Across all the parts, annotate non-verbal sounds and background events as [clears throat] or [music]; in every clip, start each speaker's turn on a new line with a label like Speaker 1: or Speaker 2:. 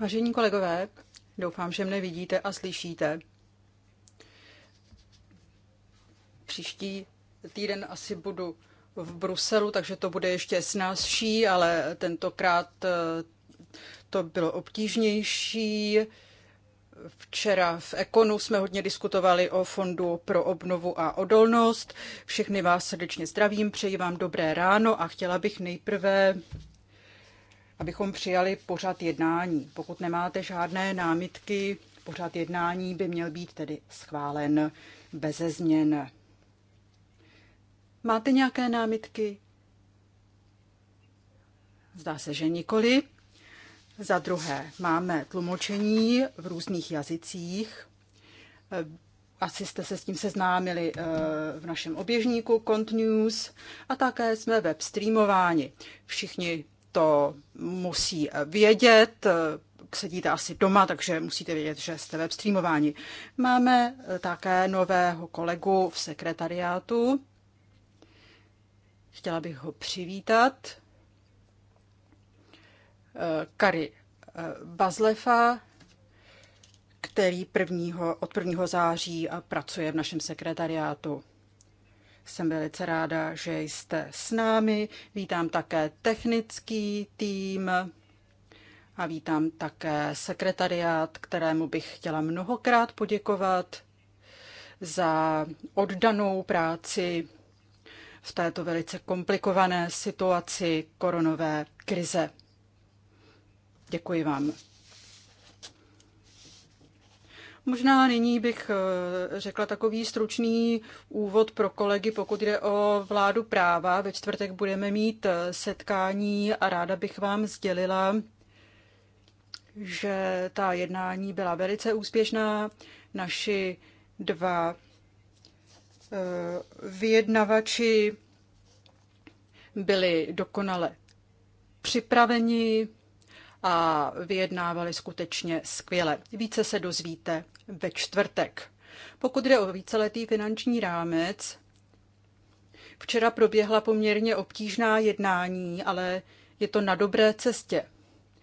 Speaker 1: Vážení kolegové, doufám, že mne vidíte a slyšíte. Příští týden asi budu v Bruselu, takže to bude ještě snazší, ale tentokrát eh, to bylo obtížnější. Včera v Ekonu jsme hodně diskutovali o Fondu pro obnovu a odolnost. Všechny vás srdečně zdravím, přeji vám dobré ráno a chtěla bych nejprve abychom přijali pořad jednání. Pokud nemáte žádné námitky, pořad jednání by měl být tedy schválen beze změn. Máte nějaké námitky? Zdá se, že nikoli. Za druhé, máme tlumočení v různých jazycích. Asi jste se s tím seznámili eh, v našem oběžníku Cont News a také jsme streamováni. Všichni to musí vědět, sedíte asi doma, takže musíte vědět, že jste web streamování. Máme také nového kolegu v sekretariátu. Chtěla bych ho přivítat. Kari Bazlefa, který prvního, od 1. září pracuje v našem sekretariátu. Jsem velice ráda, že jste s námi. Vítám také technický tým a vítám také sekretariát, kterému bych chtěla mnohokrát poděkovat za oddanou práci v této velice komplikované situaci koronové krize. Děkuji vám. Možná nyní bych eh, řekla takový stručný úvod pro kolegy, pokud jde o vládu práva. Ve čtvrtek budeme mít eh, setkání a ráda bych vám sdělila, že ta jednání byla velice úspěšná. Naši dva eh, vyjednavači byli dokonale připraveni a vyjednávali skutečně skvěle. Více se dozvíte ve čtvrtek. Pokud jde o víceletý finanční rámec, včera proběhla poměrně obtížná jednání, ale je to na dobré cestě.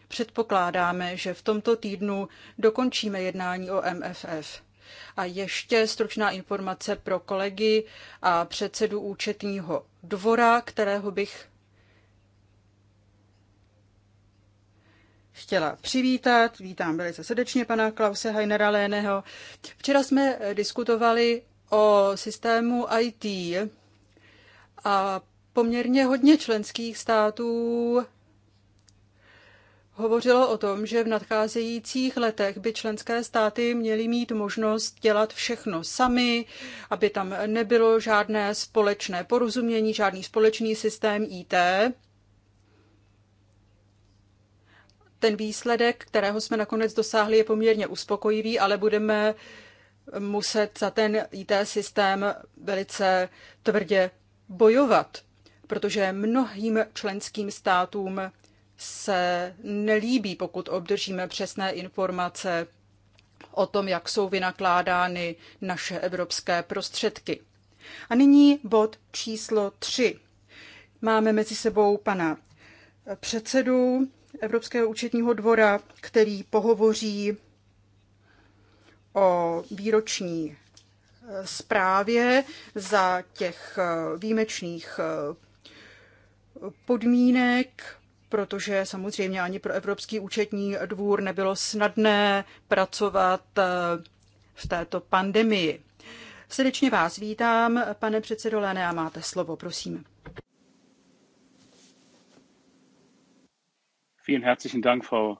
Speaker 1: Předpokládáme, že v tomto týdnu dokončíme jednání o MFF. A ještě stručná informace pro kolegy a předsedu účetního dvora, kterého bych chtěla přivítat. Vítám velice srdečně pana Klause Heinera Léného. Včera jsme diskutovali o systému IT a poměrně hodně členských států hovořilo o tom, že v nadcházejících letech by členské státy měly mít možnost dělat všechno sami, aby tam nebylo žádné společné porozumění, žádný společný systém IT. ten výsledek, kterého jsme nakonec dosáhli, je poměrně uspokojivý, ale budeme muset za ten IT systém velice tvrdě bojovat, protože mnohým členským státům se nelíbí, pokud obdržíme přesné informace o tom, jak jsou vynakládány naše evropské prostředky. A nyní bod číslo 3. Máme mezi sebou pana předsedu Evropského účetního dvora, který pohovoří o výroční eh, zprávě za těch eh, výjimečných eh, podmínek, protože samozřejmě ani pro Evropský účetní dvůr nebylo snadné pracovat v této pandemii. Srdečně vás vítám, pane předsedo Lene, a máte slovo, prosím.
Speaker 2: Vielen herzlichen Dank, Frau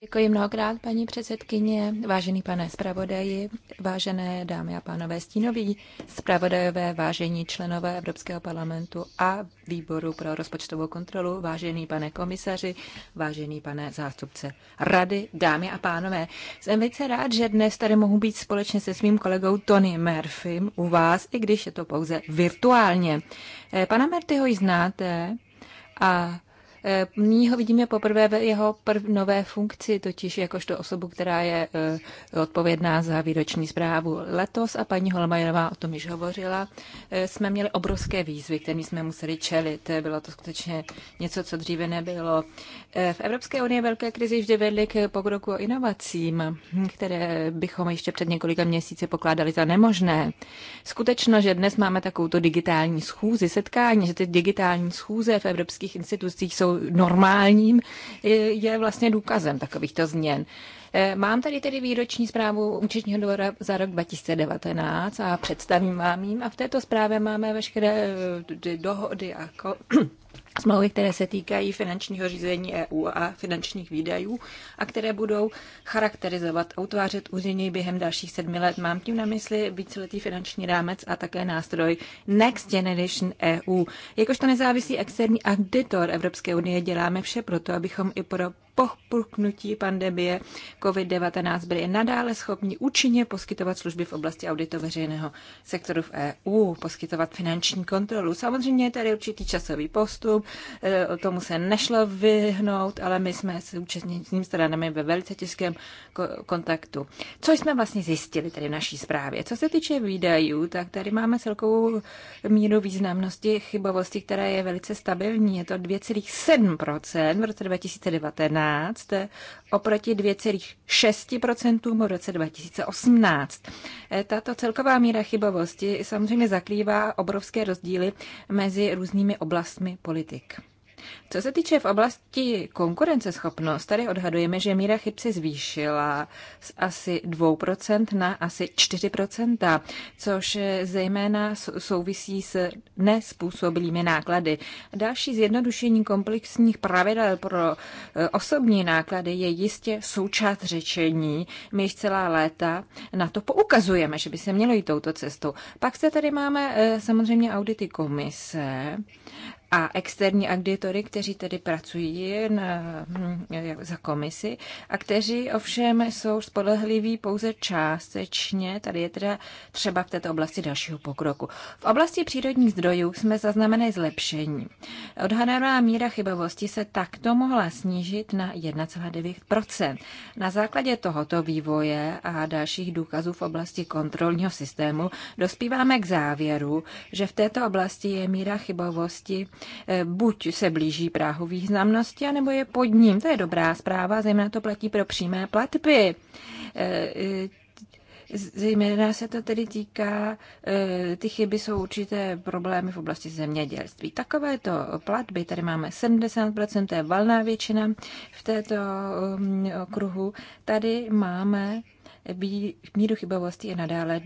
Speaker 3: Děkuji mnohokrát, paní předsedkyně, vážený pane zpravodaji, vážené dámy a pánové stínoví, zpravodajové, vážení členové Evropského parlamentu a výboru pro rozpočtovou kontrolu, vážený pane komisaři, vážený pane zástupce rady, dámy a pánové. Jsem velice rád, že dnes tady mohu být společně se svým kolegou Tony Murphym u vás, i když je to pouze virtuálně. Eh, pana Mertyho znáte a Nyní eh, ho vidíme poprvé ve jeho prv, nové funkci, totiž jakožto osobu, která je eh, odpovědná za výroční zprávu letos a paní Holmajerová o tom již hovořila. Eh, jsme měli obrovské výzvy, které jsme museli čelit. Bylo to skutečně něco, co dříve nebylo. V Evropské unii velké krizi vždy vedly k pokroku o inovacím, hm, které bychom ještě před několika měsíci pokládali za nemožné. Skutečno, že dnes máme takovou digitální schůzi, setkání, že ty digitální schůze v evropských institucích jsou normálním, je vlastně důkazem takovýchto změn. E, mám tady tedy výroční zprávu účetního dvora za rok 2019 a představím vám jim. A v této zprávě máme veškeré e, dohody a smlouvy, které se týkají finančního řízení EU a finančních výdajů a které budou charakterizovat a utvářet území během dalších sedmi let. Mám tím na mysli víceletý finanční rámec a také nástroj Next Generation EU. Jakožto nezávislý externí auditor Evropské unie děláme vše proto, abychom i pro po prknutí pandemie COVID-19 byli nadále schopni účinně poskytovat služby v oblasti auditu veřejného sektoru v EU, poskytovat finanční kontrolu. Samozřejmě je tady určitý časový postup, o e, tomu se nešlo vyhnout, ale my jsme s účastními stranami ve velice těžkém kontaktu. Co jsme vlastně zjistili tady v naší zprávě? Co se týče výdajů, tak tady máme celkovou míru významnosti chybovosti, která je velice stabilní. Je to 2,7% v roce 2019 2016 oproti 2,6% v roce 2018. Tato celková míra chybovosti samozřejmě zakrývá obrovské rozdíly mezi různými oblastmi politik. Co se týče v oblasti konkurenceschopnost, tady odhadujeme, že míra chyb se zvýšila z asi 2% na asi 4%, což zejména souvisí s nespůsobilými náklady. Další zjednodušení komplexních pravidel pro e, osobní náklady je jistě součást řečení. My již celá léta na to poukazujeme, že by se mělo jít touto cestou. Pak se tady máme e, samozřejmě audity komise a externí auditory, kteří tedy pracují na, za komisi a kteří ovšem jsou spolehliví pouze částečně. Tady je teda třeba v této oblasti dalšího pokroku. V oblasti přírodních zdrojů jsme zaznamenali zlepšení. Odhadaná míra chybovosti se takto mohla snížit na 1,9 Na základě tohoto vývoje a dalších důkazů v oblasti kontrolního systému dospíváme k závěru, že v této oblasti je míra chybovosti Eh, buď se blíží práhu významnosti, anebo je pod ním. To je dobrá zpráva, zejména to platí pro přímé platby. Eh, eh, zejména se to tedy týká, ty chyby jsou určité problémy v oblasti zemědělství. Takovéto platby, tady máme 70%, to je valná většina v této mm, okruhu. Tady máme míru chybovosti je nadále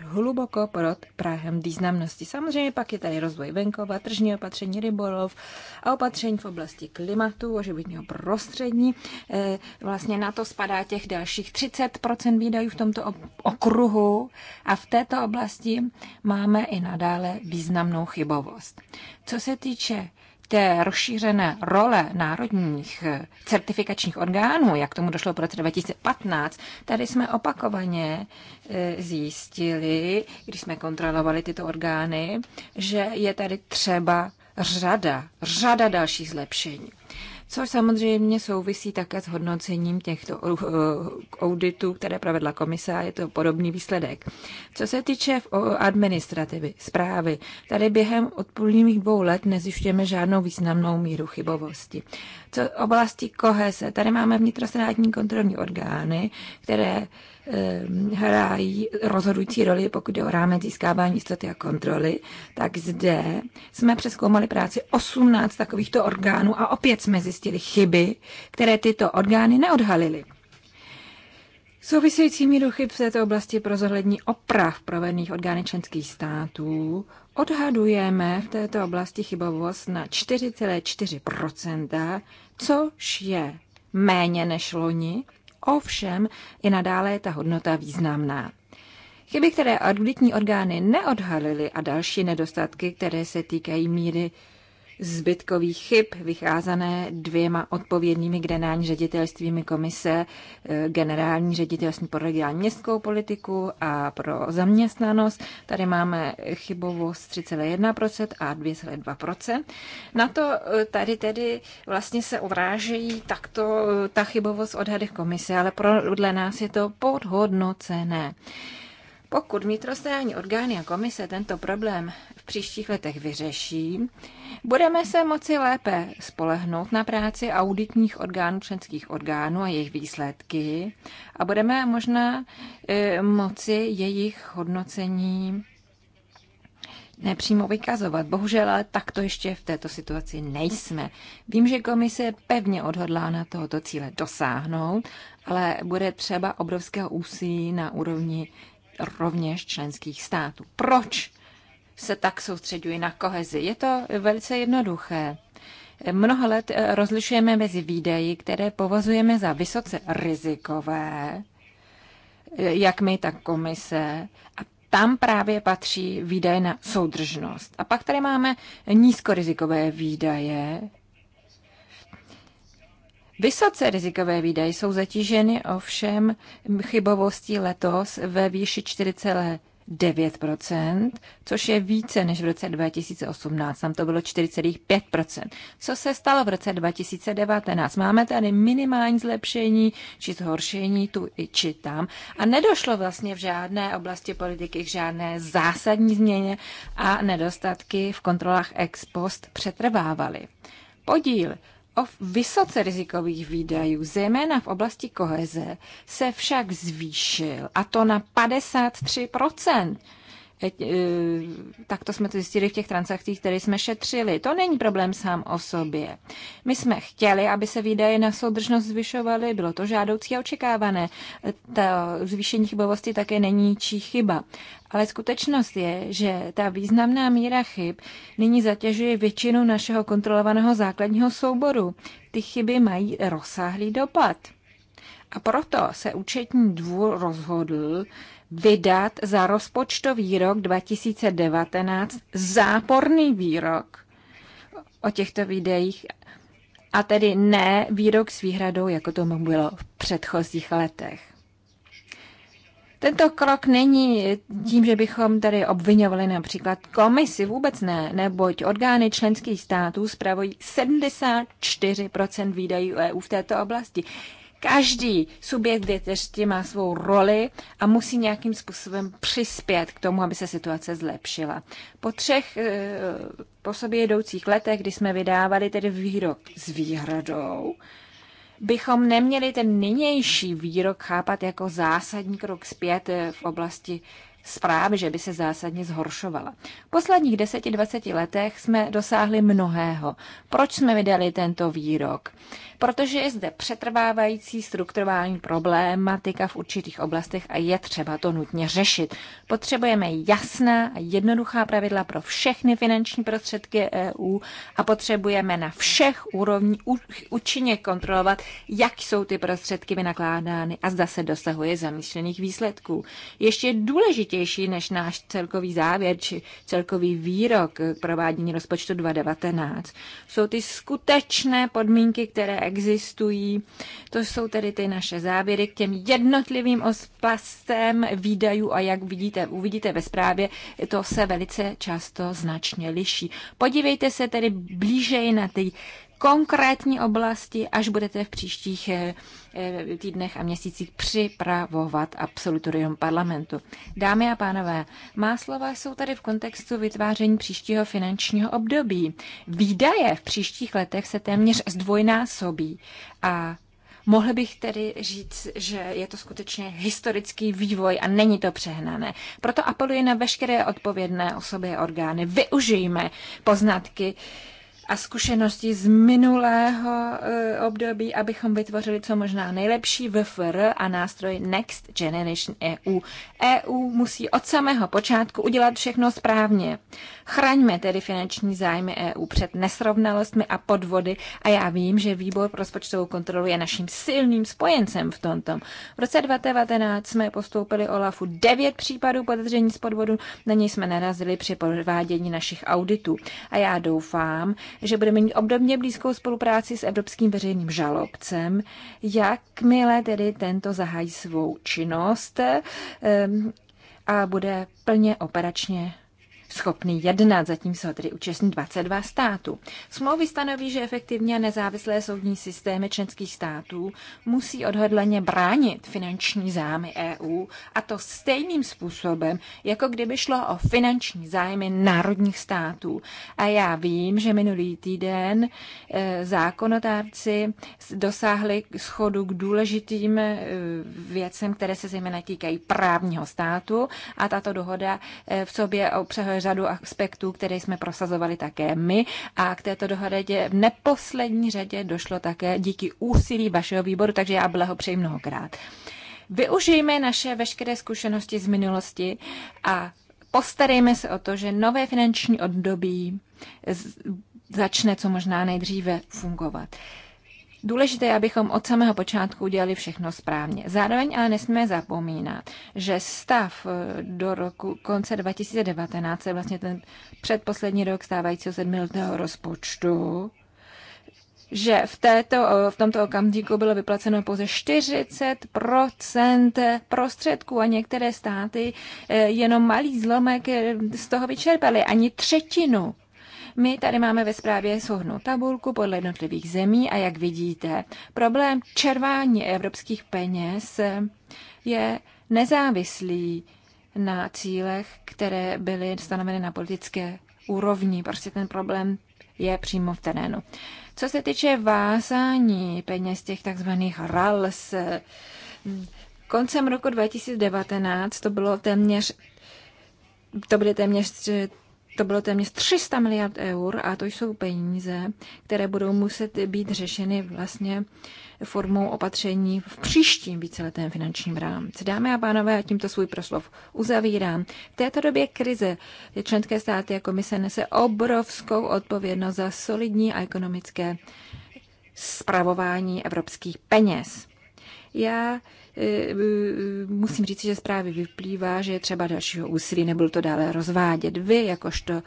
Speaker 3: hluboko pod Prahem významnosti. Samozřejmě pak je tady rozvoj venkova, tržní opatření rybolov a opatření v oblasti klimatu, oživitního prostředí. Eh, vlastně na to spadá těch dalších 30% výdajů v tomto okruhu a v této oblasti máme i nadále významnou chybovost. Co se týče té rozšířené role národních eh, certifikačních orgánů, jak tomu došlo v roce 2015, tady jsme opakovaně eh, zjistili, když jsme kontrolovali tyto orgány, že je tady třeba řada, řada dalších zlepšení což samozřejmě souvisí také s hodnocením těchto uh, auditů, které provedla komise a je to podobný výsledek. Co se týče uh, administrativy, zprávy, tady během odpůlných dvou let nezjišťujeme žádnou významnou míru chybovosti. Co oblasti kohese, tady máme vnitrostátní kontrolní orgány, které Ehm, hrají rozhodující roli, pokud jde o rámec získávání jistoty a kontroly, tak zde jsme přeskoumali práci 18 takovýchto orgánů a opět jsme zjistili chyby, které tyto orgány neodhalily. Související míru chyb v této oblasti pro zohlední oprav provedených orgány členských států odhadujeme v této oblasti chybovost na 4,4%, což je méně než loni, Ovšem i nadále je ta hodnota významná. Chyby, které auditní orgány neodhalily a další nedostatky, které se týkají míry zbytkových chyb vycházané dvěma odpovědnými generální ředitelstvími komise, eh, generální ředitelství pro regionální městskou politiku a pro zaměstnanost. Tady máme chybovost 3,1% a 2,2%. Na to eh, tady tedy vlastně se odrážejí takto eh, ta chybovost odhadech komise, ale podle nás je to podhodnocené. Pokud vnitrostátní orgány a komise tento problém v příštích letech vyřeší, budeme se moci lépe spolehnout na práci auditních orgánů členských orgánů a jejich výsledky a budeme možná e, moci jejich hodnocení nepřímo vykazovat. Bohužel, ale takto ještě v této situaci nejsme. Vím, že komise je pevně odhodlána tohoto cíle dosáhnout, ale bude třeba obrovského úsilí na úrovni rovněž členských států. Proč se tak soustředuji na kohezi? Je to velice jednoduché. Mnoho let eh, rozlišujeme mezi výdeji, které považujeme za vysoce rizikové, eh, jak my, tak komise, a tam právě patří výdaje na soudržnost. A pak tady máme nízkorizikové výdaje, Vysoce rizikové výdaje jsou zatíženy ovšem chybovostí letos ve výši 4,9%, což je více než v roce 2018, tam to bylo 4,5%. Co se stalo v roce 2019? Máme tady minimální zlepšení či zhoršení tu i či tam a nedošlo vlastně v žádné oblasti politiky k žádné zásadní změně a nedostatky v kontrolách ex post přetrvávaly. Podíl o vysoce rizikových výdajů, zejména v oblasti koheze, se však zvýšil, a to na 53 Eh, tak to jsme to zjistili v těch transakcích, které jsme šetřili. To není problém sám o sobě. My jsme chtěli, aby se výdaje na soudržnost zvyšovaly, bylo to žádoucí a očekávané. Ta zvýšení chybovosti také není čí chyba. Ale skutečnost je, že ta významná míra chyb nyní zatěžuje většinu našeho kontrolovaného základního souboru. Ty chyby mají rozsáhlý dopad. A proto se účetní dvůr rozhodl, vydat za rozpočtový rok 2019 záporný výrok o těchto videích a tedy ne výrok s výhradou, jako tomu bylo v předchozích letech. Tento krok není tím, že bychom tady obvinovali například komisi, vůbec ne, neboť orgány členských států spravují 74 výdajů EU v této oblasti. Každý subjekt deteřti má svou roli a musí nějakým způsobem přispět k tomu, aby se situace zlepšila. Po třech eh, po sobě jedoucích letech, kdy jsme vydávali tedy výrok s výhradou, bychom neměli ten nynější výrok chápat jako zásadní krok zpět eh, v oblasti zprávy, že by se zásadně zhoršovala. V posledních 10-20 letech jsme dosáhli mnohého. Proč jsme vydali tento výrok? protože je zde přetrvávající strukturální problématika v určitých oblastech a je třeba to nutně řešit. Potřebujeme jasná a jednoduchá pravidla pro všechny finanční prostředky EU a potřebujeme na všech úrovních účinně kontrolovat, jak jsou ty prostředky vynakládány a zda se dosahuje zamýšlených výsledků. Ještě důležitější než náš celkový závěr či celkový výrok k provádění rozpočtu 2019 jsou ty skutečné podmínky, které existují. To jsou tedy ty naše závěry k těm jednotlivým osplastem výdajů a jak vidíte, uvidíte ve zprávě, to se velice často značně liší. Podívejte se tedy blížej na ty konkrétní oblasti, až budete v příštích eh, eh, týdnech a měsících připravovat absolutorium parlamentu. Dámy a pánové, má slova jsou tady v kontextu vytváření příštího finančního období. Výdaje v příštích letech se téměř zdvojnásobí a Mohl bych tedy říct, že je to skutečně historický vývoj a není to přehnané. Proto apeluji na veškeré odpovědné osoby a orgány. Využijme poznatky, a zkušenosti z minulého eh, období, abychom vytvořili co možná nejlepší VFR a nástroj Next Generation EU. EU musí od samého počátku udělat všechno správně. Chraňme tedy finanční zájmy EU před nesrovnalostmi a podvody a já vím, že výbor pro rozpočtovou kontrolu je naším silným spojencem v tomto. V roce 2019 jsme postoupili Olafu 9 případů podezření z podvodu, na něj jsme narazili při provádění našich auditů. A já doufám, že budeme mít obdobně blízkou spolupráci s Evropským veřejným žalobcem, jakmile tedy tento zahájí svou činnost ehm, a bude plně operačně schopný jednat, zatímco ho tedy účastní 22 států. Smlouvy stanoví, že efektivně nezávislé soudní systémy členských států musí odhodleně bránit finanční zájmy EU a to stejným způsobem, jako kdyby šlo o finanční zájmy národních států. A já vím, že minulý týden e, zákonodárci dosáhli schodu k důležitým e, věcem, které se zejména týkají právního státu a tato dohoda e, v sobě obsahuje řadu aspektů, které jsme prosazovali také my a k této dohodě v neposlední řadě došlo také díky úsilí vašeho výboru, takže já blahopřeji mnohokrát. Využijme naše veškeré zkušenosti z minulosti a postarejme se o to, že nové finanční období začne co možná nejdříve fungovat důležité, je, abychom od samého počátku udělali všechno správně. Zároveň ale nesmíme zapomínat, že stav eh, do roku konce 2019 je vlastně ten předposlední rok stávajícího sedmiletého rozpočtu, že v, této, eh, v tomto okamžiku bylo vyplaceno pouze 40 prostředků a některé státy eh, jenom malý zlomek z toho vyčerpaly, ani třetinu. My tady máme ve zprávě souhrnou tabulku podle jednotlivých zemí a jak vidíte, problém červání evropských peněz je nezávislý na cílech, které byly stanoveny na politické úrovni. Prostě ten problém je přímo v terénu. Co se týče vázání peněz těch takzvaných RALS, koncem roku 2019 to bylo téměř to byly téměř to bylo téměř 300 miliard eur a to jsou peníze, které budou muset být řešeny vlastně formou opatření v příštím víceletém finančním rámci. Dámy a pánové, já tímto svůj proslov uzavírám. V této době krize členské státy a komise nese obrovskou odpovědnost za solidní a ekonomické spravování evropských peněz. Já eh, eh, musím říct, že zprávy vyplývá, že je třeba dalšího úsilí, nebudu to dále rozvádět. Vy, jakožto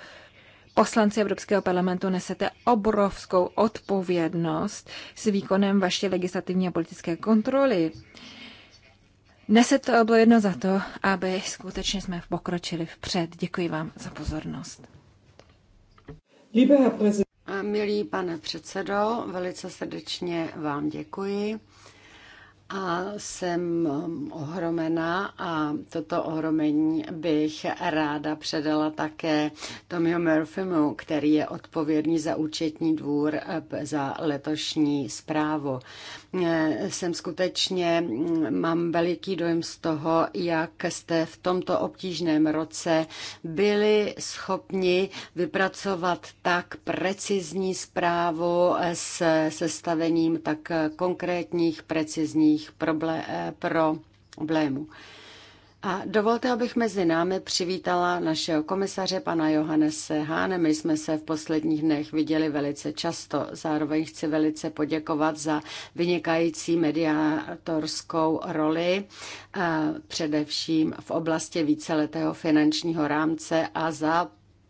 Speaker 3: Poslanci Evropského parlamentu nesete obrovskou odpovědnost s výkonem vaší legislativní a politické kontroly. Nesete jedno za to, aby skutečně jsme pokročili vpřed. Děkuji vám za pozornost.
Speaker 4: Milý pane předsedo, velice srdečně vám děkuji a jsem um, ohromená a toto ohromení bych ráda předala také Tomio Murphymu, který je odpovědný za účetní dvůr eh, za letošní zprávu. Eh, jsem skutečně, mm, mám veliký dojem z toho, jak jste v tomto obtížném roce byli schopni vypracovat tak precizní zprávu s sestavením tak konkrétních precizních eh, problémů. A dovolte, abych mezi námi přivítala našeho komisaře, pana Johannese Háne. My jsme se v posledních dnech viděli velice často. Zároveň chci velice poděkovat za vynikající mediátorskou roli, eh, především v oblasti víceletého finančního rámce a za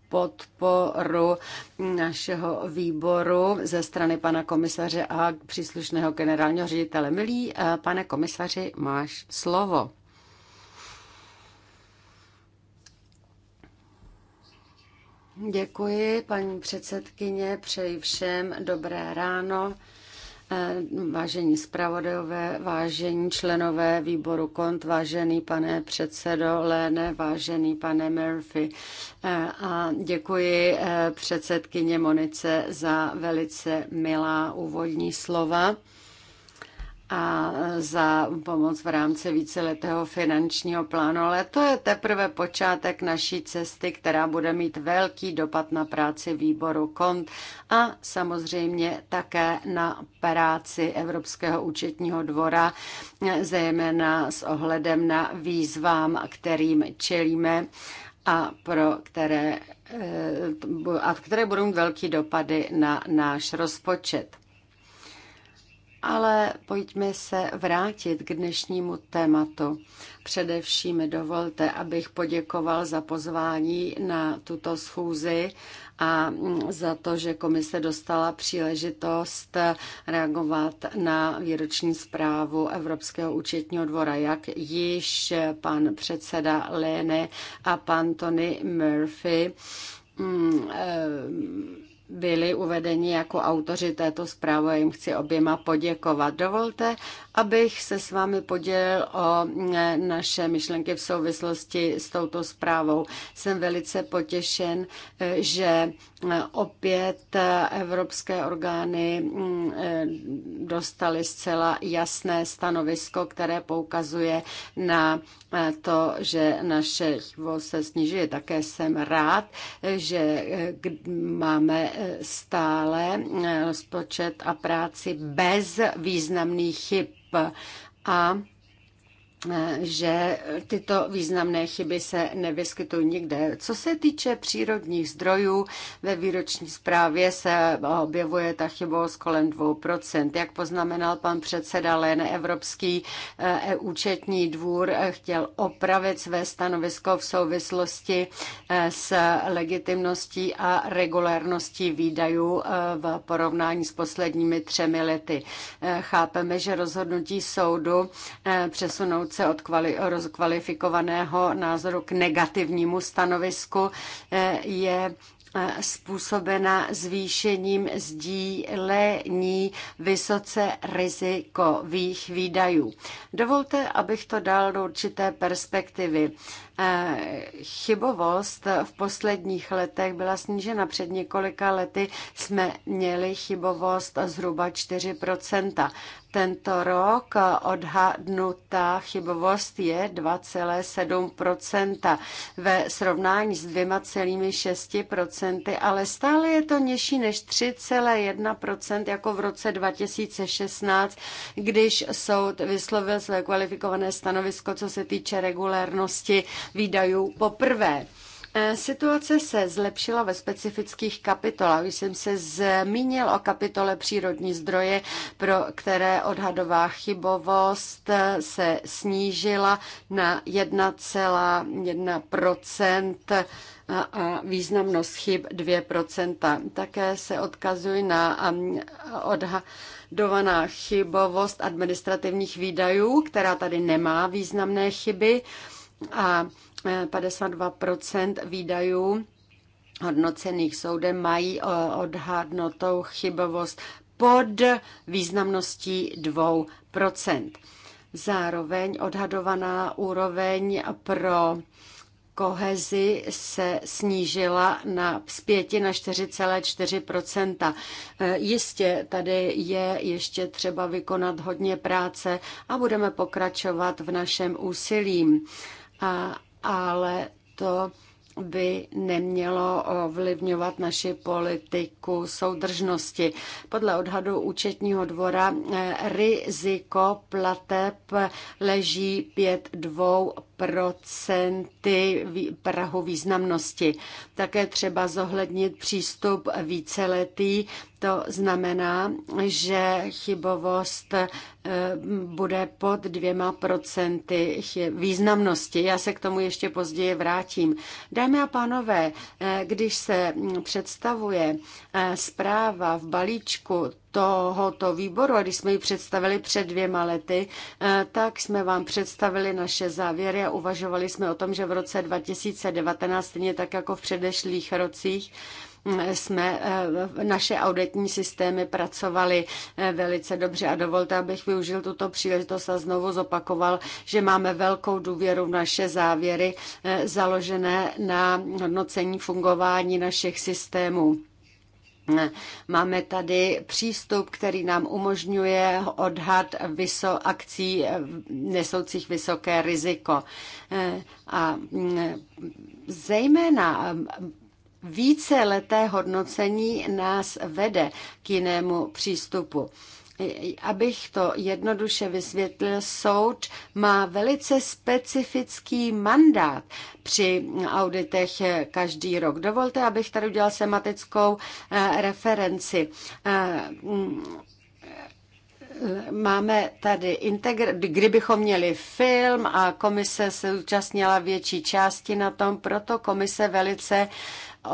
Speaker 4: podporu našeho výboru ze strany pana komisaře a příslušného generálního ředitele. Milí eh, pane komisaři, máš slovo. Děkuji, paní předsedkyně, přeji všem dobré ráno. Eh, vážení zpravodajové, vážení členové výboru KONT, vážený pane předsedo Léne, vážený pane Murphy eh, a děkuji eh, předsedkyně Monice za velice milá úvodní slova a za pomoc v rámci víceletého finančního plánu, ale to je teprve počátek naší cesty, která bude mít velký dopad na práci výboru KONT a samozřejmě také na práci Evropského účetního dvora, zejména s ohledem na výzvám, kterým čelíme a pro které, eh, a které budou mít velký dopady na náš rozpočet ale pojďme se vrátit k dnešnímu tématu. Především mi dovolte, abych poděkoval za pozvání na tuto schůzi a za to, že komise dostala příležitost reagovat na výroční zprávu Evropského účetního dvora, jak již pan předseda Lene a pan Tony Murphy mm, eh, byli uvedeni jako autoři této zprávy a jim chci oběma poděkovat. Dovolte, abych se s vámi podělil o e, naše myšlenky v souvislosti s touto zprávou. Jsem velice potěšen, e, že e, opět evropské orgány dostaly zcela jasné stanovisko, které poukazuje na to, že naše chvo se snižuje. Také jsem rád, že máme stále eh, rozpočet a práci bez významných chyb a že tyto významné chyby se nevyskytují nikde. Co se týče přírodních zdrojů, ve výroční zprávě se objevuje ta chybovost kolem 2%. Jak poznamenal pan předseda Len, Evropský účetní eh, e dvůr chtěl opravit své stanovisko v souvislosti eh, s legitimností a regulérností výdajů eh, v porovnání s posledními třemi lety. Chápeme, že rozhodnutí soudu přesunout se od kvali- rozkvalifikovaného názoru k negativnímu stanovisku eh, je eh, způsobena zvýšením sdílení vysoce rizikových výdajů. Dovolte, abych to dal do určité perspektivy. Eh, chybovost v posledních letech byla snížena. Před několika lety jsme měli chybovost zhruba 4 Tento rok odhadnutá chybovost je 2,7 ve srovnání s 2,6 ale stále je to nižší než 3,1 jako v roce 2016, když soud vyslovil své kvalifikované stanovisko, co se týče regulérnosti výdajů poprvé. E, situace se zlepšila ve specifických kapitolách. Už jsem se zmínil o kapitole přírodní zdroje, pro které odhadová chybovost e, se snížila na 1,1 e, a významnost chyb 2%. Také se odkazují na um, odhadovaná chybovost administrativních výdajů, která tady nemá významné chyby a 52 e, výdajů hodnocených soudem mají e, odhadnutou chybovost pod významností 2 Zároveň odhadovaná úroveň pro kohezi se snížila na z 5 na 4,4 e, Jistě tady je ještě třeba vykonat hodně práce a budeme pokračovat v našem úsilím a, ale to by nemělo ovlivňovat naši politiku soudržnosti. Podle odhadu účetního dvora eh, riziko plateb leží 5 dvou procenty Prahu významnosti. Také třeba zohlednit přístup víceletý. To znamená, že chybovost eh, bude pod dvěma procenty významnosti. Já se k tomu ještě později vrátím. Dámy a pánové, eh, když se mm, představuje E, zpráva v balíčku tohoto výboru, a když jsme ji představili před dvěma lety, e, tak jsme vám představili naše závěry a uvažovali jsme o tom, že v roce 2019, stejně tak jako v předešlých rocích, e, jsme naše auditní systémy pracovaly velice dobře a dovolte, abych využil tuto příležitost a znovu zopakoval, že máme velkou důvěru v naše závěry založené na hodnocení fungování našich systémů. Máme tady přístup, který nám umožňuje odhad vyso- akcí eh, nesoucích vysoké riziko. Eh, a mm, zejména eh, více leté hodnocení nás vede k jinému přístupu. Abych to jednoduše vysvětlil, soud má velice specifický mandát při auditech každý rok. Dovolte, abych tady udělal sematickou eh, referenci eh, máme tady integr- kdybychom měli film a komise se účastnila větší části na tom, proto komise velice Eh,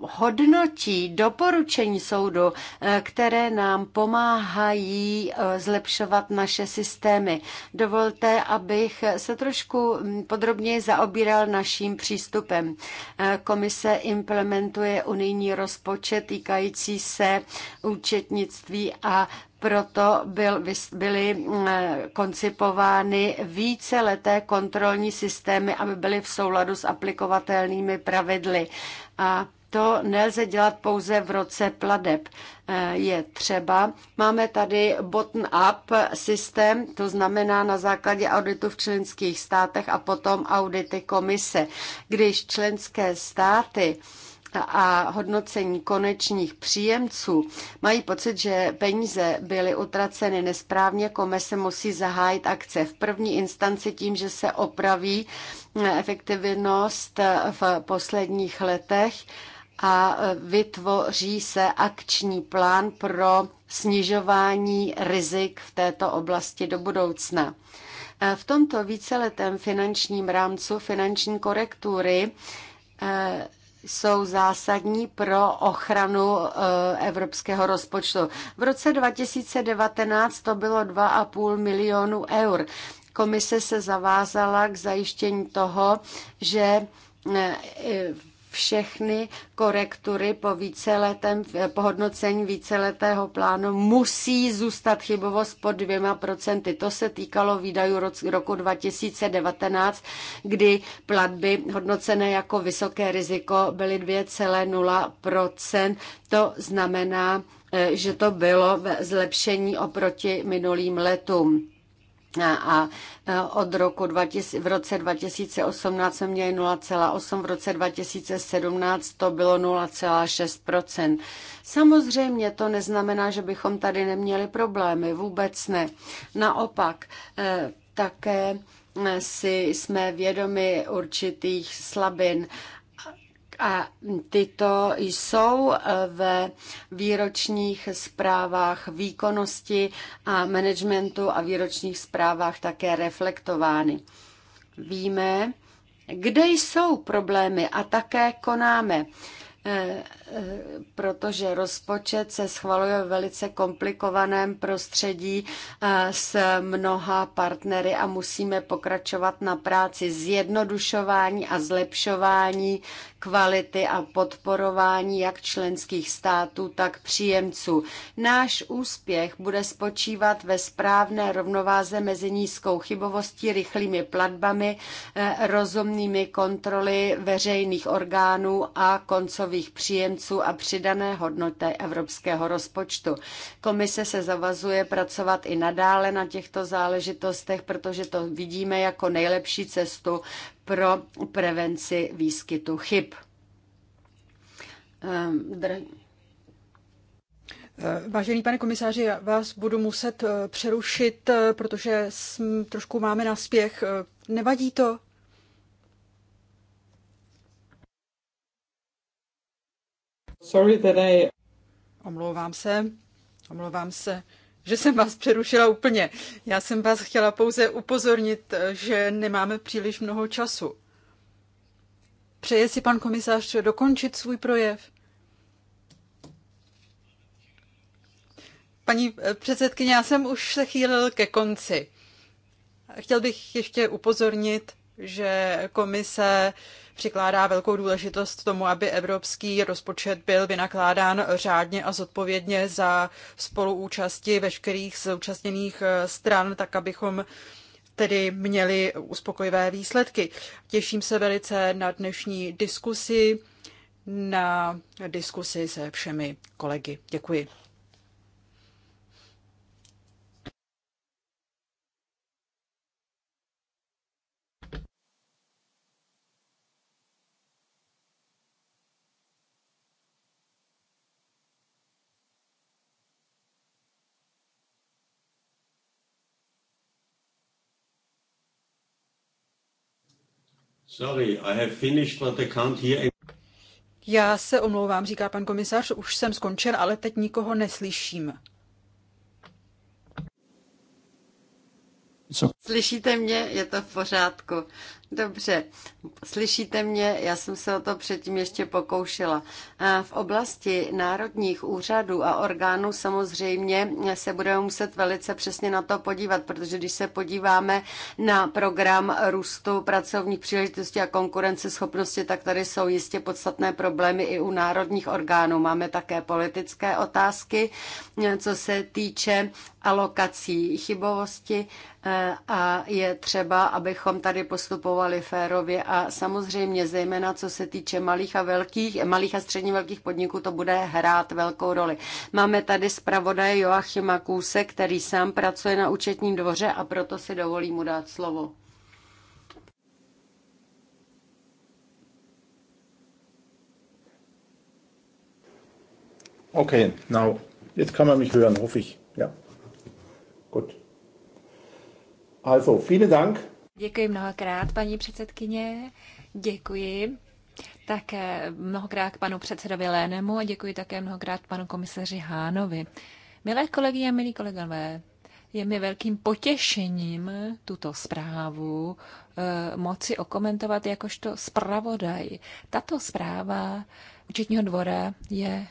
Speaker 4: hodnotí doporučení soudu, eh, které nám pomáhají eh, zlepšovat naše systémy. Dovolte, abych se trošku hm, podrobněji zaobíral naším přístupem. Komise implementuje unijní rozpočet týkající se účetnictví a proto byl, byly mm, koncipovány víceleté kontrolní systémy, aby byly v souladu s aplikovatelnými pravidly. A to nelze dělat pouze v roce pladeb. E, je třeba. Máme tady bottom-up systém, to znamená na základě auditu v členských státech a potom audity komise. Když členské státy a hodnocení konečních příjemců mají pocit, že peníze byly utraceny nesprávně, kome se musí zahájit akce v první instanci tím, že se opraví efektivnost v posledních letech a vytvoří se akční plán pro snižování rizik v této oblasti do budoucna. V tomto víceletém finančním rámcu finanční korektury eh, jsou zásadní pro ochranu eh, evropského rozpočtu. V roce 2019 to bylo 2,5 milionu eur. Komise se zavázala k zajištění toho, že eh, všechny korektury po, víceletém, po hodnocení víceletého plánu musí zůstat chybovost pod dvěma procenty. To se týkalo výdajů roku 2019, kdy platby hodnocené jako vysoké riziko byly 2,0%. To znamená, e, že to bylo zlepšení oproti minulým letům a e, od roku 2000, v roce 2018 jsme měli 0,8, v roce 2017 to bylo 0,6 Samozřejmě to neznamená, že bychom tady neměli problémy, vůbec ne. Naopak, e, také e, si jsme vědomi určitých slabin a tyto jsou eh, ve výročních zprávách výkonnosti a managementu a výročních zprávách také reflektovány. Víme, kde jsou problémy a také konáme eh, eh, protože rozpočet se schvaluje v velice komplikovaném prostředí s mnoha partnery a musíme pokračovat na práci zjednodušování a zlepšování kvality a podporování jak členských států, tak příjemců. Náš úspěch bude spočívat ve správné rovnováze mezi nízkou chybovostí, rychlými platbami, eh, rozumnými kontroly veřejných orgánů a koncových příjemců a přidané hodnoty evropského rozpočtu. Komise se zavazuje pracovat i nadále na těchto záležitostech, protože to vidíme jako nejlepší cestu pro prevenci výskytu chyb. Ehm, eh,
Speaker 1: vážený pane komisáři, já vás budu muset eh, přerušit, eh, protože trošku máme na spěch. Nevadí to?
Speaker 2: Sorry that I... Omlouvám
Speaker 1: se, omlouvám se, že jsem vás přerušila úplně. Já jsem vás chtěla pouze upozornit, že nemáme příliš mnoho času. Přeje si pan komisář dokončit svůj projev? Paní eh, předsedkyně, já jsem už se chýlil ke konci. Chtěl bych ještě upozornit, že komise přikládá velkou důležitost tomu, aby evropský rozpočet byl vynakládán řádně a zodpovědně za spoluúčasti veškerých zúčastněných eh, stran, tak abychom tedy měli uspokojivé výsledky. Těším se velice na dnešní diskusi, na diskusi se všemi kolegy. Děkuji.
Speaker 5: Sorry, I have finished, but I can't hear any...
Speaker 1: Já se omlouvám, říká pan komisař, už jsem skončil, ale teď nikoho
Speaker 4: neslyším. Co? Slyšíte mě? Je to v pořádku. Dobře, slyšíte mě, já jsem se o to předtím ještě pokoušela. V oblasti národních úřadů a orgánů samozřejmě se budeme muset velice přesně na to podívat, protože když se podíváme na program růstu pracovních příležitostí a konkurenceschopnosti, tak tady jsou jistě podstatné problémy i u národních orgánů. Máme také politické otázky, co se týče alokací chybovosti eh, a je třeba, abychom tady postupovali postupovali férově a samozřejmě zejména co se týče malých a velkých, malých a středně velkých podniků, to bude hrát velkou roli. Máme tady zpravodaje Joachima Kůse, který sám pracuje na účetním dvoře a proto si dovolí mu dát slovo.
Speaker 5: Okay, now, jetzt kann man mich hören, hoffe ich. Ja, gut. Also, vielen Dank
Speaker 3: Děkuji mnohokrát, paní předsedkyně. Děkuji. Také mnohokrát panu předsedovi Lénemu a děkuji také mnohokrát panu komisaři Hánovi. Milé kolegyně a milí kolegové, je mi velkým potěšením tuto zprávu e, moci okomentovat jakožto zpravodaj. Tato zpráva Učetního dvora je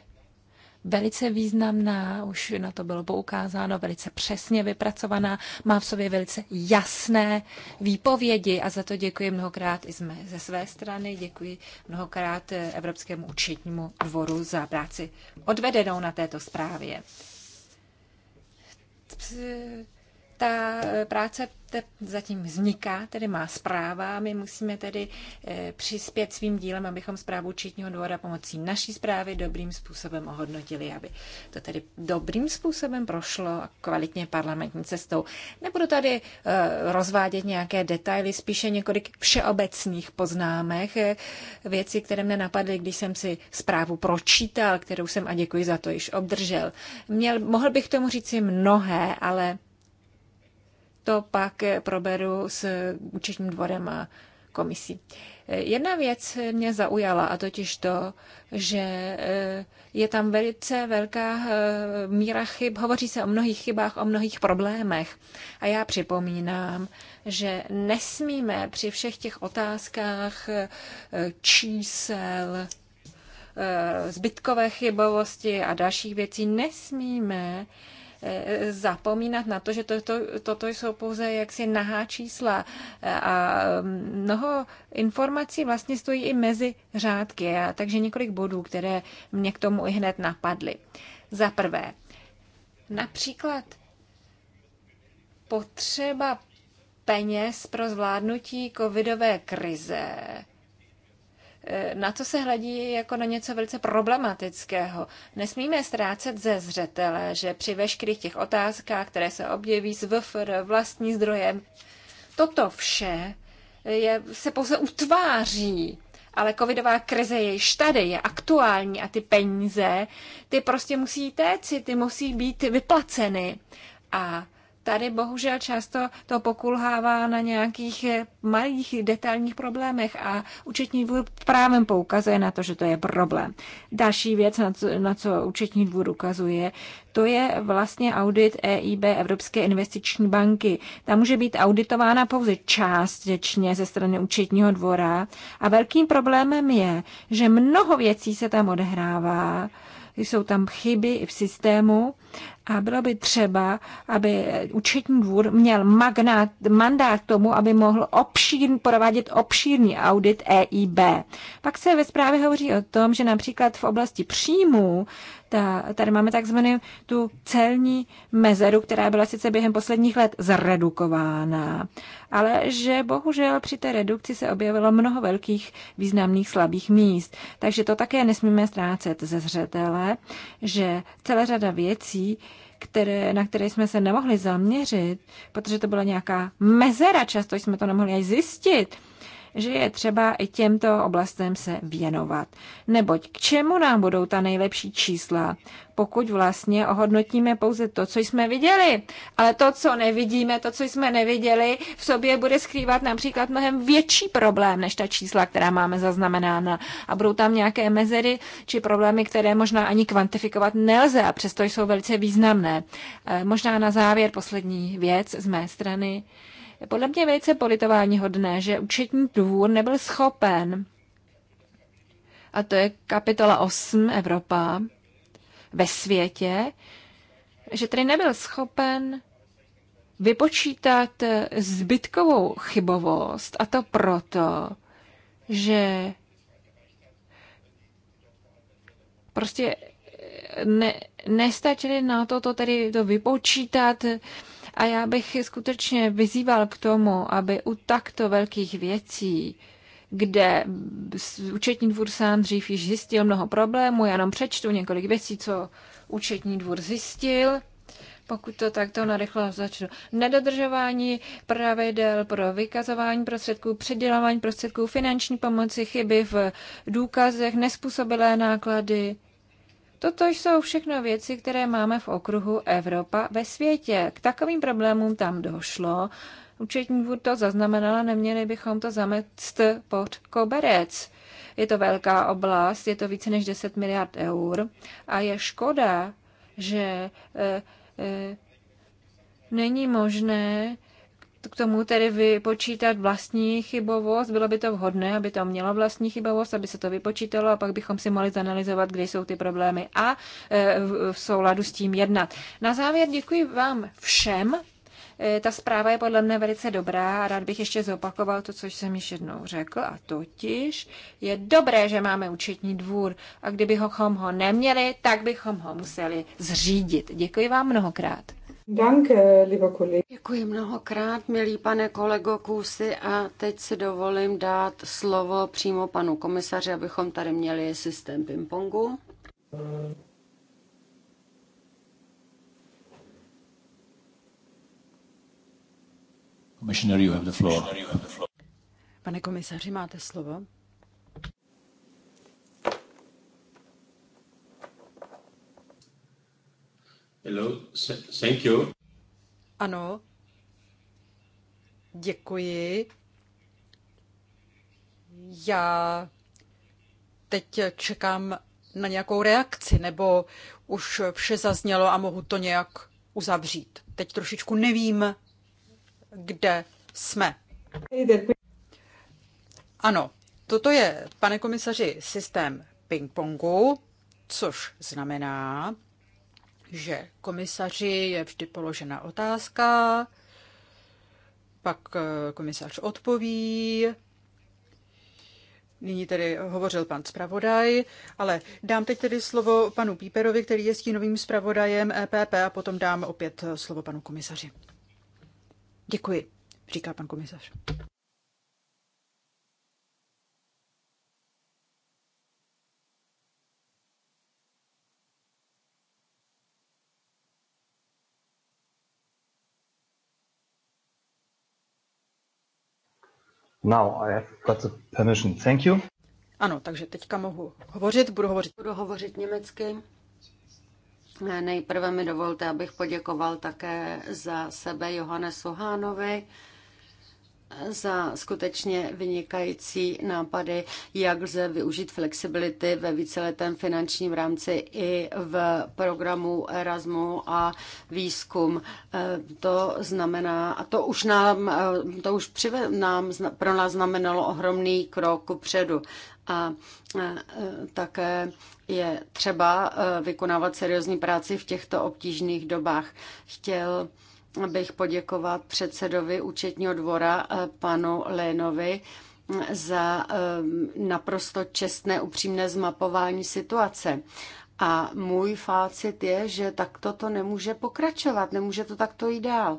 Speaker 3: velice významná, už na to bylo poukázáno, velice přesně vypracovaná, má v sobě velice jasné výpovědi a za to děkuji mnohokrát i jsme ze své strany, děkuji mnohokrát eh, Evropskému účetnímu dvoru za práci odvedenou na této zprávě ta eh, práce te, zatím vzniká, tedy má zpráva. My musíme tedy e, přispět svým dílem, abychom zprávu účetního dvora pomocí naší zprávy dobrým způsobem ohodnotili, aby to tedy dobrým způsobem prošlo a kvalitně parlamentní cestou. Nebudu tady e, rozvádět nějaké detaily, spíše několik všeobecných poznámek, e, věci, které mě napadly, když jsem si zprávu pročítal, kterou jsem a děkuji za to již obdržel. Měl, mohl bych tomu říci mnohé, ale to pak eh, proberu s účetním dvorem a komisí. Eh, jedna věc mě zaujala, a totiž to, že eh, je tam velice velká míra chyb. Hovoří se o mnohých chybách, o mnohých problémech. A já připomínám, že nesmíme při všech těch otázkách čísel, zbytkové chybovosti a dalších věcí, nesmíme zapomínat na to, že toto, toto jsou pouze jaksi nahá čísla a mnoho informací vlastně stojí i mezi řádky, a takže několik bodů, které mě k tomu i hned napadly. Za prvé, například potřeba peněz pro zvládnutí covidové krize Eh, na to se hledí jako na něco velice problematického. Nesmíme ztrácet ze zřetele, že při veškerých těch otázkách, které se objeví z VFR vlastní zdrojem, toto vše eh, je, se pouze utváří ale covidová krize je již tady, je aktuální a ty peníze, ty prostě musí téci, ty musí být vyplaceny. A tady bohužel často to pokulhává na nějakých eh, malých detailních problémech a účetní dvůr právem poukazuje na to, že to je problém. Další věc, na co, na co účetní dvůr ukazuje, to je vlastně audit EIB Evropské investiční banky. Ta může být auditována pouze částečně ze strany účetního dvora a velkým problémem je, že mnoho věcí se tam odehrává, jsou tam chyby i v systému a bylo by třeba, aby účetní dvůr měl magnát, mandát tomu, aby mohl obšírn, provádět obšírný audit EIB. Pak se ve zprávě hovoří o tom, že například v oblasti příjmů ta, tady máme takzvanou tu celní mezeru, která byla sice během posledních let zredukována, ale že bohužel při té redukci se objevilo mnoho velkých významných slabých míst. Takže to také nesmíme ztrácet ze zřetele, že celá řada věcí které, na které jsme se nemohli zaměřit, protože to byla nějaká mezera, často jsme to nemohli ani zjistit že je třeba i těmto oblastem se věnovat. Neboť k čemu nám budou ta nejlepší čísla, pokud vlastně ohodnotíme pouze to, co jsme viděli. Ale to, co nevidíme, to, co jsme neviděli, v sobě bude skrývat například mnohem větší problém než ta čísla, která máme zaznamenána. A budou tam nějaké mezery či problémy, které možná ani kvantifikovat nelze a přesto jsou velice významné. E, možná na závěr poslední věc z mé strany. Je podle mě velice politování hodné, že účetní dvůr nebyl schopen, a to je kapitola 8 Evropa ve světě, že tedy nebyl schopen vypočítat zbytkovou chybovost, a to proto, že prostě ne, nestačili na to, to tedy to vypočítat a já bych skutečně vyzýval k tomu, aby u takto velkých věcí, kde účetní dvůr sám dřív již zjistil mnoho problémů, já nám přečtu několik věcí, co účetní dvůr zjistil, pokud to takto narychlo začnu. Nedodržování pravidel pro vykazování prostředků, předělávání prostředků, finanční pomoci, chyby v důkazech, nespůsobilé náklady, Toto jsou všechno věci, které máme v okruhu Evropa ve světě. K takovým problémům tam došlo. Účetní vůd to zaznamenala, neměli bychom to zamect pod koberec. Je to velká oblast, je to více než 10 miliard eur a je škoda, že e, e, není možné k tomu tedy vypočítat vlastní chybovost. Bylo by to vhodné, aby to mělo vlastní chybovost, aby se to vypočítalo a pak bychom si mohli zanalizovat, kde jsou ty problémy a e, v souladu s tím jednat. Na závěr děkuji vám všem. E, ta zpráva je podle mě velice dobrá a rád bych ještě zopakoval to, co jsem již jednou řekl, a totiž je dobré, že máme účetní dvůr a kdybychom ho neměli, tak bychom ho museli zřídit. Děkuji vám mnohokrát.
Speaker 4: Danke, eh, lieber Kollege. Děkuji mnohokrát, milý pane kolego Kusy, a teď si dovolím dát slovo přímo panu komisaři, abychom tady měli systém pingpongu.
Speaker 5: Commissioner, you have the floor.
Speaker 1: Pane komisaři, máte slovo.
Speaker 5: Hello, thank you.
Speaker 1: Ano. Děkuji. Já teď čekám na nějakou reakci, nebo už vše zaznělo a mohu to nějak uzavřít. Teď trošičku nevím, kde jsme. Ano, toto je, pane komisaři, systém ping-pongu, což znamená, že komisaři je vždy položena otázka, pak eh, komisař odpoví. Nyní tedy hovořil pan zpravodaj, ale dám teď tedy slovo panu Píperovi, který je stínovým zpravodajem EPP a potom dám opět slovo panu komisaři. Děkuji, říká pan komisař.
Speaker 5: Now I have got the permission. Thank you.
Speaker 4: Ano, takže teďka mohu hovořit, budu hovořit. Budu hovořit německy. Eh, nejprve mi dovolte, abych poděkoval také za sebe Johannesu Hánovi za skutečně vynikající nápady, jak lze využít flexibility ve víceletém finančním rámci i v programu Erasmu a výzkum. Eh, to znamená, a to už, nám, eh, to už přive, nám, pro nás znamenalo ohromný krok kupředu. A eh, také je třeba vykonávat seriózní práci v těchto obtížných dobách. Chtěl bych poděkovat předsedovi účetního dvora eh, panu Lénovi eh, za eh, naprosto čestné, upřímné zmapování situace. A můj fácit je, že takto to nemůže pokračovat, nemůže to takto jít dál.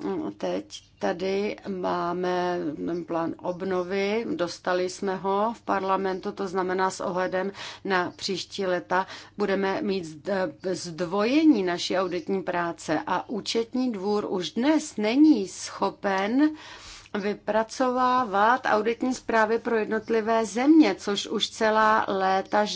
Speaker 4: No, teď tady máme plán obnovy, dostali jsme ho v parlamentu, to znamená s ohledem na příští leta budeme mít eh, zdvojení naší auditní práce a účetní dvůr už dnes není schopen vypracovávat auditní zprávy pro jednotlivé země, což už celá léta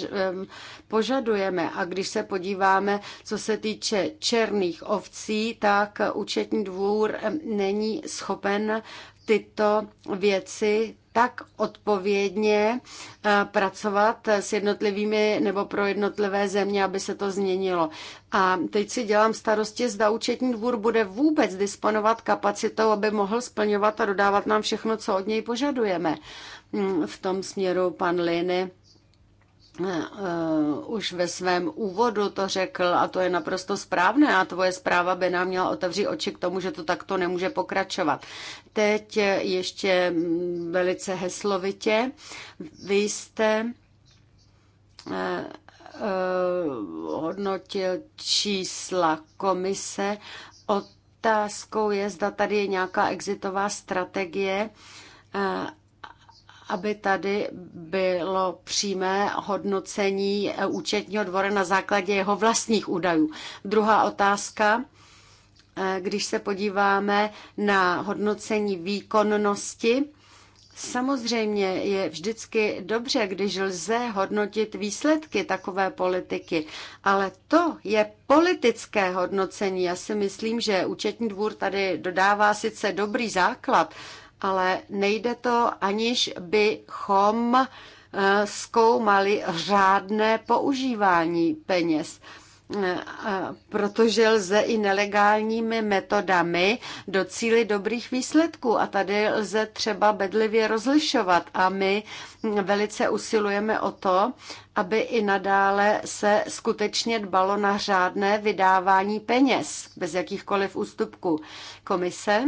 Speaker 4: požadujeme. A když se podíváme, co se týče černých ovcí, tak účetní dvůr není schopen tyto věci tak odpovědně eh, pracovat s jednotlivými nebo pro jednotlivé země, aby se to změnilo. A teď si dělám starosti, zda účetní dvůr bude vůbec disponovat kapacitou, aby mohl splňovat a dodávat nám všechno, co od něj požadujeme. Mm, v tom směru pan Liny Eh, eh, už ve svém úvodu to řekl a to je naprosto správné a tvoje zpráva by nám měla otevřít oči k tomu, že to takto nemůže pokračovat. Teď ještě velice heslovitě. Vy jste eh, hodnotil čísla komise. Otázkou je, zda tady je nějaká exitová strategie aby tady bylo přímé hodnocení eh, účetního dvora na základě jeho vlastních údajů. Druhá otázka, eh, když se podíváme na hodnocení výkonnosti, Samozřejmě je vždycky dobře, když lze hodnotit výsledky takové politiky, ale to je politické hodnocení. Já si myslím, že účetní dvůr tady dodává sice dobrý základ, ale nejde to, aniž bychom eh, zkoumali řádné používání peněz eh, eh, protože lze i nelegálními metodami docílit dobrých výsledků a tady lze třeba bedlivě rozlišovat a my velice usilujeme o to, aby i nadále se skutečně dbalo na řádné vydávání peněz bez jakýchkoliv ústupků. Komise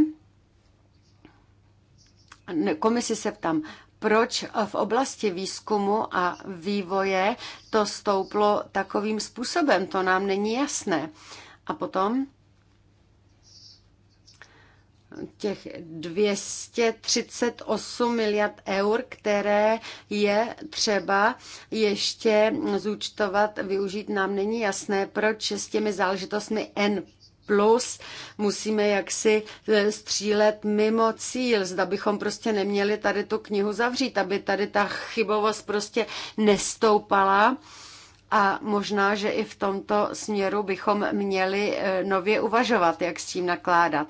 Speaker 4: komisi se ptám, proč v oblasti výzkumu a vývoje to stouplo takovým způsobem, to nám není jasné. A potom těch 238 miliard eur, které je třeba ještě zúčtovat, využít, nám není jasné, proč s těmi záležitostmi N plus musíme jaksi eh, střílet mimo cíl, zda bychom prostě neměli tady tu knihu zavřít, aby tady ta chybovost prostě nestoupala. A možná, že i v tomto směru bychom měli eh, nově uvažovat, jak s tím nakládat.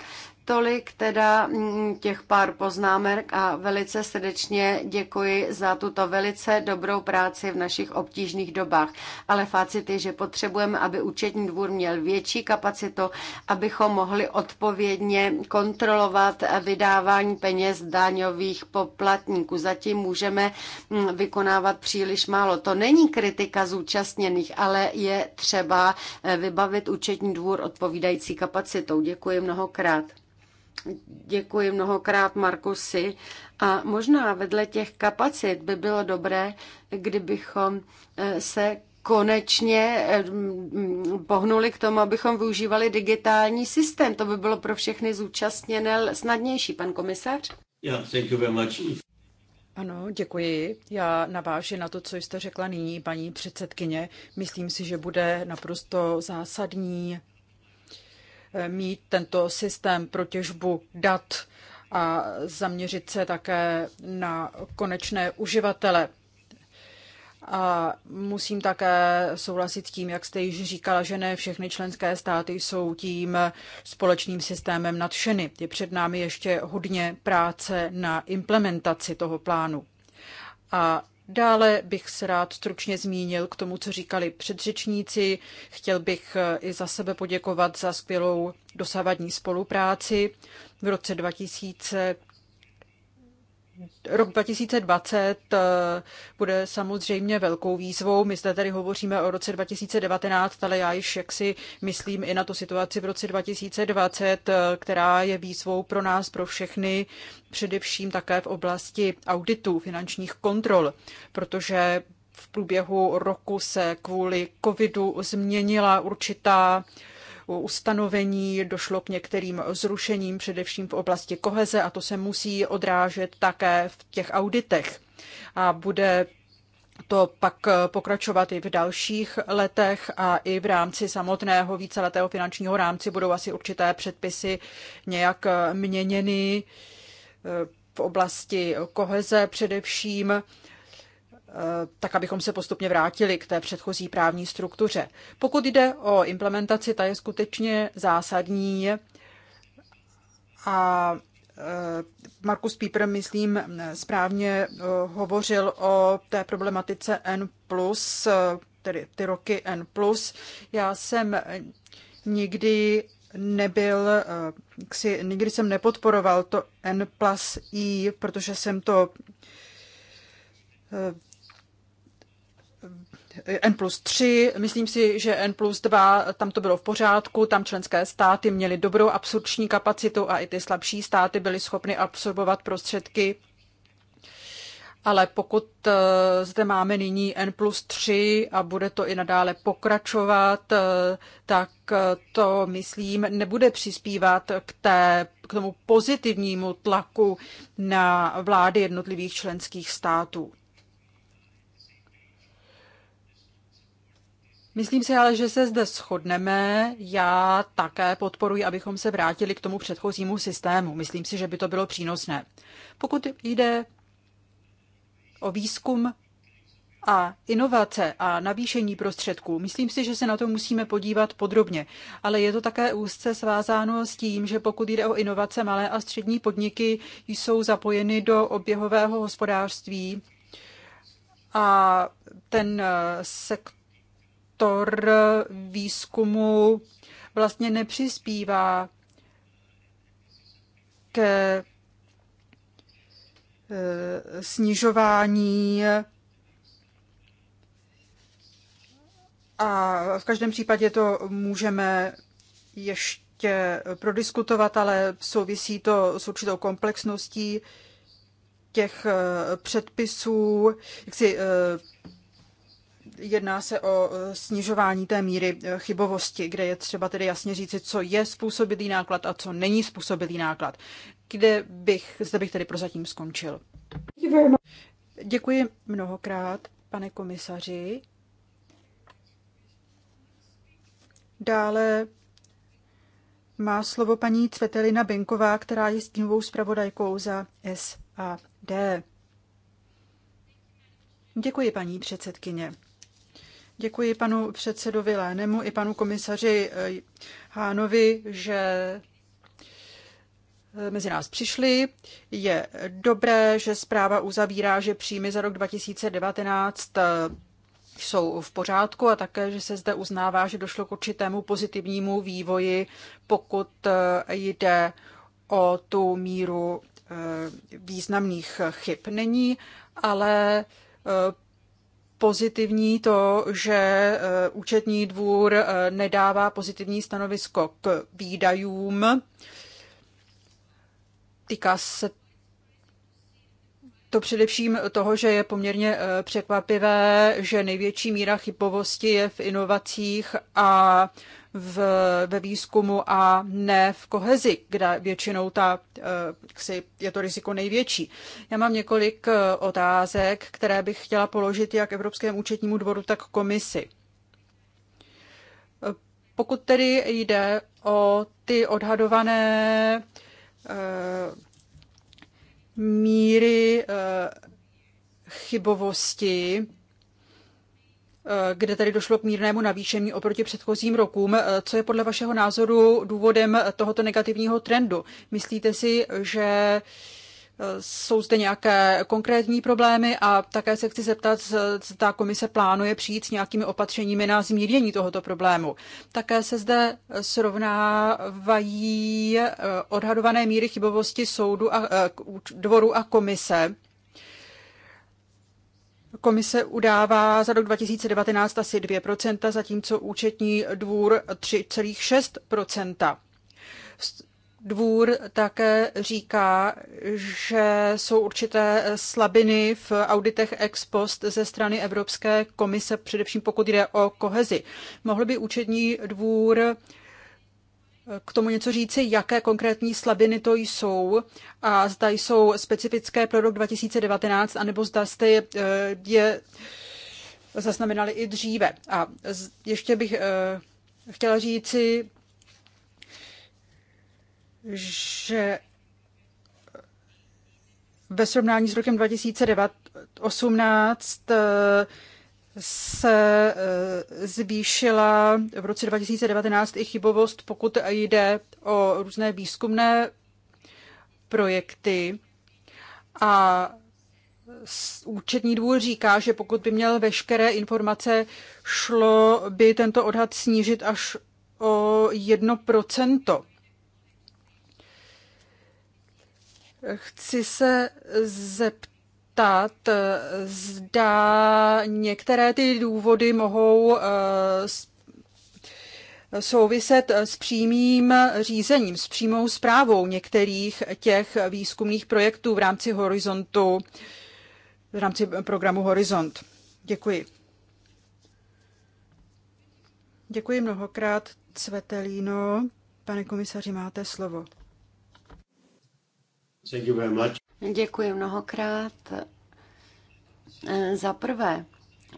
Speaker 4: Tolik teda mm, těch pár poznámek a velice srdečně děkuji za tuto velice dobrou práci v našich obtížných dobách. Ale facit je, že potřebujeme, aby účetní dvůr měl větší kapacitu, abychom mohli odpovědně kontrolovat vydávání peněz daňových poplatníků. Zatím můžeme mm, vykonávat příliš málo. To není kritika zúčastněných, ale je třeba eh, vybavit účetní dvůr odpovídající kapacitou. Děkuji mnohokrát. Děkuji mnohokrát Markusy. A možná vedle těch kapacit by bylo dobré, kdybychom eh, se konečně eh, mm, pohnuli k tomu, abychom využívali digitální systém. To by bylo pro všechny zúčastněné snadnější, pan komisař.
Speaker 5: Yeah, thank you very much.
Speaker 4: Ano, děkuji. Já naváži na to,
Speaker 1: co jste řekla nyní, paní předsedkyně. Myslím si, že bude naprosto zásadní Eh, mít tento systém pro těžbu dat a zaměřit se také na konečné uživatele. A musím také souhlasit s tím, jak jste již říkala, že ne všechny členské státy jsou tím společným systémem nadšeny. Je před námi ještě hodně práce na implementaci toho plánu. A Dále bych se rád stručně zmínil k tomu, co říkali předřečníci. Chtěl bych eh, i za sebe poděkovat za skvělou dosavadní spolupráci. V roce 2000 Rok 2020 eh, bude samozřejmě velkou výzvou. My zde tady hovoříme o roce 2019, ale já již jaksi myslím i na tu situaci v roce 2020, eh, která je výzvou pro nás, pro všechny, především také v oblasti auditu, finančních kontrol, protože v průběhu roku se kvůli covidu změnila určitá ustanovení, došlo k některým zrušením, především v oblasti koheze, a to se musí odrážet také v těch auditech. A bude to pak pokračovat i v dalších letech a i v rámci samotného víceletého finančního rámci budou asi určité předpisy nějak měněny v oblasti koheze především Eh, tak abychom se postupně vrátili k té předchozí právní struktuře. Pokud jde o implementaci, ta je skutečně zásadní a eh, Markus Pieper, myslím, správně eh, hovořil o té problematice N+, tedy ty roky N+. Já jsem nikdy nebyl, ksi, nikdy jsem nepodporoval to N plus I, protože jsem to N plus 3, myslím si, že N plus 2, tam to bylo v pořádku, tam členské státy měly dobrou absorpční kapacitu a i ty slabší státy byly schopny absorbovat prostředky. Ale pokud eh, zde máme nyní N plus 3 a bude to i nadále pokračovat, eh, tak eh, to, myslím, nebude přispívat k, té, k tomu pozitivnímu tlaku na vlády jednotlivých členských států. Myslím si ale, že se zde shodneme. Já také podporuji, abychom se vrátili k tomu předchozímu systému. Myslím si, že by to bylo přínosné. Pokud jde o výzkum a inovace a navýšení prostředků. Myslím si, že se na to musíme podívat podrobně, ale je to také úzce svázáno s tím, že pokud jde o inovace, malé a střední podniky jsou zapojeny do oběhového hospodářství a ten eh, sektor sektor výzkumu vlastně nepřispívá ke eh, snižování a v každém případě to můžeme ještě prodiskutovat, ale souvisí to s určitou komplexností těch eh, předpisů, jak si eh, jedná se o e, snižování té míry e, chybovosti, kde je třeba tedy jasně říci, co je způsobilý náklad a co není způsobilý náklad. Kde bych, zde bych tedy prozatím skončil. Děkuji mnohokrát, pane komisaři. Dále má slovo paní Cvetelina Benková, která je stínovou zpravodajkou za SAD. Děkuji, paní předsedkyně. Děkuji panu předsedovi Lénemu i panu komisaři eh, Hánovi, že eh, mezi nás přišli. Je dobré, že zpráva uzavírá, že příjmy za rok 2019 eh, jsou v pořádku a také, že se zde uznává, že došlo k určitému pozitivnímu vývoji, pokud jde o tu míru významných chyb. Není ale pozitivní to, že eh, účetní dvůr eh, nedává pozitivní stanovisko k výdajům. Týká se to především toho, že je poměrně eh, překvapivé, že největší míra chybovosti je v inovacích a v, ve výzkumu a ne v kohezi, kde většinou ta, eh, ksi, je to riziko největší. Já mám několik eh, otázek, které bych chtěla položit jak Evropskému účetnímu dvoru, tak komisi. Eh, pokud tedy jde o ty odhadované míry chybovosti, kde tady došlo k mírnému navýšení oproti předchozím rokům. Co je podle vašeho názoru důvodem tohoto negativního trendu? Myslíte si, že eh, jsou zde nějaké konkrétní problémy a také se chci zeptat, zda komise plánuje přijít s nějakými opatřeními na zmírnění tohoto problému. Také se zde srovnávají eh, odhadované míry chybovosti soudu a eh, dvoru a komise Komise udává za rok 2019 asi 2%, zatímco účetní dvůr 3,6%. Dvůr také říká, že jsou určité slabiny v auditech ex post ze strany Evropské komise, především pokud jde o kohezi. Mohl by účetní dvůr k tomu něco říci, jaké konkrétní slabiny to jsou a zda jsou specifické pro rok 2019, anebo zda jste je, eh, je zaznamenali i dříve. A ještě bych eh, chtěla říci, že ve srovnání s rokem 2018 se eh, zvýšila v roce 2019 i chybovost, pokud jde o různé výzkumné projekty. A účetní dvůr říká, že pokud by měl veškeré informace, šlo by tento odhad snížit až o 1%. Chci se zeptat, ptat, eh, zda některé ty důvody mohou eh, souviset eh, s přímým řízením, s přímou zprávou některých těch výzkumných projektů v rámci Horizontu, v rámci programu Horizont. Děkuji. Děkuji mnohokrát, Cvetelíno.
Speaker 4: Pane komisaři, máte slovo.
Speaker 5: Thank you very much.
Speaker 4: Děkuji mnohokrát. E, za prvé,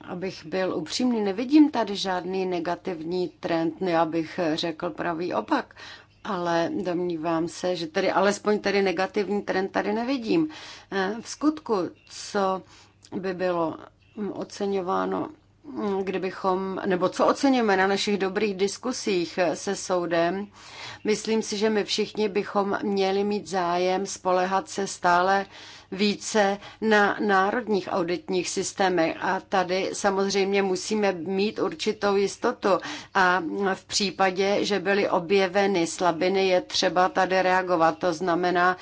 Speaker 4: Abych byl upřímný, nevidím tady žádný negativní trend, ne abych řekl pravý opak, ale domnívám se, že tady alespoň tady negativní trend tady nevidím. E, v skutku, co by bylo oceňováno kdybychom, nebo co oceníme na našich dobrých diskusích se soudem, myslím si, že my všichni bychom měli mít zájem spolehat se stále více na národních auditních systémech. A tady samozřejmě musíme mít určitou jistotu. A v případě, že byly objeveny slabiny, je třeba tady reagovat. To znamená,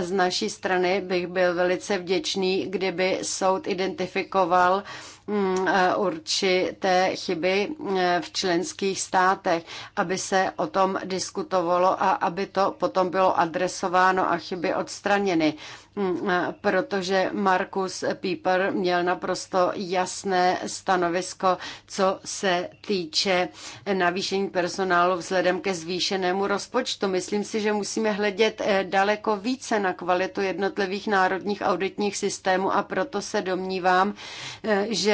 Speaker 4: z naší strany bych byl velice vděčný, kdyby soud identifikoval Mm, eh, určité chyby eh, v členských státech, aby se o tom diskutovalo a aby to potom bylo adresováno a chyby odstraněny mm, eh, protože Markus Pieper měl naprosto jasné stanovisko, co se týče navýšení personálu vzhledem ke zvýšenému rozpočtu. Myslím si, že musíme hledět daleko více na kvalitu jednotlivých národních auditních systémů a proto se domnívám, že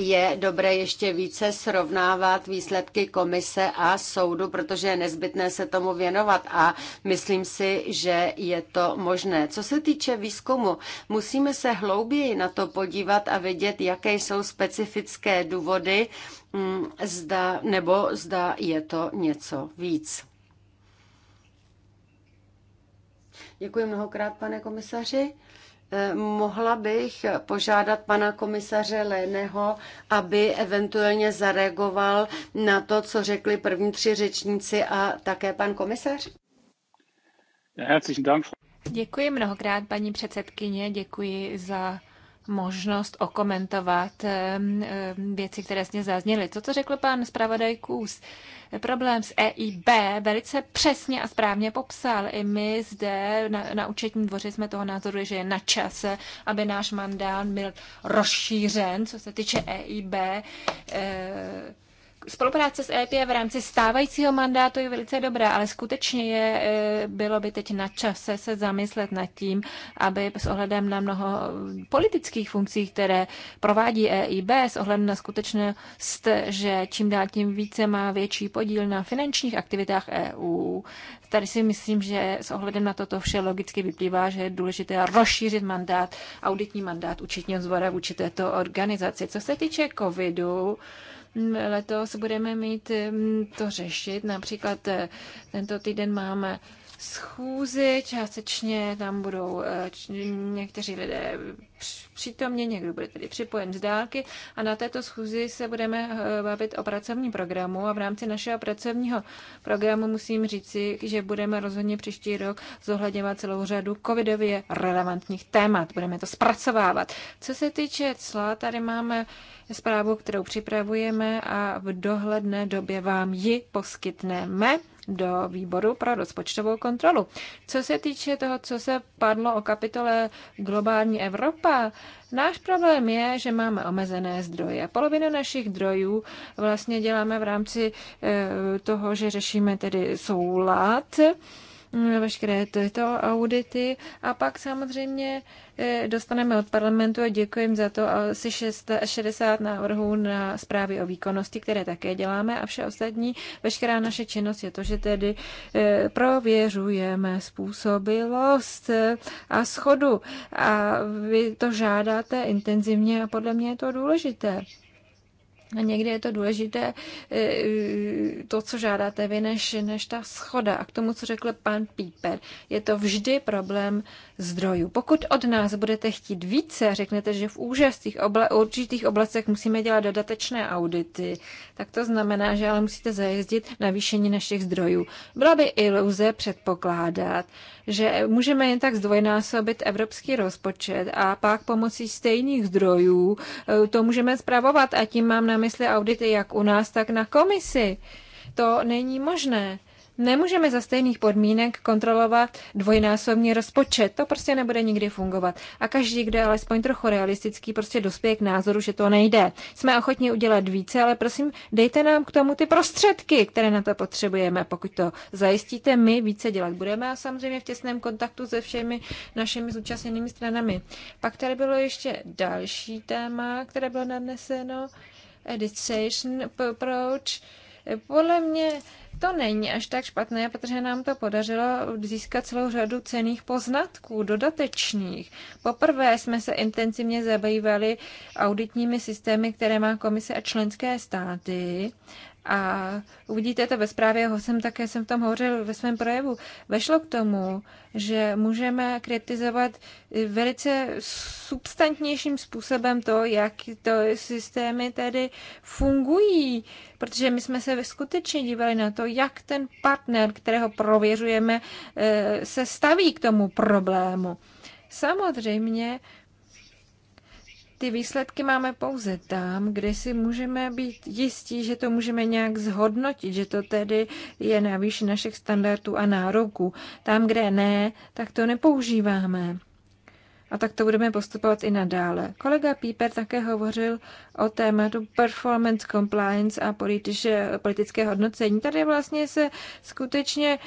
Speaker 4: je dobré ještě více srovnávat výsledky komise a soudu, protože je nezbytné se tomu věnovat a myslím si, že je to možné. Co se týče výzkumu, musíme se hlouběji na to podívat a vědět, jaké jsou specifické důvody, mm, zda, nebo zda je to něco víc. Děkuji mnohokrát, pane komisaři. Mohla bych požádat pana komisaře Léného, aby eventuálně zareagoval na to, co řekli první tři řečníci a také pan komisař?
Speaker 3: Děkuji mnohokrát, paní předsedkyně, děkuji za možnost okomentovat eh, eh, věci, které jste zazněly. To, co řekl pan zpravodaj Kůz, problém s EIB velice přesně a správně popsal. I my zde na, na účetní dvoře jsme toho názoru, že je na čase, aby náš mandát byl rozšířen, co se týče EIB. E, Spolupráce s EP v rámci stávajícího mandátu je velice dobrá, ale skutečně je, e, bylo by teď na čase se zamyslet nad tím, aby s ohledem na mnoho politických funkcí, které provádí EIB, s ohledem na skutečnost, že čím dál tím více má větší podíl na finančních aktivitách EU, tady si myslím, že s ohledem na toto vše logicky vyplývá, že je důležité rozšířit mandát, auditní mandát účetního zvora vůči této organizaci. Co se týče covidu, letos budeme mít mm, to řešit. Například eh, tento týden máme schůzi, částečně tam budou eh, někteří lidé přítomně, někdo bude tedy připojen z dálky a na této schůzi se budeme eh, bavit o pracovním programu a v rámci našeho pracovního programu musím říci, že budeme rozhodně příští rok zohledňovat celou řadu covidově relevantních témat. Budeme to zpracovávat. Co se týče cla, tady máme zprávu, kterou připravujeme a v dohledné době vám ji poskytneme do výboru pro rozpočtovou kontrolu. Co se týče toho, co se padlo o kapitole Globální Evropa, náš problém je, že máme omezené zdroje. Polovinu našich zdrojů vlastně děláme v rámci eh, toho, že řešíme tedy soulad Mm, veškeré tyto audity a pak samozřejmě eh, dostaneme od parlamentu a děkuji za to asi 60 návrhů na zprávy o výkonnosti, které také děláme a vše ostatní, veškerá naše činnost je to, že tedy eh, prověřujeme způsobilost eh, a schodu a vy to žádáte intenzivně a podle mě je to důležité. A někdy je to důležité, eh, to, co žádáte vy, než, než ta schoda. A k tomu, co řekl pan Píper, je to vždy problém zdrojů. Pokud od nás budete chtít více, řeknete, že v úžasných obla- určitých oblastech musíme dělat dodatečné audity, tak to znamená, že ale musíte zajezdit výšení našich zdrojů. Byla by iluze předpokládat, že můžeme jen tak zdvojnásobit evropský rozpočet a pak pomocí stejných zdrojů eh, to můžeme zpravovat a tím mám na mysli audity jak u nás, tak na komisi. To není možné. Nemůžeme za stejných podmínek kontrolovat dvojnásobný rozpočet. To prostě nebude nikdy fungovat. A každý, kdo je alespoň trochu realistický, prostě dospěje k názoru, že to nejde. Jsme ochotni udělat více, ale prosím, dejte nám k tomu ty prostředky, které na to potřebujeme. Pokud to zajistíte, my více dělat budeme a samozřejmě v těsném kontaktu se všemi našimi zúčastněnými stranami. Pak tady bylo ještě další téma, které bylo nadneseno. Education approach. Podle mě to není až tak špatné, protože nám to podařilo získat celou řadu cených poznatků, dodatečných. Poprvé jsme se intenzivně zabývali auditními systémy, které má komise a členské státy a uvidíte to ve zprávě, ho jsem také jsem tam hovořil ve svém projevu. Vešlo k tomu, že můžeme kritizovat velice substantnějším způsobem to, jak to systémy tedy fungují, protože my jsme se skutečně dívali na to, jak ten partner, kterého prověřujeme, eh, se staví k tomu problému. Samozřejmě ty výsledky máme pouze tam, kde si můžeme být jistí, že to můžeme nějak zhodnotit, že to tedy je na výši našich standardů a nároků. Tam, kde ne, tak to nepoužíváme. A tak to budeme postupovat i nadále. Kolega Píper také hovořil o tématu performance compliance a političe, politické hodnocení. Tady vlastně se skutečně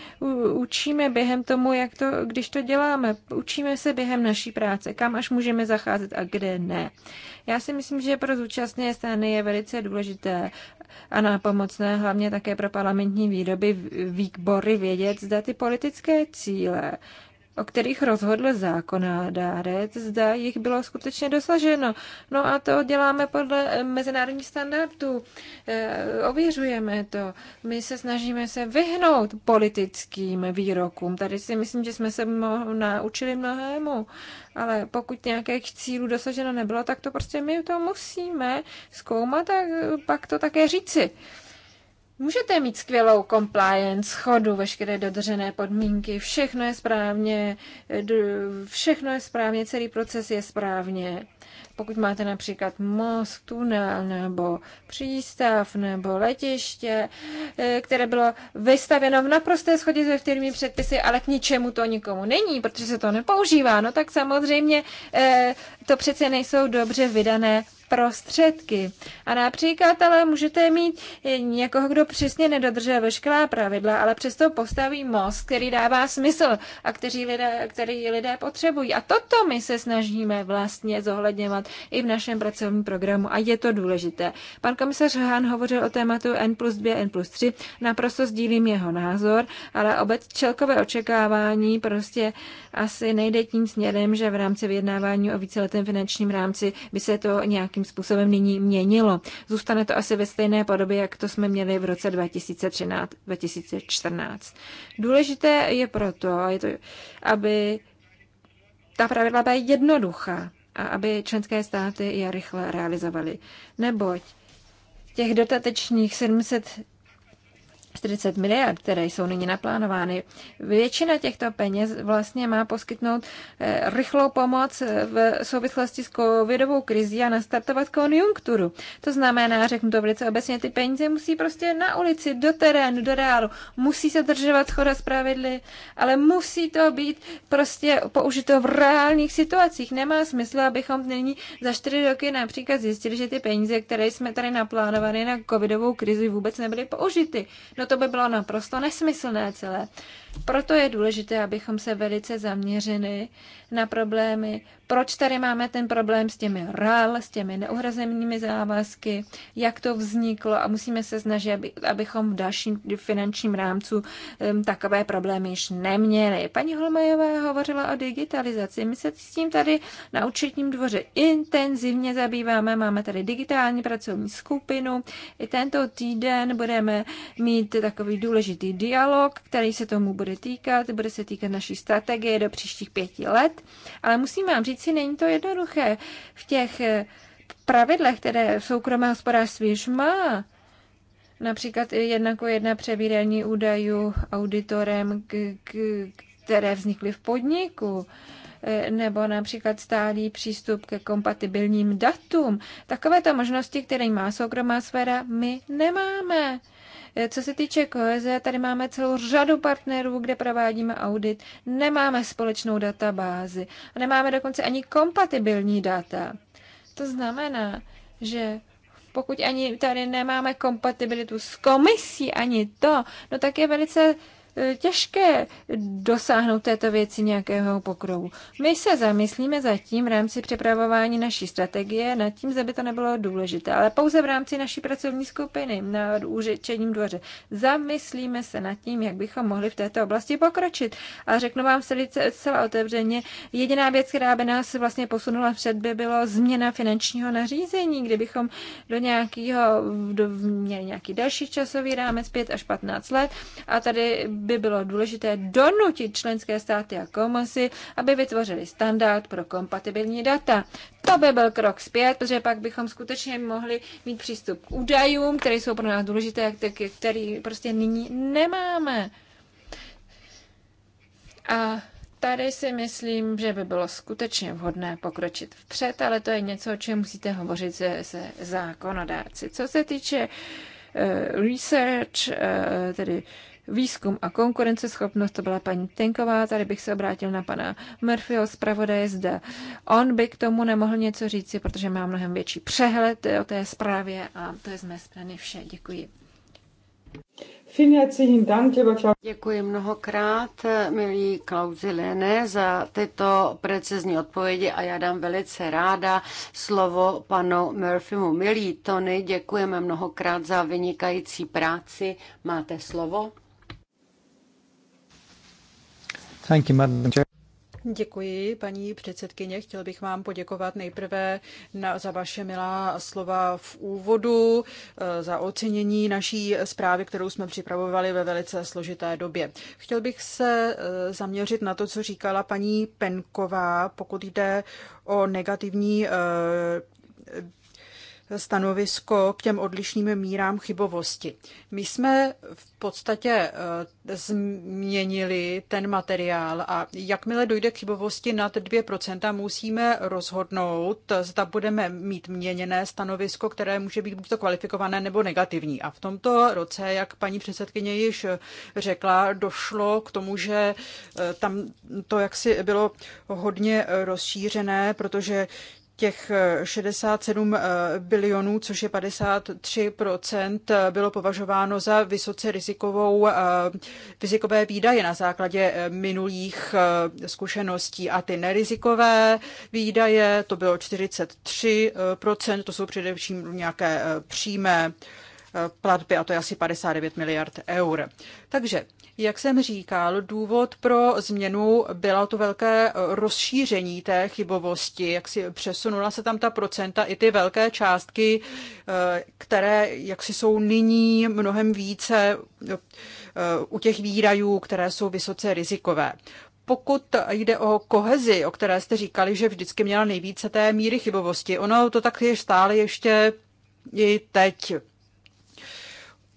Speaker 3: učíme během tomu, jak to, když to děláme. Učíme se během naší práce, kam až můžeme zacházet a kde ne. Já si myslím, že pro zúčastněné strany je velice důležité a nápomocné hlavně také pro parlamentní výroby výbory vědět, zda ty politické cíle o kterých rozhodl zákonodárec, zda jich bylo skutečně dosaženo. No a to děláme podle eh, mezinárodních standardů. Eh, ověřujeme to. My se snažíme se vyhnout politickým výrokům. Tady si myslím, že jsme se naučili mnohému. Ale pokud nějakých cílů dosaženo nebylo, tak to prostě my to musíme zkoumat a pak to také říci. Můžete mít skvělou compliance, schodu, veškeré dodržené podmínky, všechno je správně, všechno je správně, celý proces je správně. Pokud máte například most, tunel nebo přístav nebo letiště, e, které bylo vystaveno v naprosté schodě se firmní předpisy, ale k ničemu to nikomu není, protože se to nepoužívá, no tak samozřejmě e, to přece nejsou dobře vydané prostředky. A například ale můžete mít někoho, kdo přesně nedodržuje veškerá pravidla, ale přesto postaví most, který dává smysl a který lidé, který lidé potřebují. A toto my se snažíme vlastně zohledňovat i v našem pracovním programu a je to důležité. Pan komisař Hahn hovořil o tématu N plus 2, N plus 3. Naprosto sdílím jeho názor, ale obec čelkové očekávání prostě asi nejde tím směrem, že v rámci vyjednávání o víceletém finančním rámci by se to nějakým nějakým způsobem nyní měnilo. Zůstane to asi ve stejné podobě, jak to jsme měli v roce 2013-2014. Důležité je proto, je to, aby ta pravidla byla jednoduchá a aby členské státy je rychle realizovaly. Neboť těch dotatečných 700 40 miliard, které jsou nyní naplánovány. Většina těchto peněz vlastně má poskytnout eh, rychlou pomoc eh, v souvislosti s covidovou krizí a nastartovat konjunkturu. To znamená, řeknu to velice obecně, ty peníze musí prostě na ulici, do terénu, do reálu. Musí se držovat schoda zpravidly, ale musí to být prostě použito v reálných situacích. Nemá smysl, abychom nyní za čtyři roky například zjistili, že ty peníze, které jsme tady naplánovány na covidovou krizi, vůbec nebyly použity. No to by bylo naprosto nesmyslné celé. Proto je důležité, abychom se velice zaměřili na problémy, proč tady máme ten problém s těmi RAL, s těmi neuhrazenými závazky, jak to vzniklo a musíme se snažit, aby, abychom v dalším finančním rámcu um, takové problémy již neměli. Paní Holmajová hovořila o digitalizaci. My se s tím tady na účetním dvoře intenzivně zabýváme. Máme tady digitální pracovní skupinu. I tento týden budeme mít takový důležitý dialog, který se tomu bude týkat, bude se týkat naší strategie do příštích pěti let, ale musím vám říct si, není to jednoduché. V těch eh, pravidlech, které soukromé hospodářství už má, například jednako jedna přebírání údajů auditorem, k, k, které vznikly v podniku, eh, nebo například stálý přístup ke kompatibilním datům. Takovéto možnosti, které má soukromá sféra, my nemáme. Eh, co se týče koheze, tady máme celou řadu partnerů, kde provádíme audit. Nemáme společnou databázi a nemáme dokonce ani kompatibilní data. To znamená, že pokud ani tady nemáme kompatibilitu s komisí, ani to, no tak je velice těžké dosáhnout této věci nějakého pokrovu. My se zamyslíme zatím v rámci přepravování naší strategie nad tím, aby to nebylo důležité, ale pouze v rámci naší pracovní skupiny na úřečením dvoře. Zamyslíme se nad tím, jak bychom mohli v této oblasti pokročit. A řeknu vám velice zcela otevřeně, jediná věc, která by nás vlastně posunula před, by bylo změna finančního nařízení, kdybychom do nějakého, do, měli nějaký další časový rámec 5 až 15 let a tady by bylo důležité donutit členské státy a komisy, aby vytvořili standard pro kompatibilní data. To by byl krok zpět, protože pak bychom skutečně mohli mít přístup k údajům, které jsou pro nás důležité, které prostě nyní nemáme. A tady si myslím, že by bylo skutečně vhodné pokročit vpřed, ale to je něco, o čem musíte hovořit se, se zákonodáci. Co se týče uh, research, uh, tedy výzkum a konkurenceschopnost, to byla paní Tenková, tady bych se obrátil na pana Murphyho Pravodaje zde. On by k tomu nemohl něco říci, protože má mnohem větší přehled
Speaker 4: o té zprávě a to je z mé strany vše. Děkuji. Děkuji mnohokrát, milí Klauzi Lene, za tyto precizní odpovědi a já dám velice ráda slovo panu Murphymu. Milí Tony, děkujeme mnohokrát za vynikající práci. Máte slovo?
Speaker 6: Thank you, Madam Chair.
Speaker 4: Děkuji,
Speaker 1: paní předsedkyně. Chtěl bych vám poděkovat nejprve na, za vaše milá slova v úvodu, eh, za ocenění naší zprávy, kterou jsme připravovali ve velice složité době. Chtěl bych se eh, zaměřit na to, co říkala paní Penková, pokud jde o negativní eh, stanovisko k těm odlišným mírám chybovosti. My jsme v podstatě eh, změnili ten materiál a jakmile dojde k chybovosti nad 2%, musíme rozhodnout, zda budeme mít měněné stanovisko, které může být buď to kvalifikované nebo negativní. A v tomto roce, jak paní předsedkyně již řekla, došlo k tomu, že eh, tam to jaksi bylo hodně rozšířené, protože těch 67 eh, eh, bilionů, což je 53%, eh, bylo považováno za vysoce rizikovou, rizikové výdaje na základě minulých zkušeností. A ty nerizikové výdaje, to bylo 43%, to jsou především nějaké přímé platby, a to je asi 59 miliard eur. Takže jak jsem říkal, důvod pro změnu bylo to velké rozšíření té chybovosti, jak si přesunula se tam ta procenta i ty velké částky, eh, které jak si jsou nyní mnohem více eh, u těch výdajů, které jsou vysoce rizikové pokud jde o kohezi, o které jste říkali, že vždycky měla nejvíce té míry chybovosti, ono to tak je stále ještě i teď.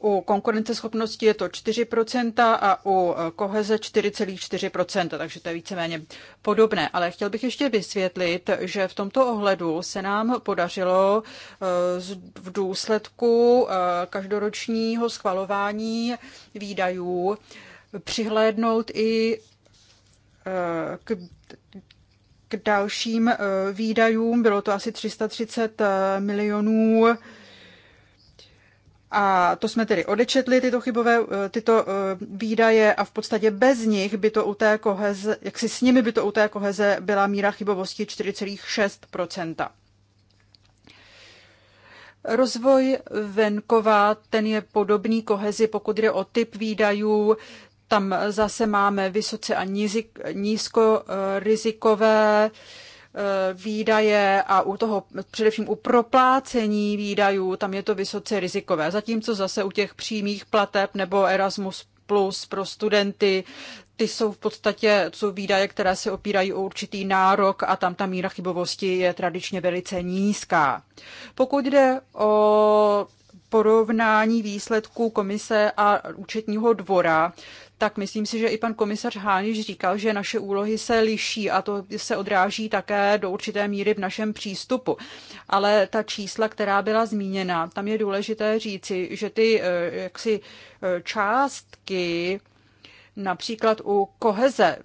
Speaker 1: U konkurenceschopnosti je to 4% a u eh, koheze 4,4%, takže to je víceméně podobné. Ale chtěl bych ještě vysvětlit, že v tomto ohledu se nám podařilo eh, v důsledku eh, každoročního schvalování výdajů přihlédnout i k k dalším výdajům. Bylo to asi 330 milionů a to jsme tedy odečetli, tyto chybové, eh, tyto eh, výdaje a v podstatě bez nich by to u té koheze, jak si s nimi by to u té koheze byla míra chybovosti 4,6%. Rozvoj venkova, ten je podobný kohezi, pokud jde o typ výdajů, tam zase máme vysoce a nízko eh, rizikové Eh, výdaje a u toho, především u proplácení výdajů, tam je to vysoce rizikové. Zatímco zase u těch přímých plateb nebo Erasmus plus pro studenty, ty jsou v podstatě jsou výdaje, které se opírají o určitý nárok a tam ta míra chybovosti je tradičně velice nízká. Pokud jde o porovnání výsledků komise a účetního dvora, tak myslím si, že i pan komisař Hániš říkal, že naše úlohy se liší a to se odráží také do určité míry v našem přístupu. Ale ta čísla, která byla zmíněna, tam je důležité říci, že ty eh, jaksi eh, částky, například u koheze,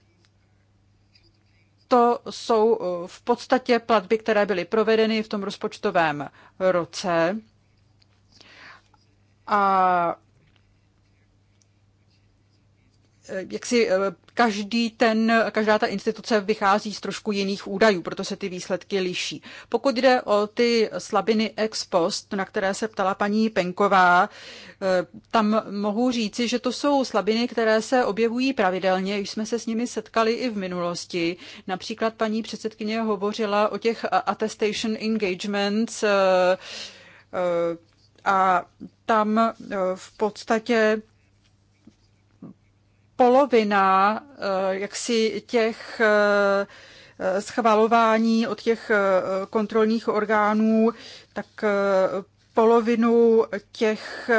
Speaker 1: to jsou eh, v podstatě platby, které byly provedeny v tom rozpočtovém roce. A Eh, jak si eh, každý ten, každá ta instituce vychází z trošku jiných údajů, proto se ty výsledky liší. Pokud jde o ty slabiny ex post, na které se ptala paní Penková, eh, tam mohu říci, že to jsou slabiny, které se objevují pravidelně, už jsme se s nimi setkali i v minulosti. Například paní předsedkyně hovořila o těch attestation engagements a tam v podstatě polovina eh, jaksi těch eh, schvalování od těch eh, kontrolních orgánů, tak polovinu těch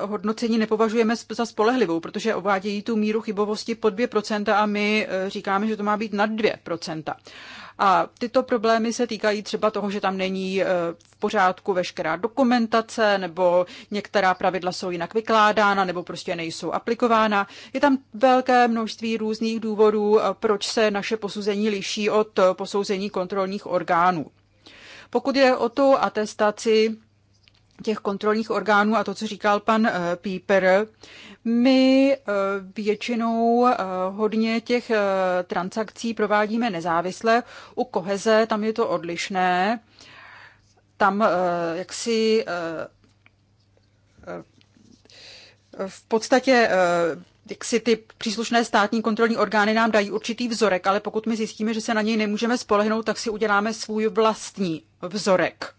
Speaker 1: hodnocení nepovažujeme za spolehlivou, protože ovádějí tu míru chybovosti pod 2% a my říkáme, že to má být nad 2%. A tyto problémy se týkají třeba toho, že tam není eh, v pořádku veškerá dokumentace, nebo některá pravidla jsou jinak vykládána, nebo prostě nejsou aplikována. Je tam velké množství různých důvodů, eh, proč se naše posouzení liší od eh, posouzení kontrolních orgánů. Pokud je o tu atestaci, těch kontrolních orgánů a to, co říkal pan eh, Píper. My eh, většinou eh, hodně těch transakcí provádíme nezávisle. U koheze tam je to odlišné. Tam jaksi v podstatě jak si ty příslušné státní kontrolní orgány nám dají určitý vzorek, ale pokud my zjistíme, že se na něj nemůžeme spolehnout, tak si uděláme svůj vlastní vzorek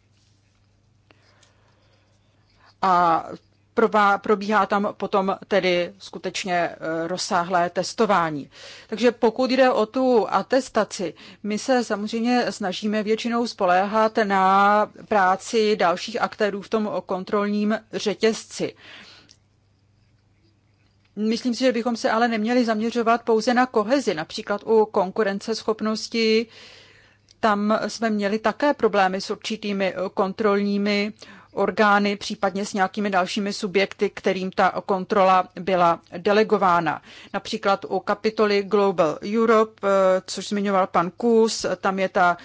Speaker 1: a probíhá tam potom tedy skutečně e, rozsáhlé testování. Takže pokud jde o tu atestaci, my se samozřejmě snažíme většinou spoléhat na práci dalších aktérů v tom kontrolním řetězci. Myslím si, že bychom se ale neměli zaměřovat pouze na kohezi, například u konkurenceschopnosti. Tam jsme měli také problémy s určitými kontrolními orgány, případně s nějakými dalšími subjekty, kterým ta kontrola byla delegována. Například u kapitoly Global Europe, eh, což zmiňoval pan Kus, tam je, ta,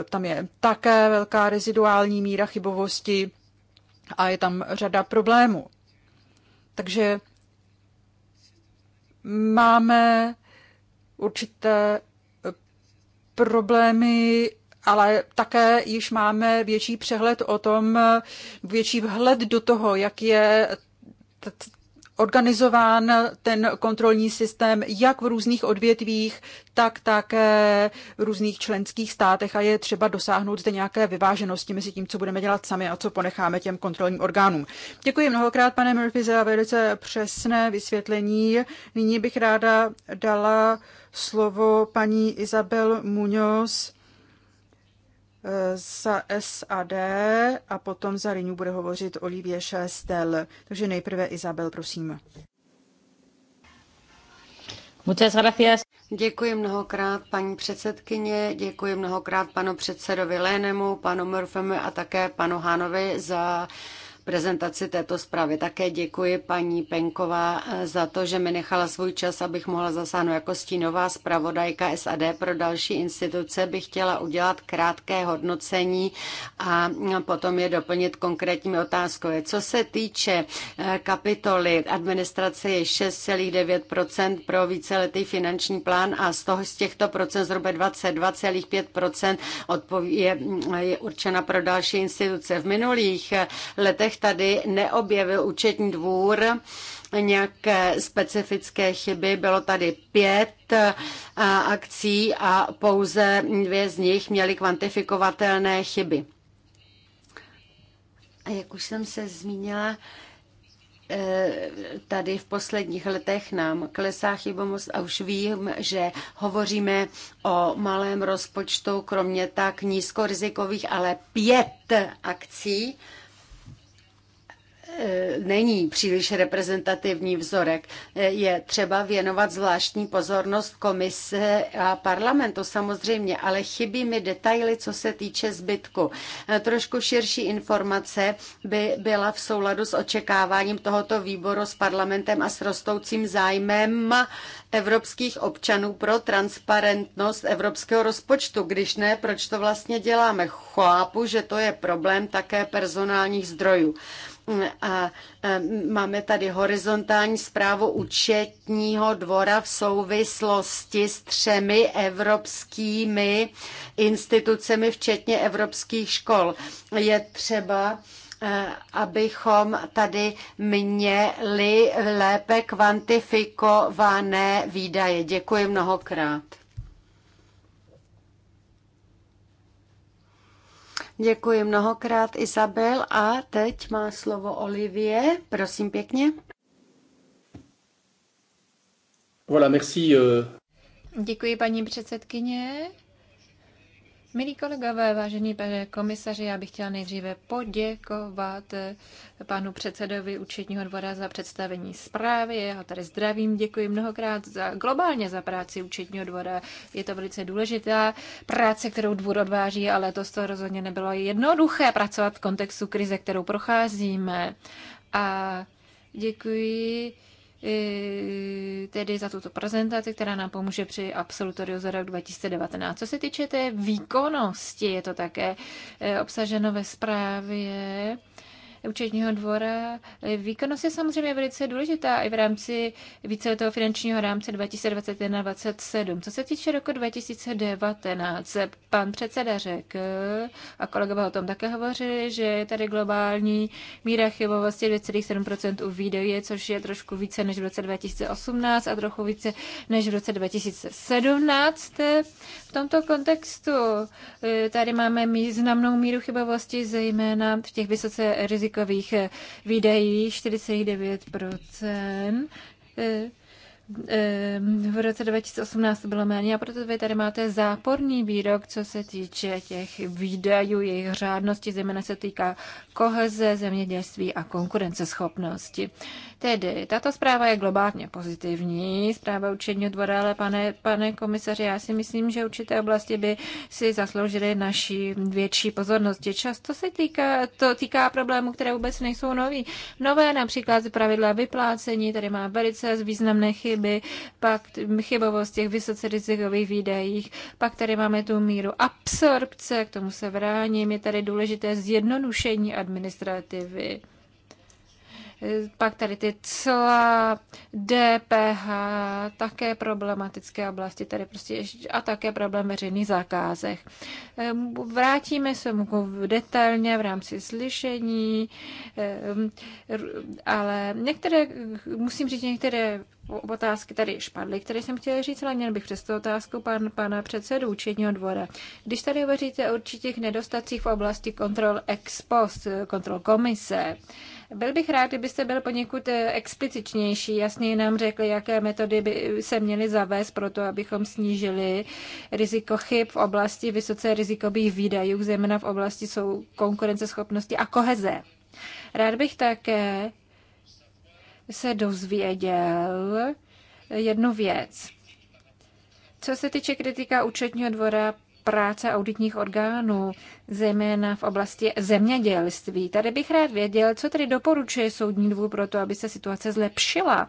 Speaker 1: eh, tam je také velká reziduální míra chybovosti a je tam řada problémů. Takže máme určité eh, problémy ale také již máme větší přehled o tom, větší vhled do toho, jak je organizován ten kontrolní systém jak v různých odvětvích, tak také v různých členských státech a je třeba dosáhnout zde nějaké vyváženosti mezi tím, co budeme dělat sami a co ponecháme těm kontrolním orgánům. Děkuji mnohokrát, pane Murphy, za velice přesné vysvětlení. Nyní bych ráda dala slovo paní Isabel Muñoz, Eh, za SAD a potom za Rinu
Speaker 4: bude hovořit Olivier Šestel. Takže nejprve Izabel, prosím. Muchas gracias. Děkuji mnohokrát paní předsedkyně, děkuji mnohokrát panu předsedovi Lénemu, panu Murphemu a také panu Hánovi za uh, prezentaci této zprávy. Také děkuji paní Penková eh, za to, že mi nechala svůj čas, abych mohla zasáhnout jako stínová zpravodajka SAD pro další instituce. Bych chtěla udělat krátké hodnocení a eh, potom je doplnit konkrétními otázkami. Co se týče eh, kapitoly administrace je 6,9% pro víceletý finanční plán a z toho z těchto procent zhruba 22,5% je, je určena pro další instituce. V minulých letech letech tady neobjevil účetní dvůr nějaké specifické chyby. Bylo tady pět akcí a pouze dvě z nich měly kvantifikovatelné chyby. A jak už jsem se zmínila, e, tady v posledních letech nám klesá chybomost a už vím, že hovoříme o malém rozpočtu, kromě tak nízkorizikových, ale pět akcí, Eh, není příliš reprezentativní vzorek. Eh, je třeba věnovat zvláštní pozornost komise a parlamentu samozřejmě, ale chybí mi detaily, co se týče zbytku. Eh, trošku širší informace by byla v souladu s očekáváním tohoto výboru s parlamentem a s rostoucím zájmem evropských občanů pro transparentnost evropského rozpočtu. Když ne, proč to vlastně děláme? Chápu, že to je problém také personálních zdrojů. A e, máme tady horizontální zprávu účetního dvora v souvislosti s třemi evropskými institucemi, včetně evropských škol. Je třeba e, abychom tady měli lépe kvantifikované výdaje. Děkuji mnohokrát. Děkuji mnohokrát, Isabel. A teď má slovo Olivie. Prosím pěkně.
Speaker 5: Voilà, merci. Euh.
Speaker 4: Děkuji, paní předsedkyně.
Speaker 3: Milí kolegové, vážení, pane komisaři, já bych chtěla nejdříve poděkovat eh, panu předsedovi účetního dvora za představení zprávy. Já ho tady zdravím, děkuji mnohokrát za, globálně za práci účetního dvora. Je to velice důležitá práce, kterou dvůr odváží, ale z toho rozhodně nebylo jednoduché pracovat v kontextu krize, kterou procházíme. A děkuji tedy za tuto prezentaci, která nám pomůže při absolutoriu za rok 2019. Co se týče té výkonnosti, je to také eh, obsaženo ve zprávě účetního dvora. Výkonnost je samozřejmě velice důležitá i v rámci víceletého finančního rámce 2021-2027. Co se týče roku 2019, pan předseda řekl, a kolegové o tom také hovořili, že je tady globální míra chybovosti 2,7% u výdeje, což je trošku více než v roce 2018 a trochu více než v roce 2017. V tomto kontextu eh, tady máme významnou míru chybovosti, zejména v těch vysoce rizikových rizikových výdajů 49 v roce 2018 bylo méně a proto vy tady máte záporný výrok, co se týče těch výdajů, jejich řádnosti, zejména se týká koheze, zemědělství a konkurenceschopnosti. Tedy, tato zpráva je globálně pozitivní, zpráva učení dvora, ale pane, pane komisaři, já si myslím, že určité oblasti by si zasloužily naší větší pozornosti. Často se týká, to týká problémů, které vůbec nejsou nový. Nové například pravidla vyplácení, tady má velice významné chyby, pak chybovost těch vysoce rizikových výdajích, pak tady máme tu míru absorpce, k tomu se vráním, je tady důležité zjednodušení administrativy. Pak tady ty cla, DPH, také problematické oblasti, tady prostě ještě, a také problém veřejných zakázek. Ehm, vrátíme se mu detailně v rámci slyšení, ehm, ale některé, musím říct, některé otázky tady špadly, které jsem chtěla říct, ale měl bych přesto otázku pan, pana předsedu účetního dvora. Když tady hovoříte o určitých nedostacích v oblasti kontrol ex post, kontrol komise, byl bych rád, kdybyste byl poněkud eh, explicitnější, jasně nám řekli, jaké metody by se měly zavést pro to, abychom snížili riziko chyb v oblasti vysoce rizikových výdajů, zejména v oblasti jsou konkurenceschopnosti a koheze. Rád bych také se dozvěděl jednu věc. Co se týče kritika účetního dvora práce auditních orgánů, zejména v oblasti zemědělství. Tady bych rád věděl, co tedy doporučuje Soudní dvůr pro to, aby se situace zlepšila.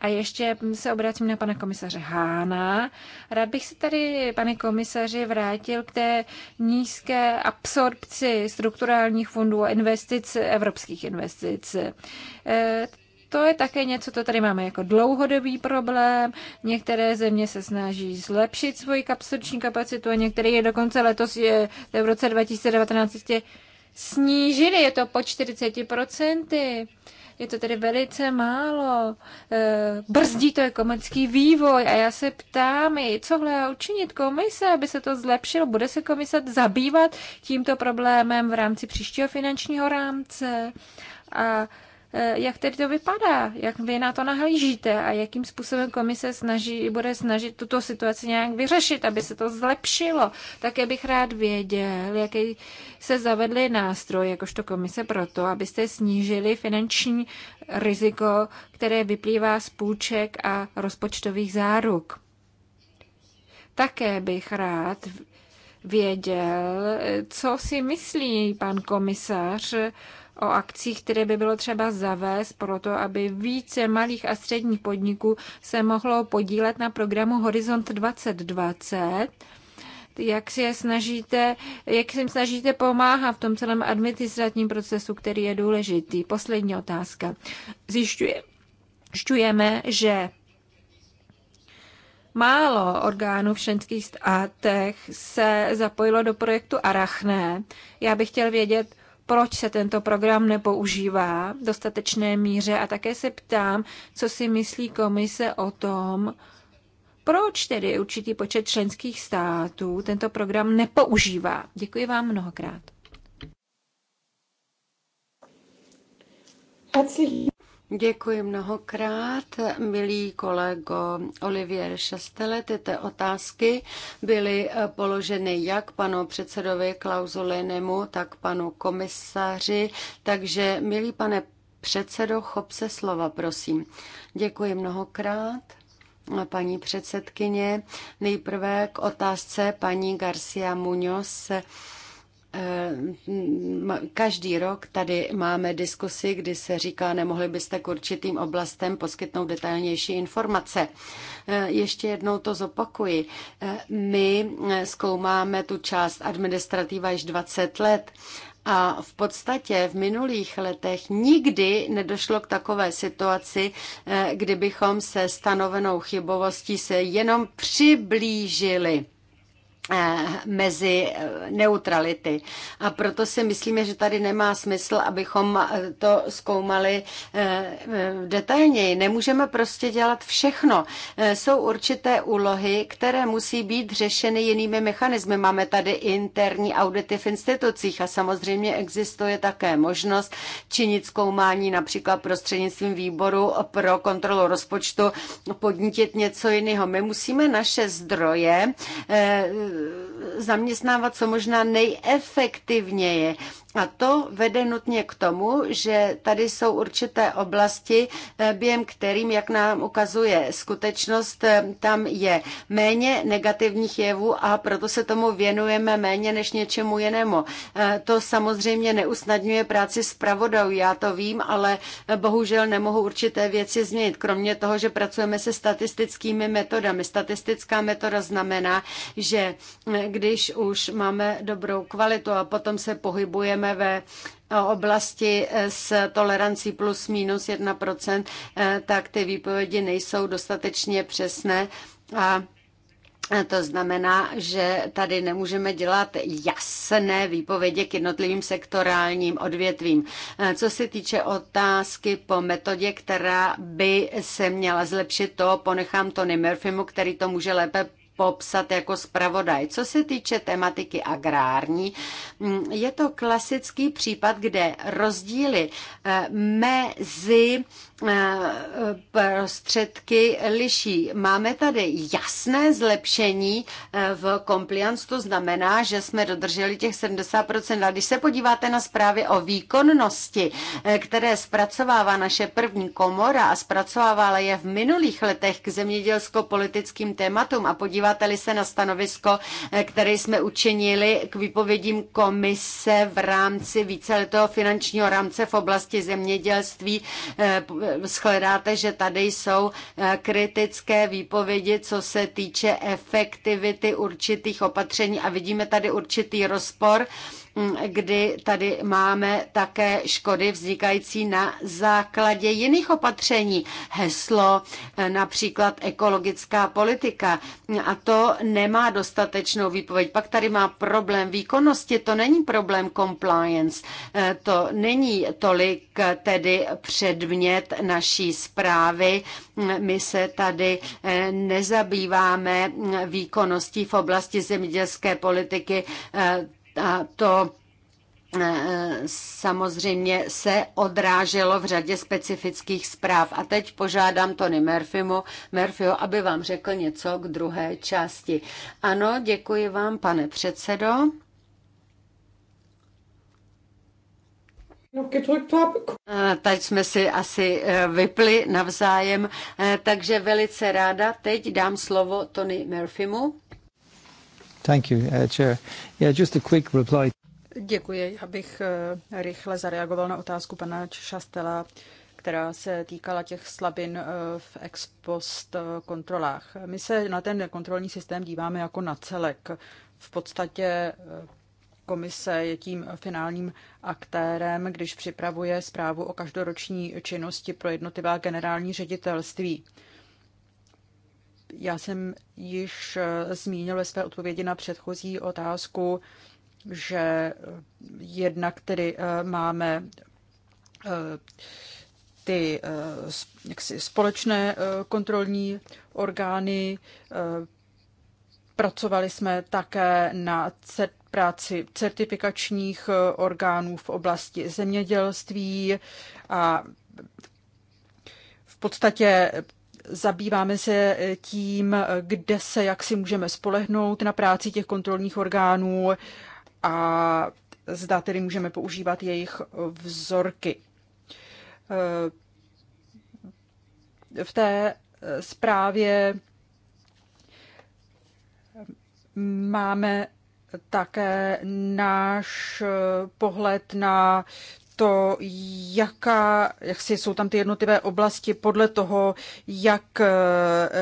Speaker 3: A ještě se obrátím na pana komisaře Hána. Rád bych se tady, pane komisaři, vrátil k té nízké absorpci strukturálních fondů a investic, evropských investic. Eh, to je také něco, to tady máme jako dlouhodobý problém. Některé země se snaží zlepšit svoji kapsační kapacitu a některé je dokonce letos, je, v roce 2019, snížily snížili, je to po 40%. Je to tedy velice málo. Eh, brzdí to ekonomický vývoj a já se ptám, co hle učinit komise, aby se to zlepšilo. Bude se komise zabývat tímto problémem v rámci příštího finančního rámce? A Eh, jak tedy to vypadá? Jak vy na to nahlížíte a jakým způsobem komise snaží, bude snažit tuto situaci nějak vyřešit, aby se to zlepšilo? Také bych rád věděl, jaký se zavedly nástroj, jakožto komise, pro to, abyste snížili finanční riziko, které vyplývá z půjček a rozpočtových záruk. Také bych rád věděl, co si myslí pan komisař o akcích, které by bylo třeba zavést pro to, aby více malých a středních podniků se mohlo podílet na programu Horizont 2020 jak si je snažíte, jak si snažíte pomáhat v tom celém administrativním procesu, který je důležitý. Poslední otázka. Zjišťujeme, že Málo orgánů v členských státech se zapojilo do projektu Arachné. Já bych chtěl vědět, proč se tento program nepoužívá v dostatečné míře a také se ptám, co si myslí komise o tom, proč tedy určitý počet členských států tento program
Speaker 4: nepoužívá. Děkuji vám mnohokrát. Herzlichen Děkuji mnohokrát, milý kolego Olivier Šastele. Tyto otázky byly eh, položeny jak panu předsedovi Klauzulinemu, tak panu komisaři. Takže, milý pane předsedo, chop se slova, prosím. Děkuji mnohokrát paní předsedkyně. Nejprve k otázce paní Garcia Muñoz Eh, každý rok tady máme diskusy, kdy se říká, nemohli byste k určitým oblastem poskytnout detailnější informace. Eh, ještě jednou to zopakuji. Eh, my zkoumáme tu část administrativa již 20 let a v podstatě v minulých letech nikdy nedošlo k takové situaci, kdybychom se stanovenou chybovostí se jenom přiblížili Eh, mezi eh, neutrality. A proto si myslíme, že tady nemá smysl, abychom eh, to zkoumali detailněji. Nemůžeme prostě dělat všechno. Jsou určité úlohy, které musí být řešeny jinými mechanismy. Máme tady interní audity v institucích a samozřejmě existuje také možnost činit zkoumání například prostřednictvím výboru pro kontrolu rozpočtu podnítit něco jiného. My musíme naše zdroje zaměstnávat co možná nejefektivněji. A to vede nutně k tomu, že tady jsou určité oblasti, eh, během kterým, jak nám ukazuje skutečnost, eh, tam je méně negativních jevů a proto se tomu věnujeme méně než něčemu jinému. Eh, to samozřejmě neusnadňuje práci s pravodou, já to vím, ale bohužel nemohu určité věci změnit. Kromě toho, že pracujeme se statistickými metodami. Statistická metoda znamená, že když už máme dobrou kvalitu a potom se pohybujeme, pohybujeme ve oblasti s tolerancí plus minus 1%, tak ty výpovědi nejsou dostatečně přesné a to znamená, že tady nemůžeme dělat jasné výpovědi k jednotlivým sektorálním odvětvím. Co se týče otázky po metodě, která by se měla zlepšit, to ponechám Tony Murphymu, který to může lépe popsat jako zpravodaj. Co se týče tematiky agrární, mm, je to klasický případ, kde rozdíly eh, mezi eh, prostředky liší. Máme tady jasné zlepšení eh, v compliance, to znamená, že jsme dodrželi těch 70%. A když se podíváte na zprávy o výkonnosti, které zpracovává naše první komora a zpracovávala je v minulých letech k zemědělsko-politickým tématům a podíváte Odvoláte-li se na stanovisko, eh, které jsme učinili k výpovědím komise v rámci víceletého finančního rámce v oblasti zemědělství, eh, shledáte, že tady jsou eh, kritické výpovědi, co se týče efektivity určitých opatření a vidíme tady určitý rozpor kdy tady máme také škody vznikající na základě jiných opatření. Heslo eh, například ekologická politika a to nemá dostatečnou výpověď. Pak tady má problém výkonnosti, to není problém compliance, eh, to není tolik eh, tedy předmět naší zprávy. Mm, my se tady nezabýváme mm, výkonností v oblasti zemědělské politiky, a to e, samozřejmě se odráželo v řadě specifických zpráv. A teď požádám Tony Murphymu, Murphyho, aby vám řekl něco k druhé části. Ano, děkuji vám, pane předsedo. E, teď jsme si asi e, vypli navzájem, takže velice ráda teď dám slovo Tony Murphymu.
Speaker 6: Uh,
Speaker 4: Děkuji. Já bych eh, rychle zareagoval na otázku
Speaker 1: pana Šastela, která se týkala těch slabin eh, v ex post eh, kontrolách. My se na ten kontrolní systém díváme jako na celek. V podstatě komise je tím finálním aktérem, když připravuje zprávu o každoroční činnosti pro jednotlivá generální ředitelství. Já jsem již eh, zmínil ve své odpovědi na předchozí otázku, že eh, jednak tedy eh, máme ty jaksi, společné kontrolní orgány. Pracovali jsme také na práci certifikačních orgánů v oblasti zemědělství a v podstatě zabýváme se tím, kde se jak si můžeme spolehnout na práci těch kontrolních orgánů a zda tedy můžeme používat jejich vzorky. V té zprávě máme také náš pohled na to, jaká, jak si jsou tam ty jednotlivé oblasti podle toho, jak eh,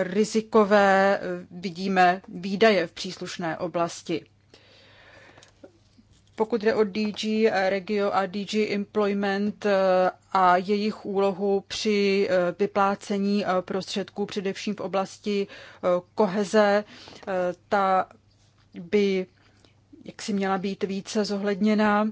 Speaker 1: rizikové eh, vidíme výdaje v příslušné oblasti. Pokud jde o DG Regio a DG Employment eh, a jejich úlohu při vyplácení prostředků, především v oblasti koheze, ta by jak si měla být více zohledněna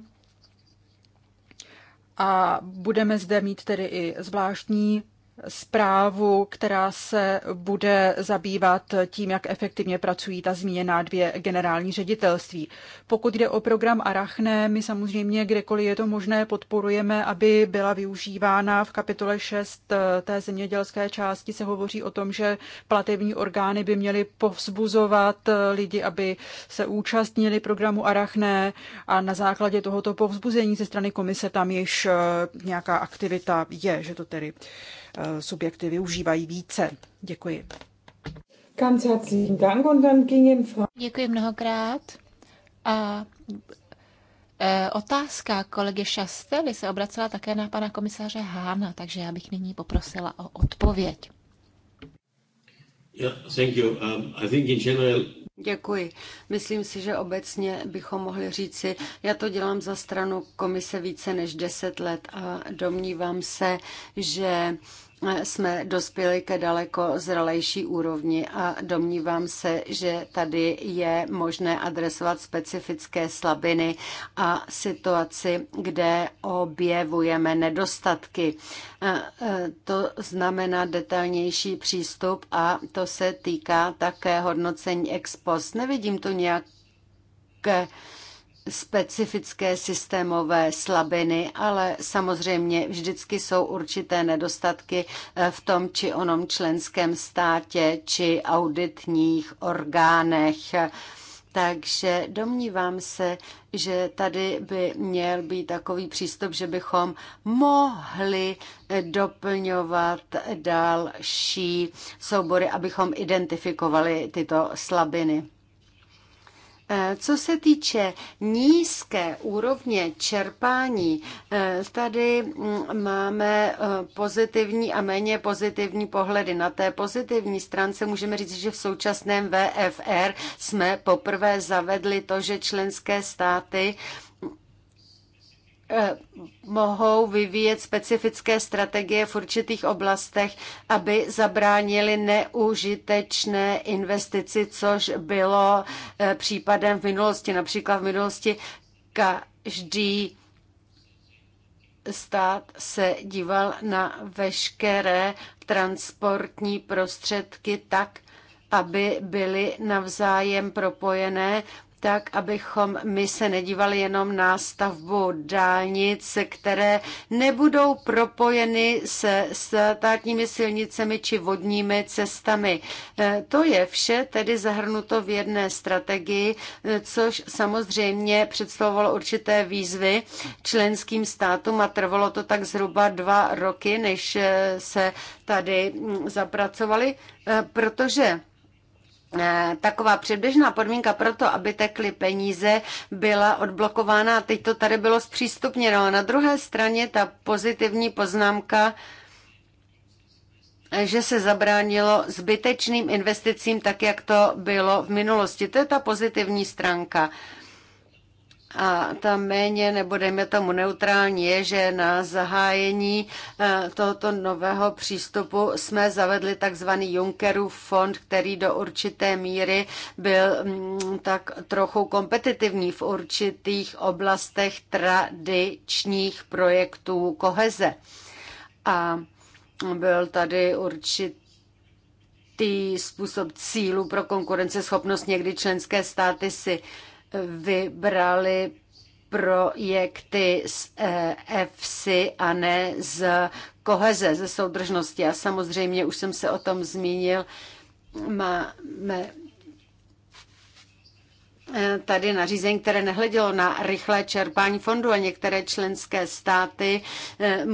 Speaker 1: a budeme zde mít tedy i zvláštní zprávu, která se bude zabývat tím, jak efektivně pracují ta zmíněná dvě generální ředitelství. Pokud jde o program Arachne, my samozřejmě kdekoliv je to možné podporujeme, aby byla využívána v kapitole 6 eh, té zemědělské části se hovoří o tom, že platební orgány by měly povzbuzovat eh, lidi, aby se účastnili programu Arachne a na základě tohoto povzbuzení ze strany komise tam již eh, nějaká aktivita je, že to tedy Eh, subjekty využívají více. Děkuji.
Speaker 2: Děkuji mnohokrát.
Speaker 3: A eh, otázka kolegy Šastely se obracela také na pana komisaře Hána, takže já bych nyní poprosila o odpověď.
Speaker 5: Yeah, thank you. Um, I think in general...
Speaker 4: Děkuji. Myslím si, že obecně bychom mohli říci, já to dělám za stranu komise více než 10 let a domnívám se, že jsme dospěli ke daleko zralejší úrovni a domnívám se, že tady je možné adresovat specifické slabiny a situaci, kde objevujeme nedostatky. E, to znamená detailnější přístup a to se týká také hodnocení ex post. Nevidím to nějak specifické systémové slabiny, ale samozřejmě vždycky jsou určité nedostatky eh, v tom či onom členském státě či auditních orgánech. Takže domnívám se, že tady by měl být takový přístup, že bychom mohli eh, doplňovat další soubory, abychom identifikovali tyto slabiny. Eh, co se týče nízké úrovně čerpání, eh, tady mm, máme eh, pozitivní a méně pozitivní pohledy. Na té pozitivní stránce můžeme říct, že v současném VFR jsme poprvé zavedli to, že členské státy Eh, mohou vyvíjet specifické strategie v určitých oblastech, aby zabránili neužitečné investici, což bylo eh, případem v minulosti. Například v minulosti každý stát se díval na veškeré transportní prostředky tak, aby byly navzájem propojené tak abychom my se nedívali jenom na stavbu dálnic, které nebudou propojeny se státními silnicemi či vodními cestami. E, to je vše tedy zahrnuto v jedné strategii, e, což samozřejmě představovalo určité výzvy členským státům a trvalo to tak zhruba dva roky, než e, se tady zapracovali, protože Eh, taková předběžná podmínka pro to, aby tekly peníze, byla odblokována. Teď to tady bylo zpřístupněno. Na druhé straně ta pozitivní poznámka, eh, že se zabránilo zbytečným investicím, tak jak to bylo v minulosti. To je ta pozitivní stránka a tam méně, nebo dejme tomu neutrální, je, že na zahájení eh, tohoto nového přístupu jsme zavedli takzvaný Junckerův fond, který do určité míry byl mm, tak trochu kompetitivní v určitých oblastech tradičních projektů koheze. A byl tady určitý způsob cílu pro konkurenceschopnost. Někdy členské státy si uh, vybrali projekty z EFSI eh, a ne z koheze, ze soudržnosti. A samozřejmě už jsem se o tom zmínil, máme eh, tady nařízení, které nehledělo na rychlé čerpání fondu a některé členské státy, eh,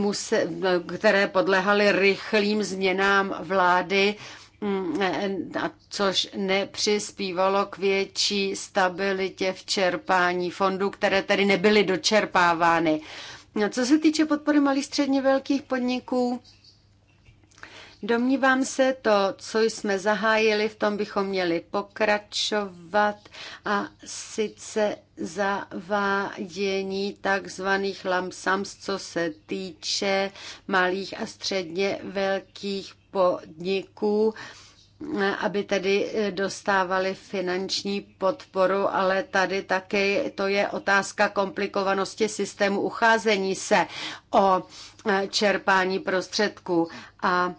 Speaker 4: které podlehaly rychlým změnám vlády, Mm, eh, eh, což nepřispívalo k větší stabilitě v čerpání fondů, které tedy nebyly dočerpávány. No, co se týče podpory malých středně velkých podniků, Domnívám se, to, co jsme zahájili, v tom bychom měli pokračovat a sice zavádění takzvaných lamsams, co se týče malých a středně velkých podniků, aby tedy dostávali finanční podporu, ale tady také to je otázka komplikovanosti systému ucházení se o čerpání prostředků. A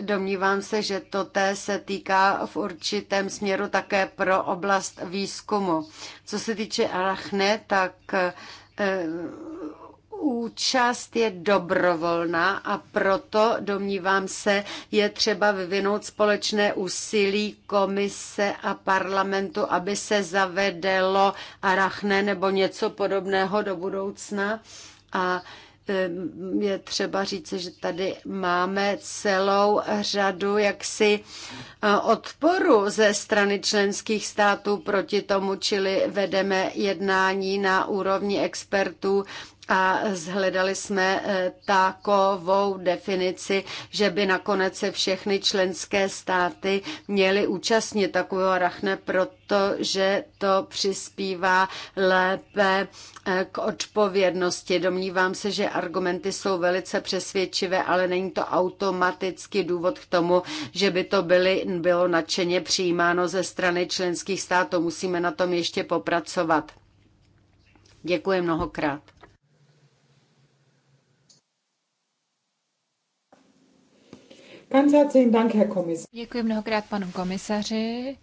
Speaker 4: Domnívám se, že to té se týká v určitém směru také pro oblast výzkumu. Co se týče Arachne, tak eh, účast je dobrovolná a proto, domnívám se, je třeba vyvinout společné úsilí komise a parlamentu, aby se zavedelo arachne nebo něco podobného do budoucna. A je třeba říct, že tady máme celou řadu jaksi odporu ze strany členských států proti tomu, čili vedeme jednání na úrovni expertů a zhledali jsme eh, takovou definici, že by nakonec se všechny členské státy měly účastnit takového rachne, protože to přispívá lépe eh, k odpovědnosti. Domnívám se, že argumenty jsou velice přesvědčivé, ale není to automaticky důvod k tomu, že by to byly, bylo nadšeně přijímáno ze strany členských států. Musíme na tom ještě popracovat. Děkuji mnohokrát.
Speaker 2: Ganz herzlichen Dank, Herr Kommissar. Děkuji
Speaker 3: mnohokrát panu komisaři.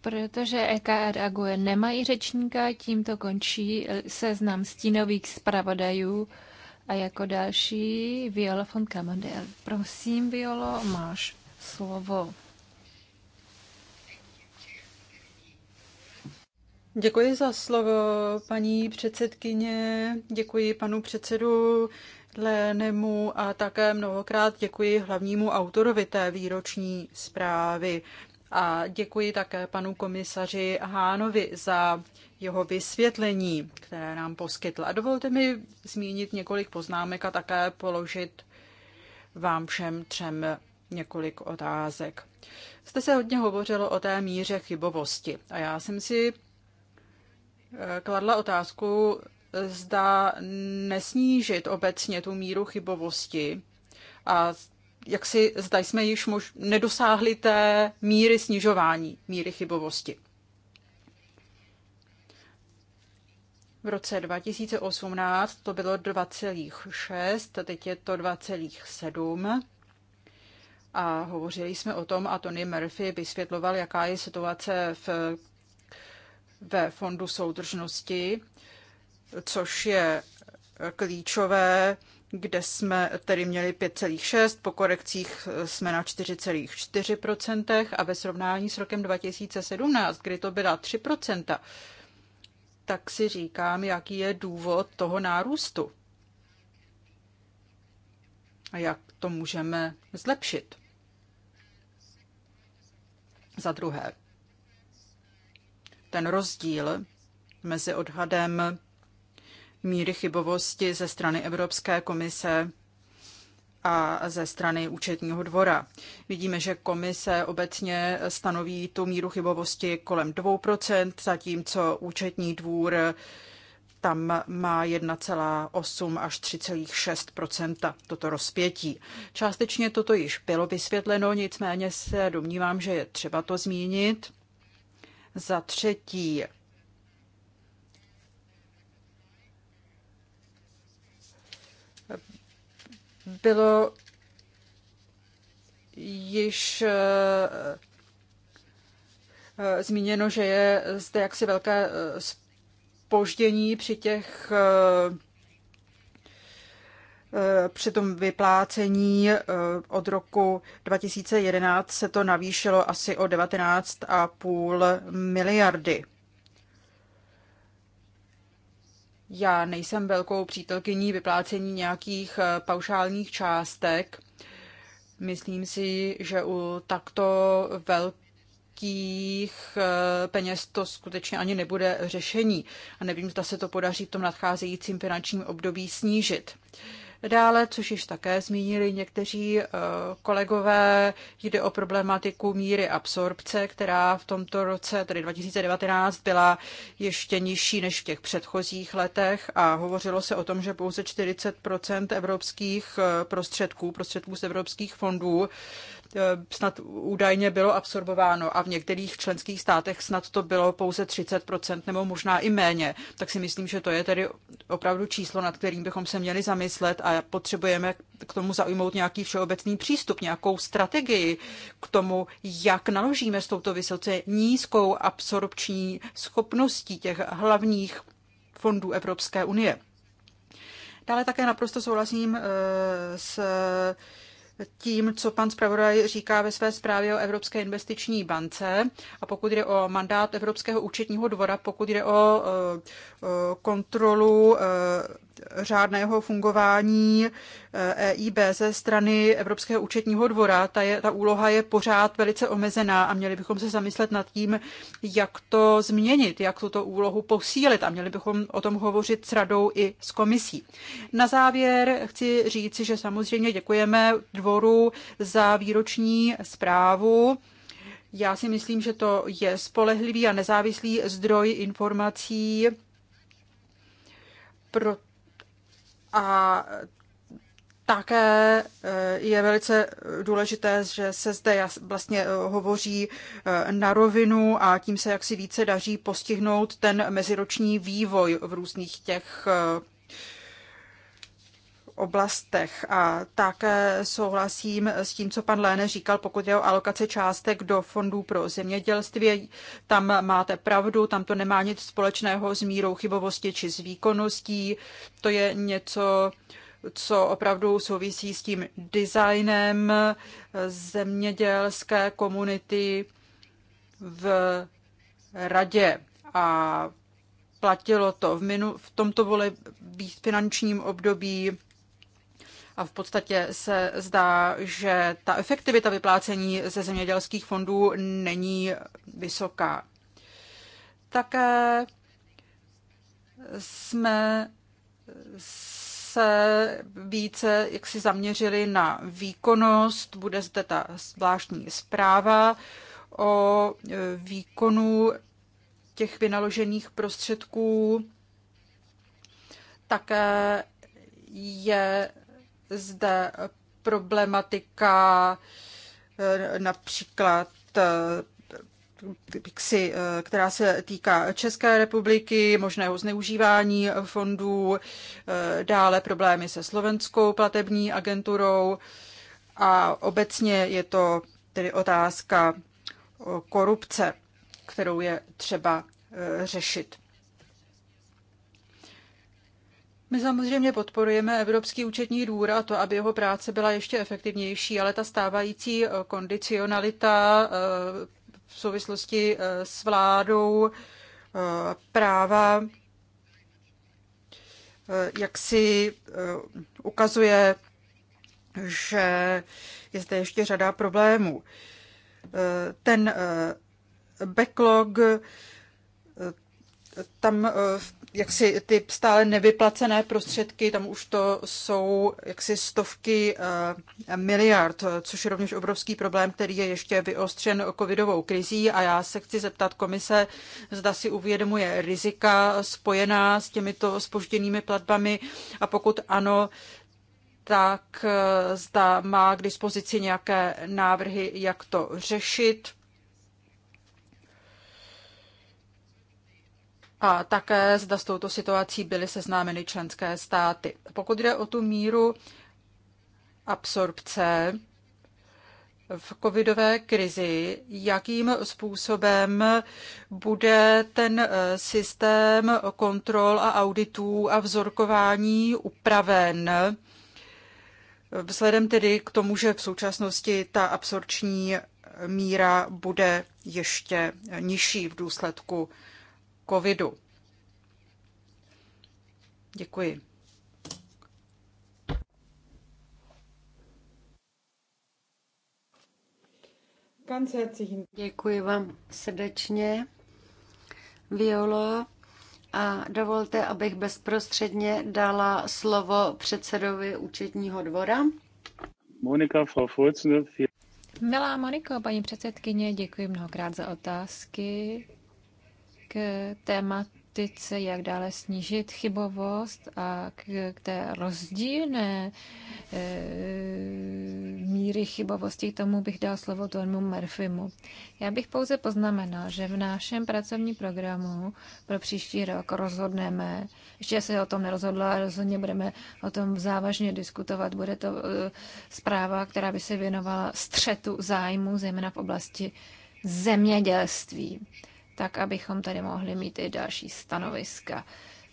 Speaker 3: Protože EKR a GUE nemají řečníka, tímto končí eh, seznam stínových zpravodajů a jako další Viola von Kamandel. Prosím, Violo, máš slovo.
Speaker 1: Děkuji za slovo, paní předsedkyně, děkuji panu předsedu Lénemu a také mnohokrát děkuji hlavnímu autorovi té výroční zprávy. A děkuji také panu komisaři Hánovi za jeho vysvětlení, které nám poskytl. A dovolte mi zmínit několik poznámek a také položit vám všem třem několik otázek. Zde se hodně hovořilo o té míře chybovosti a já jsem si eh, kladla otázku, zda nesnížit obecně tu míru chybovosti a jak si zda jsme již mož, nedosáhli té míry snižování míry chybovosti. V roce 2018 to bylo 2,6, teď je to 2,7. A hovořili jsme o tom, a Tony Murphy vysvětloval, jaká je situace v, ve fondu soudržnosti což je klíčové, kde jsme tedy měli 5,6, po korekcích jsme na 4,4% a ve srovnání s rokem 2017, kdy to byla 3%, tak si říkám, jaký je důvod toho nárůstu a jak to můžeme zlepšit. Za druhé, ten rozdíl mezi odhadem míry chybovosti ze strany Evropské komise a ze strany účetního dvora. Vidíme, že komise obecně stanoví tu míru chybovosti kolem 2%, zatímco účetní dvůr tam má 1,8 až 3,6 toto rozpětí. Částečně toto již bylo vysvětleno, nicméně se domnívám, že je třeba to zmínit. Za třetí, bylo již eh, eh, zmíněno, že je zde jaksi velké spoždění eh, při těch při tom vyplácení od roku 2011 se to navýšilo asi o 19,5 miliardy. Já nejsem velkou přítelkyní vyplácení nějakých eh, paušálních částek. Myslím si, že u takto velkých eh, peněz to skutečně ani nebude řešení. A nevím, zda se to podaří v tom nadcházejícím finančním období snížit. Dále, což již také zmínili někteří eh, kolegové, jde o problematiku míry absorpce, která v tomto roce, tedy 2019, byla ještě nižší než v těch předchozích letech a hovořilo se o tom, že pouze 40 evropských eh, prostředků, prostředků z evropských fondů, Eh, snad údajně bylo absorbováno a v některých členských státech snad to bylo pouze 30% nebo možná i méně, tak si myslím, že to je tedy opravdu číslo, nad kterým bychom se měli zamyslet a potřebujeme k tomu zaujmout nějaký všeobecný přístup, nějakou strategii k tomu, jak naložíme s touto vysoce nízkou absorpční schopností těch hlavních fondů Evropské unie. Dále také naprosto souhlasím eh, s tím, co pan zpravodaj říká ve své zprávě o Evropské investiční bance a pokud jde o mandát Evropského účetního dvora, pokud jde o eh, eh, kontrolu eh, řádného fungování EIB eh, e ze strany Evropského účetního dvora. Ta, je, ta úloha je pořád velice omezená a měli bychom se zamyslet nad tím, jak to změnit, jak tuto úlohu posílit a měli bychom o tom hovořit s radou i s komisí. Na závěr chci říci, že samozřejmě děkujeme dvoru za výroční zprávu. Já si myslím, že to je spolehlivý a nezávislý zdroj informací, proto a také eh, je velice důležité, že se zde vlastně eh, hovoří eh, na rovinu a tím se jaksi více daří postihnout ten meziroční vývoj v různých těch oblastech. A také souhlasím s tím, co pan Léne říkal, pokud je o alokace částek do fondů pro zemědělství. Tam máte pravdu, tam to nemá nic společného s mírou chybovosti či s výkonností. To je něco, co opravdu souvisí s tím designem zemědělské komunity v radě. A platilo to v, minu, v tomto vole, finančním období a v podstatě se zdá, že ta efektivita vyplácení ze zemědělských fondů není vysoká. Také jsme se více jak si zaměřili na výkonnost. Bude zde ta zvláštní zpráva o výkonu těch vynaložených prostředků. Také je zde problematika eh, například eh, eh, která se týká České republiky, možného zneužívání fondů, dále problémy se slovenskou platební agenturou a obecně je to tedy otázka korupce, kterou je třeba řešit. My samozřejmě podporujeme Evropský účetní dvůr a to, aby jeho práce byla ještě efektivnější, ale ta stávající eh, kondicionalita eh, v souvislosti eh, s vládou práva jak si ukazuje, že je zde ještě řada problémů. Ten backlog tam jaksi ty stále nevyplacené prostředky, tam už to jsou jaksi stovky eh, miliard, což je rovněž obrovský problém, který je ještě vyostřen covidovou krizí a já se chci zeptat komise, zda si uvědomuje rizika spojená s těmito spožděnými platbami a pokud ano, tak eh, zda má k dispozici nějaké návrhy, jak to řešit a také zda s touto situací byly seznámeny členské státy. Pokud jde o tu míru absorpce v covidové krizi, jakým způsobem bude ten eh, systém kontrol a auditů a vzorkování upraven, vzhledem tedy k tomu, že v současnosti ta absorpční míra bude ještě nižší v důsledku covidu.
Speaker 2: Děkuji.
Speaker 4: Děkuji vám srdečně, Viola. A dovolte, abych bezprostředně dala slovo předsedovi účetního dvora. Monika, Milá Moniko, paní předsedkyně,
Speaker 3: děkuji mnohokrát za otázky tématice, jak dále snížit chybovost a k, k té rozdílné e, míry chybovosti, tomu bych dal slovo Tomu Murphymu. Já bych pouze poznamenal, že v našem pracovním programu pro příští rok rozhodneme, ještě se o tom nerozhodla, ale rozhodně budeme o tom závažně diskutovat. Bude to e, zpráva, která by se věnovala střetu zájmu, zejména v oblasti zemědělství tak abychom tady mohli mít i další stanoviska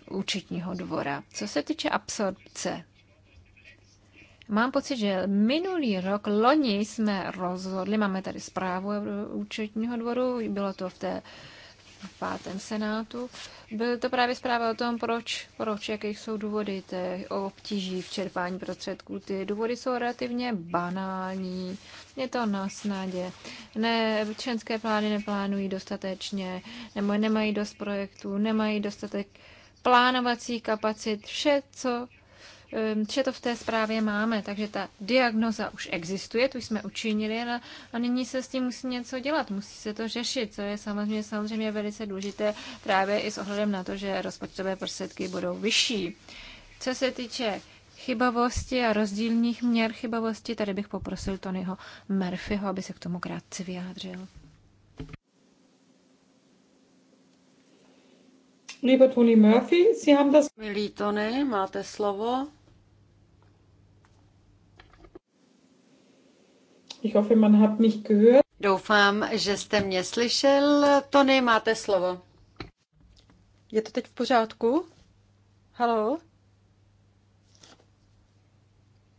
Speaker 3: účetního dvora. Co se týče absorpce, Mám pocit, že minulý rok, loni jsme rozhodli, máme tady zprávu účetního dvoru, bylo to v té v pátém senátu. Byl to právě zpráva o tom, proč, proč jaké jsou důvody té obtíží v čerpání prostředků. Ty důvody jsou relativně banální, je to na snadě. Ne, členské plány neplánují dostatečně, nebo nemají dost projektů, nemají dostatek plánovacích kapacit, vše, co Ehm, vše to v té zprávě máme, takže ta diagnoza už existuje, tu jsme učinili a, a nyní se s tím musí něco dělat, musí se to řešit, co je samozřejmě, samozřejmě velice důležité právě i s ohledem na to, že rozpočtové prostředky budou vyšší. Co se týče chybavosti a rozdílných měr chybavosti, tady bych poprosil Tonyho Murphyho, aby se k tomu krátce vyjádřil.
Speaker 4: Lieber Tony Murphy, Sie haben das... Milý Tony, máte slovo.
Speaker 2: Ich hoffe, man hat mich gehört.
Speaker 4: Doufám, že jste mě slyšel. Tony, máte slovo. Je to teď v pořádku? Halo?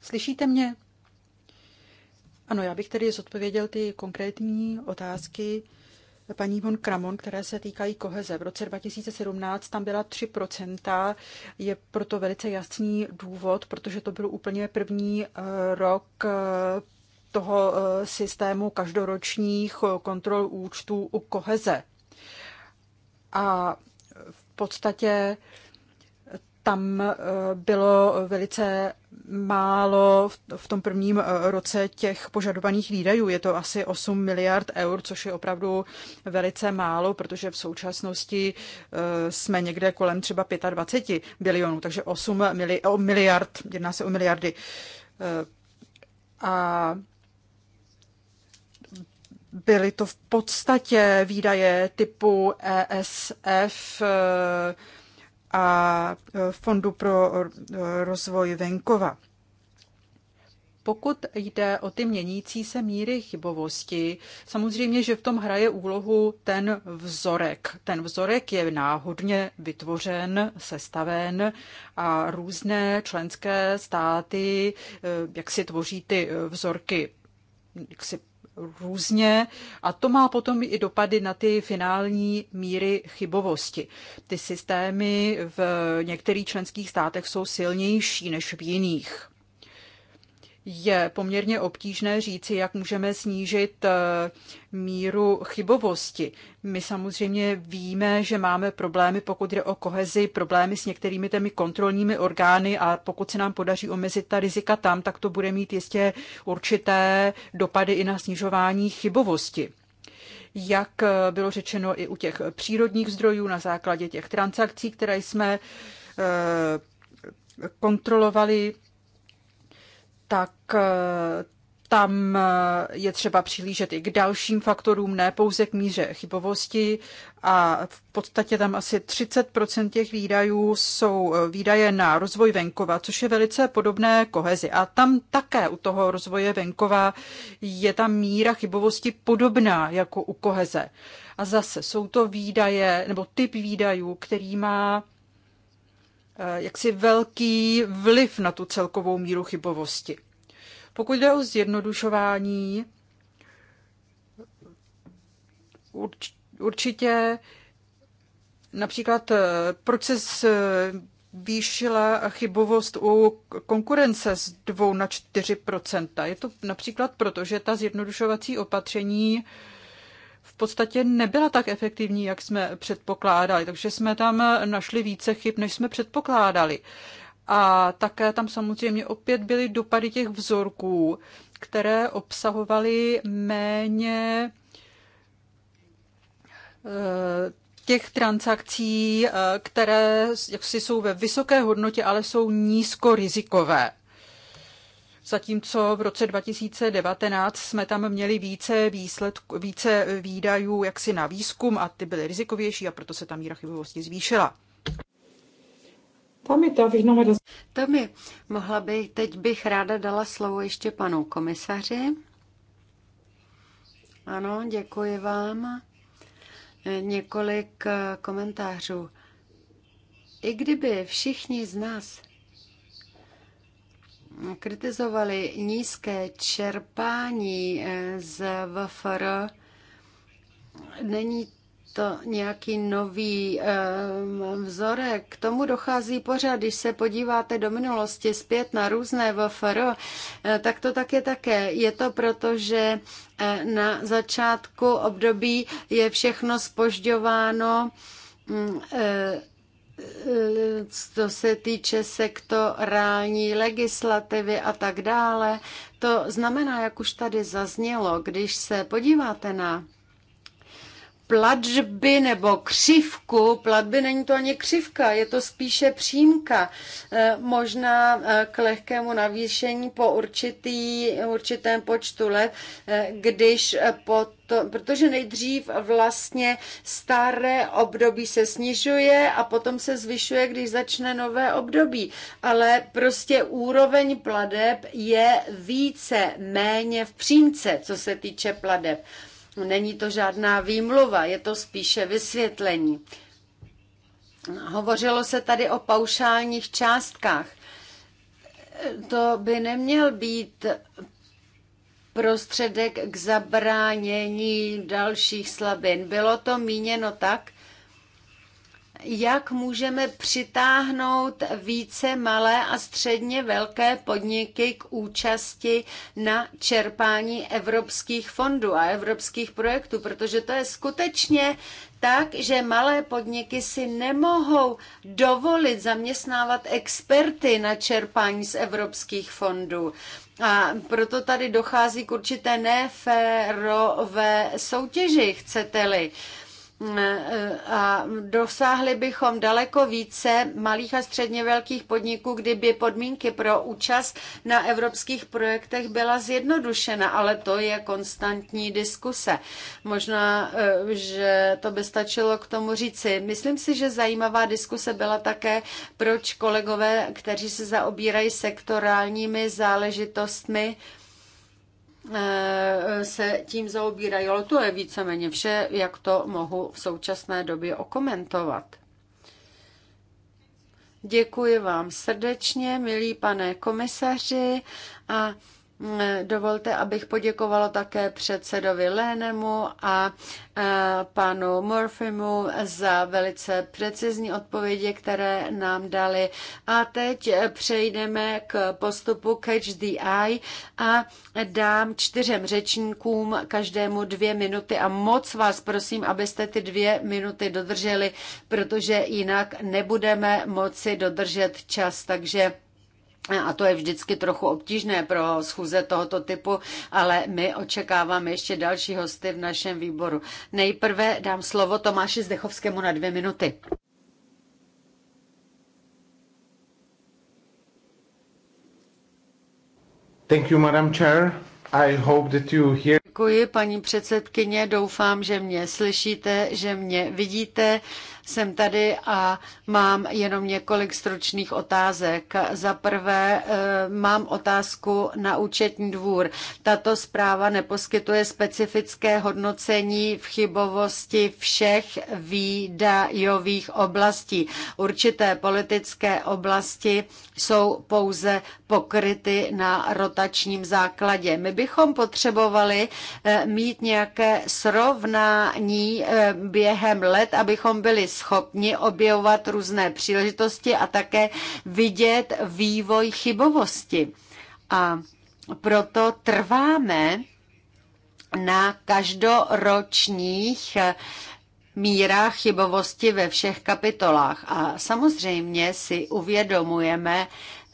Speaker 1: Slyšíte mě? Ano, já bych tedy zodpověděl ty konkrétní otázky paní von Kramon, které se týkají koheze. V roce 2017 tam byla 3%, je proto velice jasný důvod, protože to byl úplně první eh, rok eh, toho eh, systému každoročních eh, kontrol účtů u koheze. A v podstatě tam eh, bylo velice málo v tom prvním roce těch požadovaných výdajů. Je to asi 8 miliard eur, což je opravdu velice málo, protože v současnosti jsme někde kolem třeba 25 bilionů, takže 8 miliard, jedná se o miliardy. A Byly to v podstatě výdaje typu ESF eh, a eh, Fondu pro eh, rozvoj venkova. Pokud jde o ty měnící se míry chybovosti, samozřejmě, že v tom hraje úlohu ten vzorek. Ten vzorek je náhodně vytvořen, sestaven a různé členské státy, jak si tvoří ty vzorky jak si různě a to má potom i dopady na ty finální míry chybovosti. Ty systémy v některých členských státech jsou silnější než v jiných je poměrně obtížné říci, jak můžeme snížit eh, míru chybovosti. My samozřejmě víme, že máme problémy, pokud jde o kohezi, problémy s některými těmi kontrolními orgány a pokud se nám podaří omezit ta rizika tam, tak to bude mít jistě určité dopady i na snižování chybovosti jak eh, bylo řečeno i u těch přírodních zdrojů na základě těch transakcí, které jsme eh, kontrolovali tak eh, tam eh, je třeba přihlížet i k dalším faktorům, ne pouze k míře chybovosti. A v podstatě tam asi 30 těch výdajů jsou eh, výdaje na rozvoj venkova, což je velice podobné kohezi. A tam také u toho rozvoje venkova je ta míra chybovosti podobná jako u koheze. A zase jsou to výdaje nebo typ výdajů, který má jaksi velký vliv na tu celkovou míru chybovosti. Pokud jde o zjednodušování, určitě například eh, proces výšila chybovost u konkurence z 2 na 4 Je to například proto, že ta zjednodušovací opatření v podstatě nebyla tak efektivní, jak jsme předpokládali, takže jsme tam našli více chyb, než jsme předpokládali. A také tam samozřejmě opět byly dopady těch vzorků, které obsahovaly méně eh, těch transakcí, eh, které jaksi jsou ve vysoké hodnotě, ale jsou nízkorizikové. Zatímco v roce 2019 jsme tam měli více, výsledku, více výdajů jaksi na výzkum a ty byly rizikovější a proto se ta míra chybovosti zvýšila.
Speaker 4: Tam je, darf ich nochmal Tam je. Mohla by, teď bych ráda dala slovo ještě panu komisaři. Ano, děkuji vám. Několik eh, komentářů. I kdyby všichni z nás kritizovali nízké čerpání eh, z VFR, není to nějaký nový um, vzorek. K tomu dochází pořád, když se podíváte do minulosti zpět na různé VFR, eh, tak to tak je také. Je to proto, že eh, na začátku období je všechno spožďováno mm, co se týče sektorální legislativy a tak dále. To znamená, jak už tady zaznělo, když se podíváte na platby nebo křivku, platby není to ani křivka, je to spíše přímka, eh, možná eh, k lehkému navýšení po určitý, určitém počtu let, eh, když po to, protože nejdřív vlastně staré období se snižuje a potom se zvyšuje, když začne nové období. Ale prostě úroveň pladeb je více méně v přímce, co se týče pladeb. Není to žádná výmluva, je to spíše vysvětlení. Hovořilo se tady o paušálních částkách. To by neměl být prostředek k zabránění dalších slabin. Bylo to míněno tak, jak můžeme přitáhnout více malé a středně velké podniky k účasti na čerpání evropských fondů a evropských projektů, protože to je skutečně tak, že malé podniky si nemohou dovolit zaměstnávat experty na čerpání z evropských fondů. A proto tady dochází k určité neférové soutěži, chcete-li. Uh, Eh, a dosáhli bychom daleko více malých a středně velkých podniků, kdyby podmínky pro účast na evropských projektech byla zjednodušena, ale to je konstantní diskuse. Možná, eh, že to by stačilo k tomu říci. Myslím si, že zajímavá diskuse byla také, proč kolegové, kteří se zaobírají sektorálními záležitostmi, Eh, se tím zaobírají, ale to je víceméně vše, jak to mohu v současné době okomentovat. Děkuji vám srdečně, milí pane komisaři, a Eh, dovolte, abych poděkovala také předsedovi Lénemu a eh, panu Murphymu za velice precizní odpovědi, které nám dali. A teď eh, přejdeme k postupu Catch the Eye a dám čtyřem řečníkům každému dvě minuty a moc vás prosím, abyste ty dvě minuty dodrželi, protože jinak nebudeme moci dodržet čas. Takže a to je vždycky trochu obtížné pro schůze tohoto typu, ale my očekáváme ještě další hosty v našem výboru. Nejprve dám slovo Tomáši Zdechovskému na dvě minuty.
Speaker 5: Thank you, Madam Chair. I hope that you hear...
Speaker 4: Děkuji, paní předsedkyně. Doufám, že mě slyšíte, že mě vidíte. Jsem tady a mám jenom několik stručných otázek. Za prvé eh, mám otázku na účetní dvůr. Tato zpráva neposkytuje specifické hodnocení v chybovosti všech výdajových oblastí. Určité politické oblasti jsou pouze pokryty na rotačním základě. My bychom potřebovali eh, mít nějaké srovnání eh, během let, abychom byli schopni objevovat různé příležitosti a také vidět vývoj chybovosti. A proto trváme na každoročních eh, míra chybovosti ve všech kapitolách. A samozřejmě si uvědomujeme,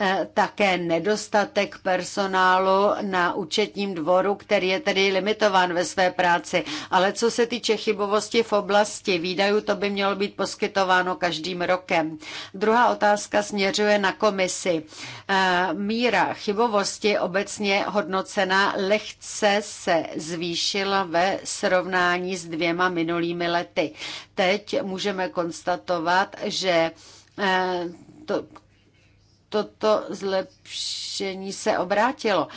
Speaker 4: Eh, také nedostatek personálu na účetním dvoru, který je tedy limitován ve své práci. Ale co se týče chybovosti v oblasti výdajů, to by mělo být poskytováno každým rokem. Druhá otázka směřuje na komisi. Eh, míra chybovosti obecně hodnocena lehce se zvýšila ve srovnání s dvěma minulými lety. Teď můžeme konstatovat, že eh, to, toto zlepšení se obrátilo.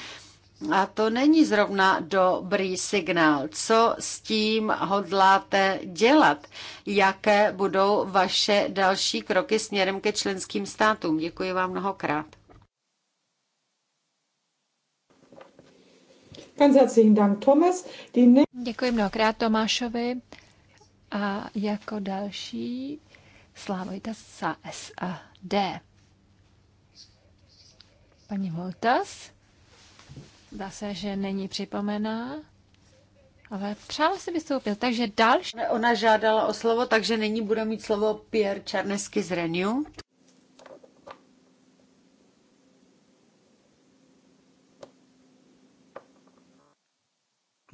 Speaker 4: A to není zrovna dobrý signál. Co s tím hodláte dělat? Jaké budou vaše další kroky směrem ke členským státům? Děkuji vám mnohokrát.
Speaker 2: Děkuji mnohokrát
Speaker 3: Tomášovi. A jako další Slávojta A D. Paní Voltas?
Speaker 4: Zdá se, že není připomená. Ale přála si vystoupil, takže další. Ona žádala o slovo, takže nyní bude mít slovo Pierre Čarnesky z Renew.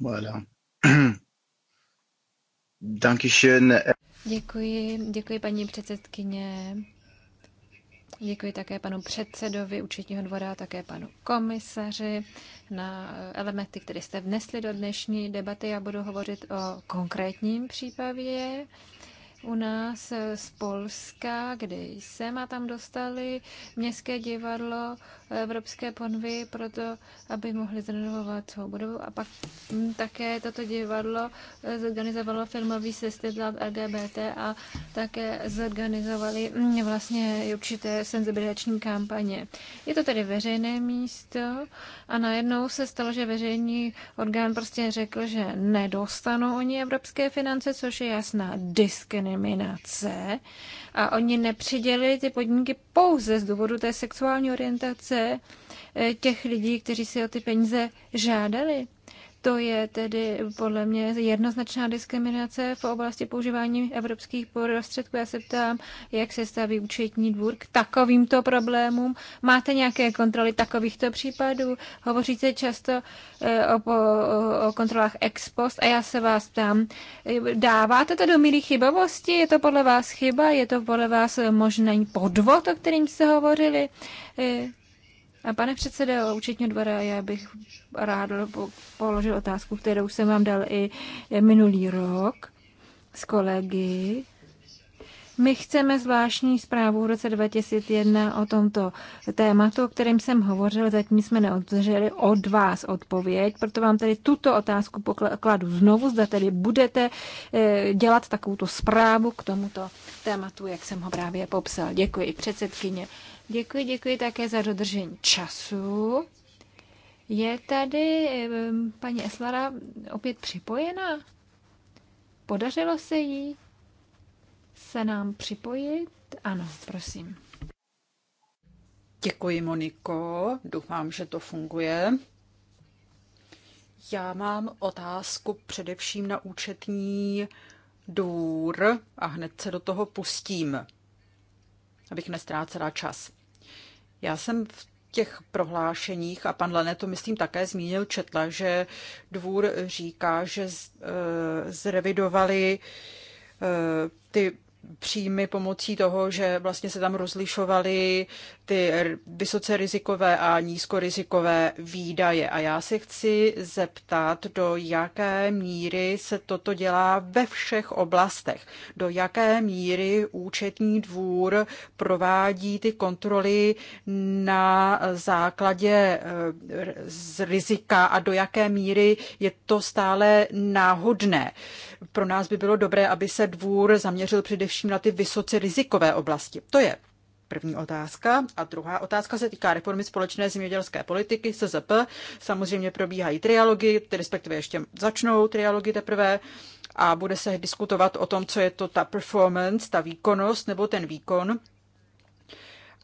Speaker 6: Voilà.
Speaker 3: [clears throat] Děkuji, děkuji paní předsedkyně. Děkuji také panu předsedovi účetního dvora a také panu komisaři na elementy, které jste vnesli do dnešní debaty. Já budu hovořit o konkrétním případě u nás eh, z Polska, kde jsem, a tam dostali městské divadlo eh, Evropské ponvy proto, aby mohli zrenovovat svou budovu. A pak hm, také toto divadlo eh, zorganizovalo filmový v LGBT a také zorganizovali hm, vlastně určité senzibilizační kampaně. Je to tedy veřejné místo a najednou se stalo, že veřejný orgán prostě řekl, že nedostanou oni evropské finance, což je jasná diskriminace diskriminace a oni nepřidělili ty podmínky pouze z důvodu té sexuální orientace eh, těch lidí, kteří si o ty peníze žádali. To je tedy podle mě jednoznačná diskriminace v oblasti používání evropských prostředků. Já se ptám, jak se staví účetní dvůr k takovýmto problémům. Máte nějaké kontroly takovýchto případů? Hovoříte často eh, o, o, o kontrolách ex post a já se vás ptám, eh, dáváte to do míry chybovosti? Je to podle vás chyba? Je to podle vás možný podvod, o kterým jste hovořili? Eh, a pane předsedo účetního dvora, já bych rád položil otázku, kterou jsem vám dal i minulý rok s kolegy. My chceme zvláštní zprávu v roce 2001 o tomto tématu, o kterém jsem hovořil, zatím jsme neodřeli od vás odpověď, proto vám tedy tuto otázku pokladu znovu, zda tedy budete eh, dělat takovou zprávu k tomuto tématu, jak jsem ho právě popsal. Děkuji předsedkyně. Děkuji, děkuji také za dodržení času. Je tady eh, paní Eslara opět připojena? Podařilo se jí se nám připojit? Ano,
Speaker 1: prosím. Děkuji, Moniko. Doufám, že to funguje. Já mám otázku především na účetní důr a hned se do toho pustím, abych nestrácela čas. Já jsem v těch prohlášeních, a pan Lene to myslím také zmínil, četla, že dvůr říká, že eh, zrevidovali eh, ty příjmy pomocí toho, že vlastně se tam rozlišovaly ty vysoce rizikové a nízkorizikové výdaje. A já si chci zeptat, do jaké míry se toto dělá ve všech oblastech. Do jaké míry účetní dvůr provádí ty kontroly na základě e, z rizika a do jaké míry je to stále náhodné. Pro nás by bylo dobré, aby se dvůr zaměřil především především na ty vysoce rizikové oblasti? To je první otázka. A druhá otázka se týká reformy společné zemědělské politiky, SZP. Samozřejmě probíhají trialogy, respektive ještě začnou trialogy teprve a bude se diskutovat o tom, co je to ta performance, ta výkonnost nebo ten výkon.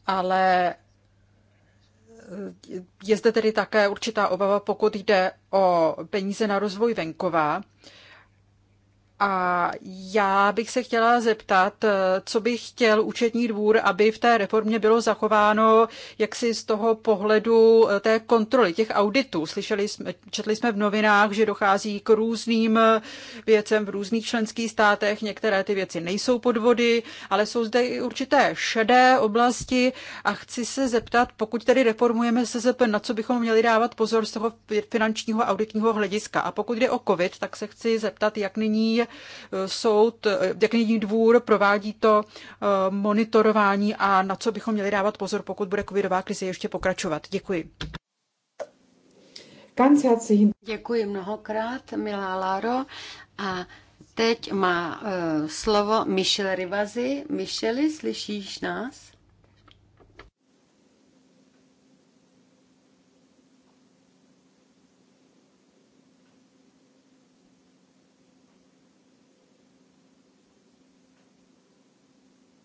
Speaker 1: Ale eh, je zde tedy také určitá obava, pokud jde o peníze na rozvoj venkova, a já bych se chtěla zeptat, eh, co by chtěl účetní dvůr, aby v té reformě bylo zachováno, jak si z toho pohledu eh, té kontroly, těch auditů. Slyšeli jsme, četli jsme v novinách, že dochází k různým eh, věcem v různých členských státech. Některé ty věci nejsou podvody, ale jsou zde i určité šedé oblasti a chci se zeptat, pokud tedy reformujeme SZP, na co bychom měli dávat pozor z toho finančního auditního hlediska. A pokud jde o COVID, tak se chci zeptat, jak nyní soud, soud, jaký dvůr provádí to eh, monitorování a na co bychom měli dávat pozor, pokud bude covidová krize ještě pokračovat. Děkuji.
Speaker 4: Děkuji mnohokrát, milá Láro. A teď má eh, slovo Michel Rivazi. Micheli, slyšíš nás?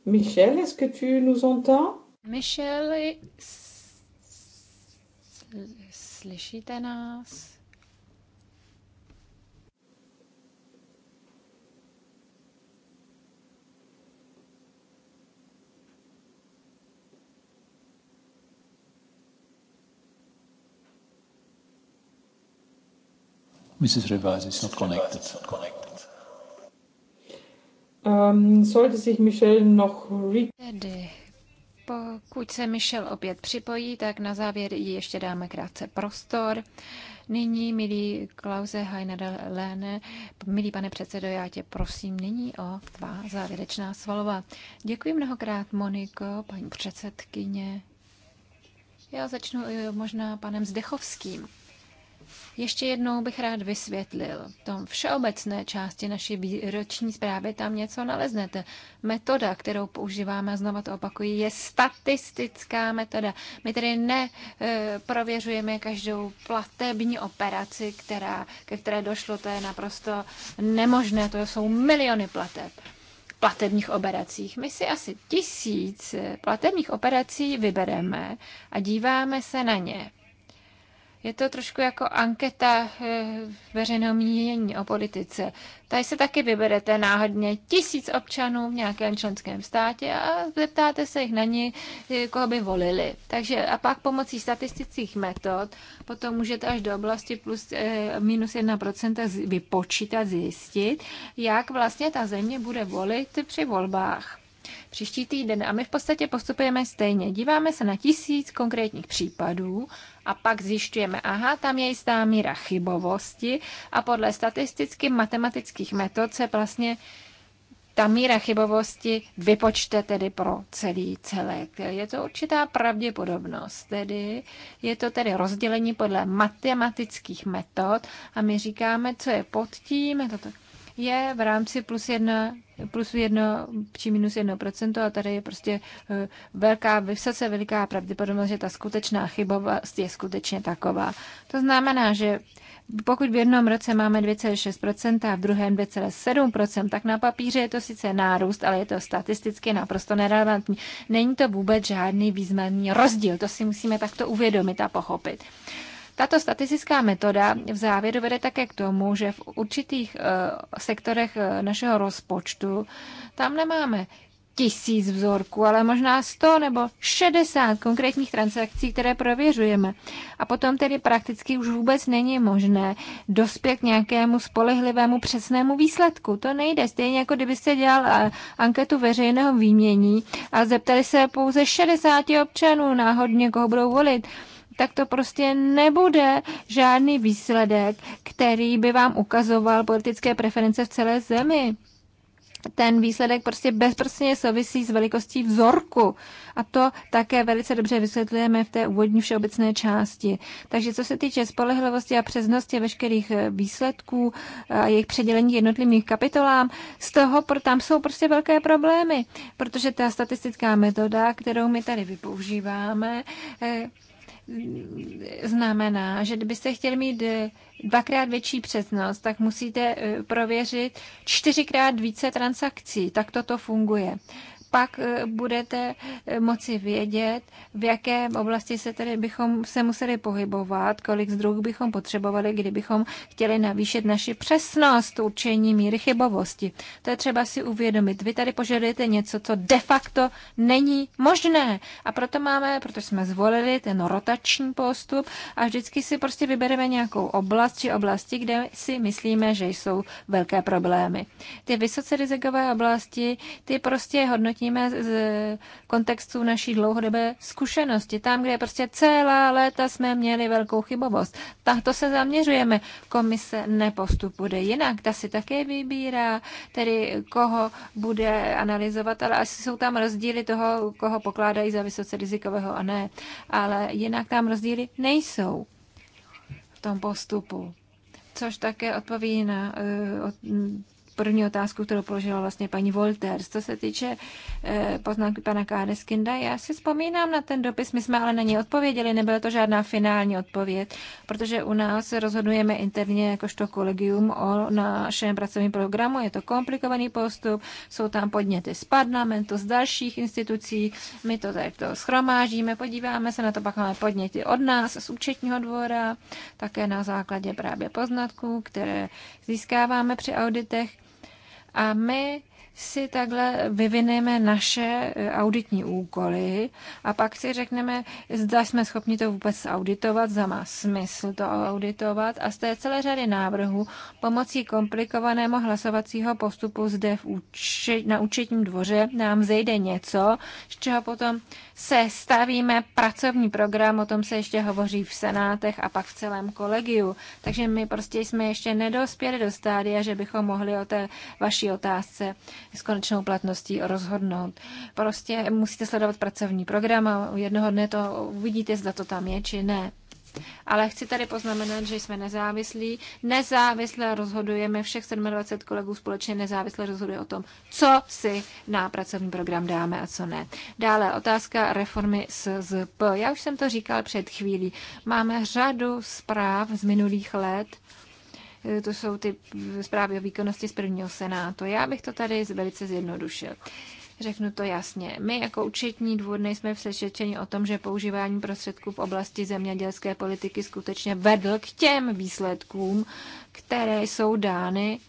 Speaker 2: Michel, est-ce que tu nous entends? Michel,
Speaker 3: slyšíte nás?
Speaker 5: Mrs. Rivers, is not connected. It's not connected.
Speaker 2: Um, sollte sich Michelle noch... Tedy,
Speaker 3: pokud se Michelle opět připojí, tak na závěr ji ještě dáme krátce prostor. Nyní, milý Klause Lene, milý pane předsedo, já tě prosím nyní o tvá závěrečná slova. Děkuji mnohokrát, Moniko, paní předsedkyně. Já začnu eh, možná panem Zdechovským. Ještě jednou bych rád vysvětlil. V tom všeobecné části naší výroční zprávy tam něco naleznete. Metoda, kterou používáme, a znova to opakuji, je statistická metoda. My tedy neprověřujeme eh, každou platební operaci, která, ke které došlo, to je naprosto nemožné, to jsou miliony plateb platebních operacích. My si asi tisíc platebních operací vybereme a díváme se na ně. Je to trošku jako anketa eh, veřejného mínění o politice. Tady se taky vyberete náhodně tisíc občanů v nějakém členském státě a zeptáte se jich na ní, eh, koho by volili. Takže a pak pomocí statistických metod potom můžete až do oblasti plus eh, minus minus 1% vypočítat, zjistit, jak vlastně ta země bude volit při volbách příští týden. A my v podstatě postupujeme stejně. Díváme se na tisíc konkrétních případů a pak zjišťujeme, aha, tam je jistá míra chybovosti a podle statisticky matematických metod se vlastně ta míra chybovosti vypočte tedy pro celý celek. Je to určitá pravděpodobnost, tedy je to tedy rozdělení podle matematických metod a my říkáme, co je pod tím, to, je v rámci plus jedna plus jedno či minus jedno procento a tady je prostě eh, velká, vysoce veliká pravděpodobnost, že ta skutečná chybovost je skutečně taková. To znamená, že pokud v jednom roce máme 2,6% a v druhém 2,7%, tak na papíře je to sice nárůst, ale je to statisticky naprosto nerelevantní. Není to vůbec žádný významný rozdíl, to si musíme takto uvědomit a pochopit. Tato statistická metoda v závěru vede také k tomu, že v určitých eh, sektorech eh, našeho rozpočtu tam nemáme tisíc vzorků, ale možná 100 nebo 60 konkrétních transakcí, které prověřujeme. A potom tedy prakticky už vůbec není možné dospět k nějakému spolehlivému přesnému výsledku. To nejde. Stejně jako kdybyste dělal eh, anketu veřejného výmění a zeptali se pouze 60 občanů náhodně, koho budou volit tak to prostě nebude žádný výsledek, který by vám ukazoval politické preference v celé zemi. Ten výsledek prostě bezprostředně souvisí s velikostí vzorku. A to také velice dobře vysvětlujeme v té úvodní všeobecné části. Takže co se týče spolehlivosti a přesnosti veškerých eh, výsledků eh, a jejich předělení jednotlivým kapitolám, z toho tam jsou prostě velké problémy, protože ta statistická metoda, kterou my tady vypoužíváme, eh, znamená, že kdybyste chtěli mít eh, dvakrát větší přesnost, tak musíte eh, prověřit čtyřikrát více transakcí. Tak toto funguje pak eh, budete eh, moci vědět, v jaké oblasti se tedy bychom se museli pohybovat, kolik zdrojů bychom potřebovali, kdybychom chtěli navýšit naši přesnost určení míry chybovosti. To je třeba si uvědomit. Vy tady požadujete něco, co de facto není možné. A proto máme, proto jsme zvolili ten rotační postup a vždycky si prostě vybereme nějakou oblast či oblasti, kde si myslíme, že jsou velké problémy. Ty vysoce rizikové oblasti, ty prostě hodnotí řekněme, z kontextu naší dlouhodobé zkušenosti. Tam, kde prostě celá léta jsme měli velkou chybovost. Tak to se zaměřujeme. Komise nepostupuje jinak. Ta si také vybírá, tedy koho bude analyzovat, ale asi jsou tam rozdíly toho, koho pokládají za vysoce rizikového a ne. Ale jinak tam rozdíly nejsou v tom postupu což také odpoví na eh, první otázku, kterou položila vlastně paní Volters. Co se týče eh, poznámky pana Kádeskinda, já si vzpomínám na ten dopis, my jsme ale na něj odpověděli, nebyla to žádná finální odpověď, protože u nás rozhodujeme interně jakožto kolegium o našem pracovním programu, je to komplikovaný postup, jsou tam podněty z parlamentu, z dalších institucí, my to takto schromážíme, podíváme se na to, pak máme podněty od nás, z účetního dvora, také na základě právě poznatků, které získáváme při auditech. A my si takhle vyvineme naše e, auditní úkoly a pak si řekneme, zda jsme schopni to vůbec auditovat, zda má smysl to auditovat a z té celé řady návrhů pomocí komplikovaného hlasovacího postupu zde v uči- na účetním dvoře nám zejde něco, z čeho potom se stavíme pracovní program, o tom se ještě hovoří v senátech a pak v celém kolegiu. Takže my prostě jsme ještě nedospěli do stádia, že bychom mohli o té vaší otázce s konečnou platností rozhodnout. Prostě musíte sledovat pracovní program a jednoho dne to uvidíte, zda to tam je či ne. Ale chci tady poznamenat, že jsme nezávislí. Nezávisle rozhodujeme, všech 27 kolegů společně nezávisle rozhoduje o tom, co si na pracovní program dáme a co ne. Dále otázka reformy SZP. Já už jsem to říkal před chvílí. Máme řadu zpráv z minulých let, e, to jsou ty zprávy o výkonnosti z prvního senátu. Já bych to tady velice zjednodušil. Řeknu to jasně. My jako účetní dvůr nejsme přesvědčeni o tom, že používání prostředků v oblasti zemědělské politiky skutečně vedl k těm výsledkům, které jsou dány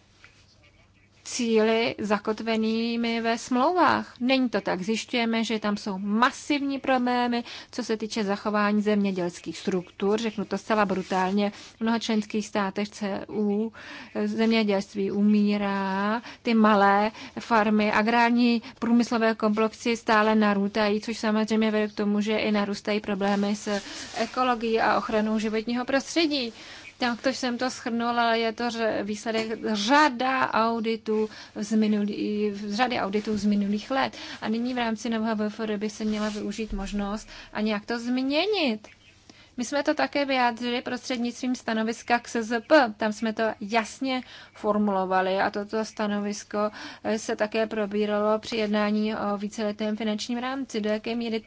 Speaker 3: cíly zakotvenými ve smlouvách. Není to tak. Zjišťujeme, že tam jsou masivní problémy, co se týče zachování zemědělských struktur. Řeknu to zcela brutálně. V mnoha členských státech CU zemědělství umírá, ty malé farmy, agrární průmyslové komplexy stále narůstají, což samozřejmě vede k tomu, že i narůstají problémy s ekologií a ochranou životního prostředí. Tak to jsem to schrnula, je to výsledek řada auditů z, minulý, řady auditů z minulých let. A nyní v rámci nového VFR by se měla využít možnost a nějak to změnit. My jsme to také vyjádřili prostřednictvím stanoviska k SZP. Tam jsme to jasně formulovali a toto stanovisko eh, se také probíralo při jednání o víceletém finančním rámci. Do jaké míry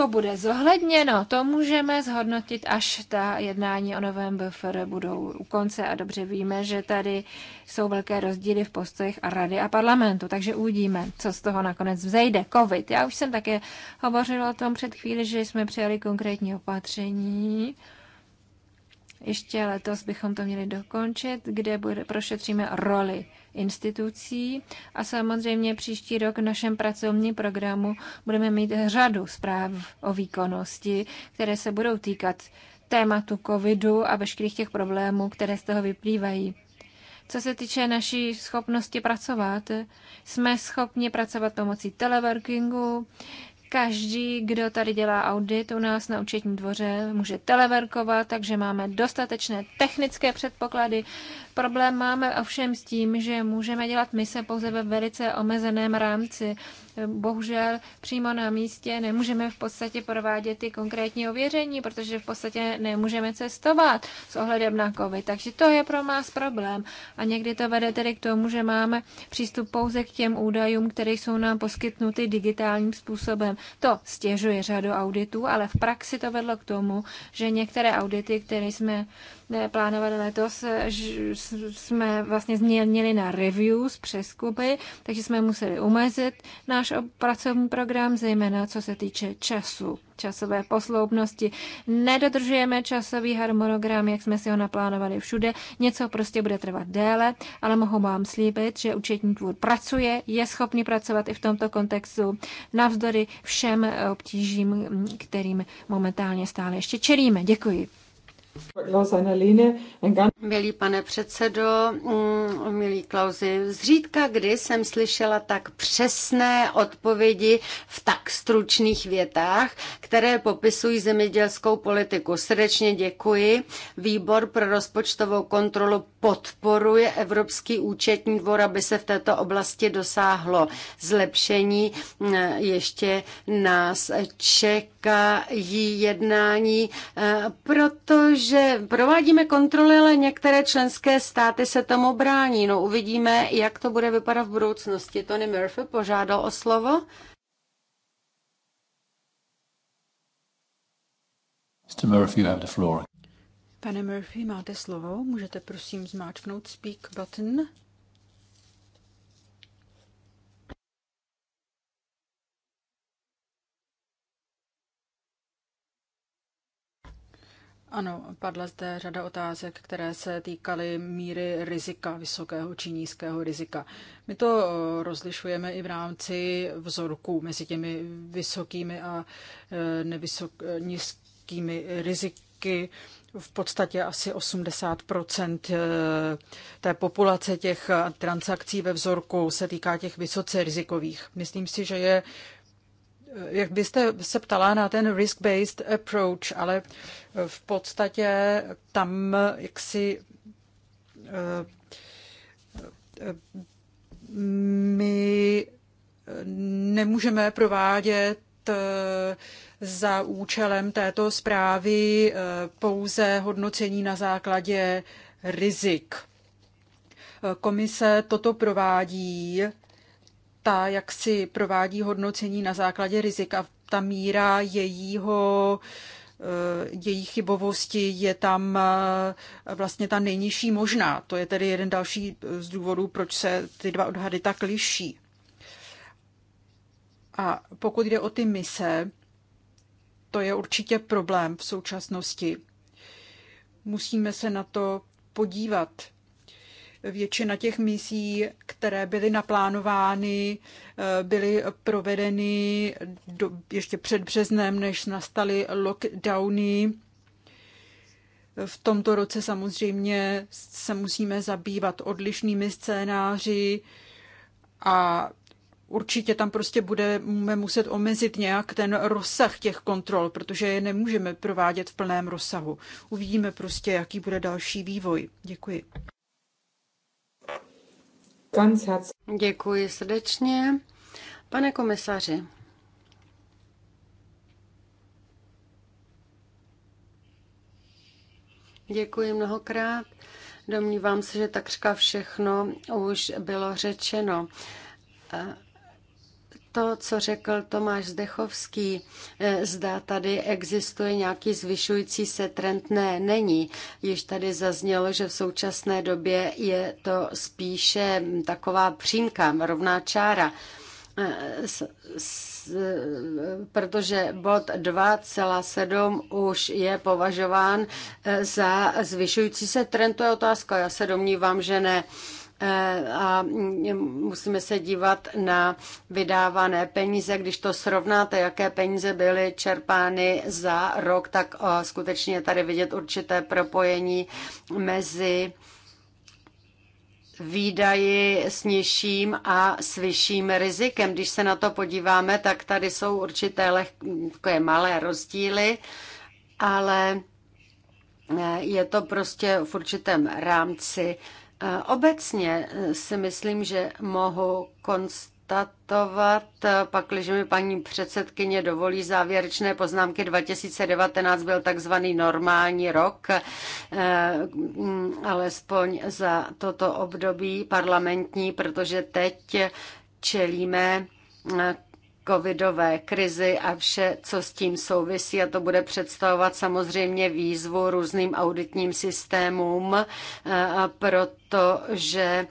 Speaker 3: to bude zohledněno, to můžeme zhodnotit, až ta jednání o novém BFR budou u konce. A dobře víme, že tady jsou velké rozdíly v postojích a rady a parlamentu, takže uvidíme, co z toho nakonec vzejde. COVID. Já už jsem také hovořila o tom před chvíli, že jsme přijali konkrétní opatření. Ještě letos bychom to měli dokončit, kde bude, prošetříme roli institucí a samozřejmě příští rok v našem pracovním programu budeme mít řadu zpráv o výkonnosti, které se budou týkat tématu covidu a veškerých těch problémů, které z toho vyplývají. Co se týče naší schopnosti pracovat, jsme schopni pracovat pomocí teleworkingu, Každý, kdo tady dělá audit u nás na účetní dvoře, může televerkovat, takže máme dostatečné technické předpoklady. Problém máme ovšem s tím, že můžeme dělat mise pouze ve velice omezeném rámci bohužel přímo na místě nemůžeme v podstatě provádět ty konkrétní ověření, protože v podstatě nemůžeme cestovat s ohledem na COVID. Takže to je pro nás problém. A někdy to vede tedy k tomu, že máme přístup pouze k těm údajům, které jsou nám poskytnuty digitálním způsobem. To stěžuje řadu auditů, ale v praxi to vedlo k tomu, že některé audity, které jsme plánovat letos, eh, jsme vlastně změnili na review z přeskupy, takže jsme museli umezit náš pracovní program, zejména co se týče času časové posloupnosti. Nedodržujeme časový harmonogram, jak jsme si ho naplánovali všude. Něco prostě bude trvat déle, ale mohu vám slíbit, že účetní dvůr pracuje, je schopný pracovat i v tomto kontextu navzdory všem eh, obtížím, mm, kterým momentálně stále ještě čelíme. Děkuji.
Speaker 4: Milý pane předsedo, mm, milý Klauzi, zřídka kdy jsem slyšela tak přesné odpovědi v tak stručných větách, které popisují zemědělskou politiku. Srdečně děkuji. Výbor pro rozpočtovou kontrolu podporuje Evropský účetní dvor, aby se v této oblasti dosáhlo zlepšení. Mm, ještě nás čeká čekají jednání, eh, protože provádíme kontroly, ale některé členské státy se tomu brání. No uvidíme, jak to bude vypadat v budoucnosti. Tony Murphy požádal o slovo.
Speaker 5: Mr. Murphy, you have the floor.
Speaker 1: Pane Murphy, máte slovo. Můžete prosím zmáčknout speak button. Ano, padla zde řada otázek, které se týkaly míry rizika, vysokého či nízkého rizika. My to eh, rozlišujeme i v rámci vzorků mezi těmi vysokými a eh, nevysok, eh, nízkými riziky. V podstatě asi 80 té populace těch transakcí ve vzorku se týká těch vysoce rizikových. Myslím si, že je jak byste se ptala na ten risk-based approach, ale v podstatě tam jaksi eh, my nemůžeme provádět eh, za účelem této zprávy eh, pouze hodnocení na základě rizik. Komise toto provádí ta, jak si provádí hodnocení na základě rizika, ta míra jejího eh, její chybovosti je tam eh, vlastně ta nejnižší možná. To je tedy jeden další eh, z důvodů, proč se ty dva odhady tak liší. A pokud jde o ty mise, to je určitě problém v současnosti. Musíme se na to podívat Většina těch misí, které byly naplánovány, eh, byly provedeny do, ještě před březnem, než nastaly lockdowny. V tomto roce samozřejmě se musíme zabývat odlišnými scénáři a určitě tam prostě budeme muset omezit nějak ten rozsah těch kontrol, protože je nemůžeme provádět v plném rozsahu. Uvidíme
Speaker 4: prostě, jaký bude další vývoj. Děkuji. Děkuji srdečně. Pane komisaři, Děkuji mnohokrát. Domnívám se, že takřka všechno už bylo řečeno to, co řekl Tomáš Zdechovský, eh, zda tady existuje nějaký zvyšující se trend, ne, není. Již tady zaznělo, že v současné době je to spíše taková přímka, rovná čára. Eh, s, s, eh, protože bod 2,7 už je považován za zvyšující se trend, to je otázka, já se domnívám, že ne. Eh, a mm, musíme se dívat na vydávané peníze. Když to srovnáte, jaké peníze byly čerpány za rok, tak eh, skutečně je tady vidět určité propojení mezi výdaji s nižším a s vyšším rizikem. Když se na to podíváme, tak tady jsou určité lehké, malé rozdíly, ale eh, je to prostě v určitém rámci Obecně eh, si myslím, že mohu konstatovat, eh, pakliže mi paní předsedkyně dovolí závěrečné poznámky, 2019 byl takzvaný normální rok, eh, mm, alespoň za toto období parlamentní, protože teď čelíme covidové krizi a vše, co s tím souvisí a to bude představovat samozřejmě výzvu různým auditním systémům, eh, protože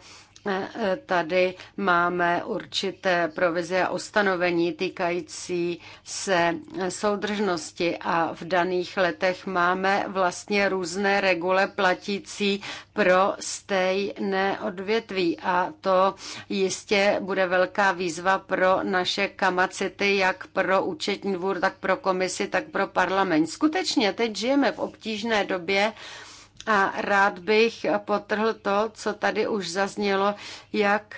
Speaker 4: E, tady máme určité provize a ustanovení týkající se soudržnosti a v daných letech máme vlastně různé regule platící pro stejné odvětví a to jistě bude velká výzva pro naše kamacity, jak pro účetní dvůr, tak pro komisi, tak pro parlament. Skutečně teď žijeme v obtížné době, a rád bych potrhl to, co tady už zaznělo, jak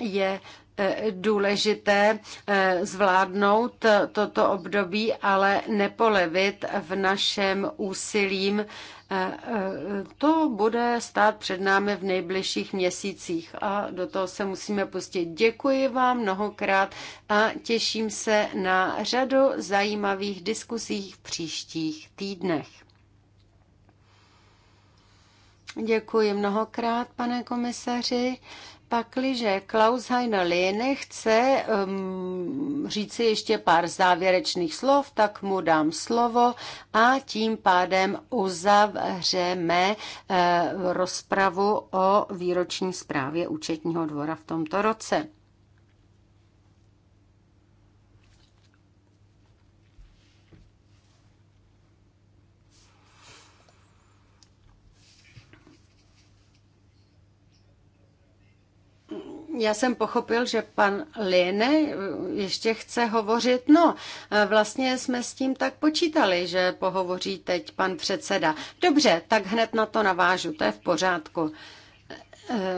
Speaker 4: je eh, důležité eh, zvládnout toto období, ale nepolevit v našem úsilím. Eh, to bude stát před námi v nejbližších měsících a do toho se musíme pustit. Děkuji vám mnohokrát a těším se na řadu zajímavých diskusích v příštích týdnech. Děkuji mnohokrát, pane komisaři. Pakliže Klaus Heiner Lehne chce um, říci ještě pár závěrečných slov, tak mu dám slovo a tím pádem uzavřeme uh, rozpravu o výroční zprávě účetního dvora v tomto roce. já jsem pochopil, že pan Liene ještě chce hovořit. No, e, vlastně jsme s tím tak počítali, že pohovoří teď pan předseda. Dobře, tak hned na to navážu, to je v pořádku.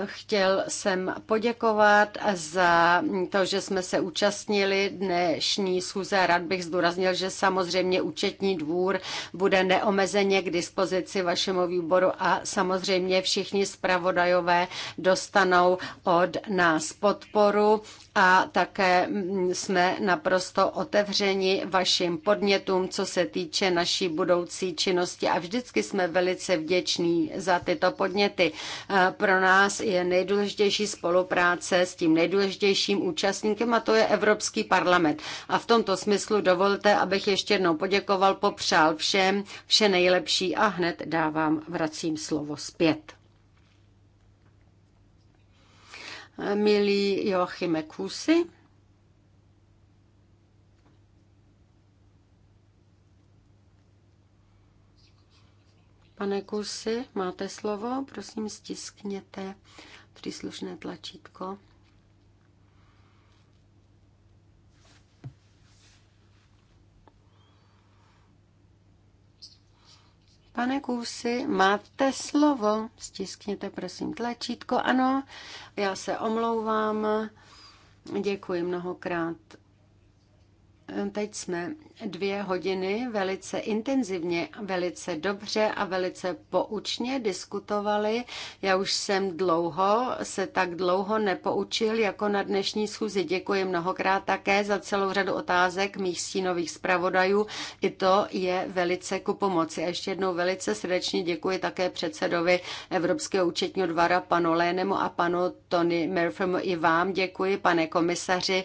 Speaker 4: Chtěl jsem poděkovat za to, že jsme se účastnili dnešní schůze. Rád bych zdůraznil, že samozřejmě účetní dvůr bude neomezeně k dispozici vašemu výboru a samozřejmě všichni zpravodajové dostanou od nás podporu a také mm, jsme naprosto otevřeni vašim podnětům, co se týče naší budoucí činnosti a vždycky jsme velice vděční za tyto podněty. Pro nás je nejdůležitější spolupráce s tím nejdůležitějším účastníkem a to je Evropský parlament. A v tomto smyslu dovolte, abych ještě jednou poděkoval, popřál všem vše nejlepší a hned dávám, vracím slovo zpět. milý Joachime Kusy. Pane Kusy, máte slovo, prosím stiskněte příslušné tlačítko. Pane Kůsi, máte slovo. Stiskněte prosím tlačítko. Ano, já se omlouvám. Děkuji mnohokrát Teď jsme dvě hodiny velice intenzivně, velice dobře a velice poučně diskutovali. Já už jsem dlouho se tak dlouho nepoučil jako na dnešní schůzi. Děkuji mnohokrát také za celou řadu otázek mých stínových zpravodajů. I to je velice ku pomoci. A ještě jednou velice srdečně děkuji také předsedovi Evropského účetního dvara panu Lénemu a panu Tony Murphymu i vám. Děkuji, pane komisaři,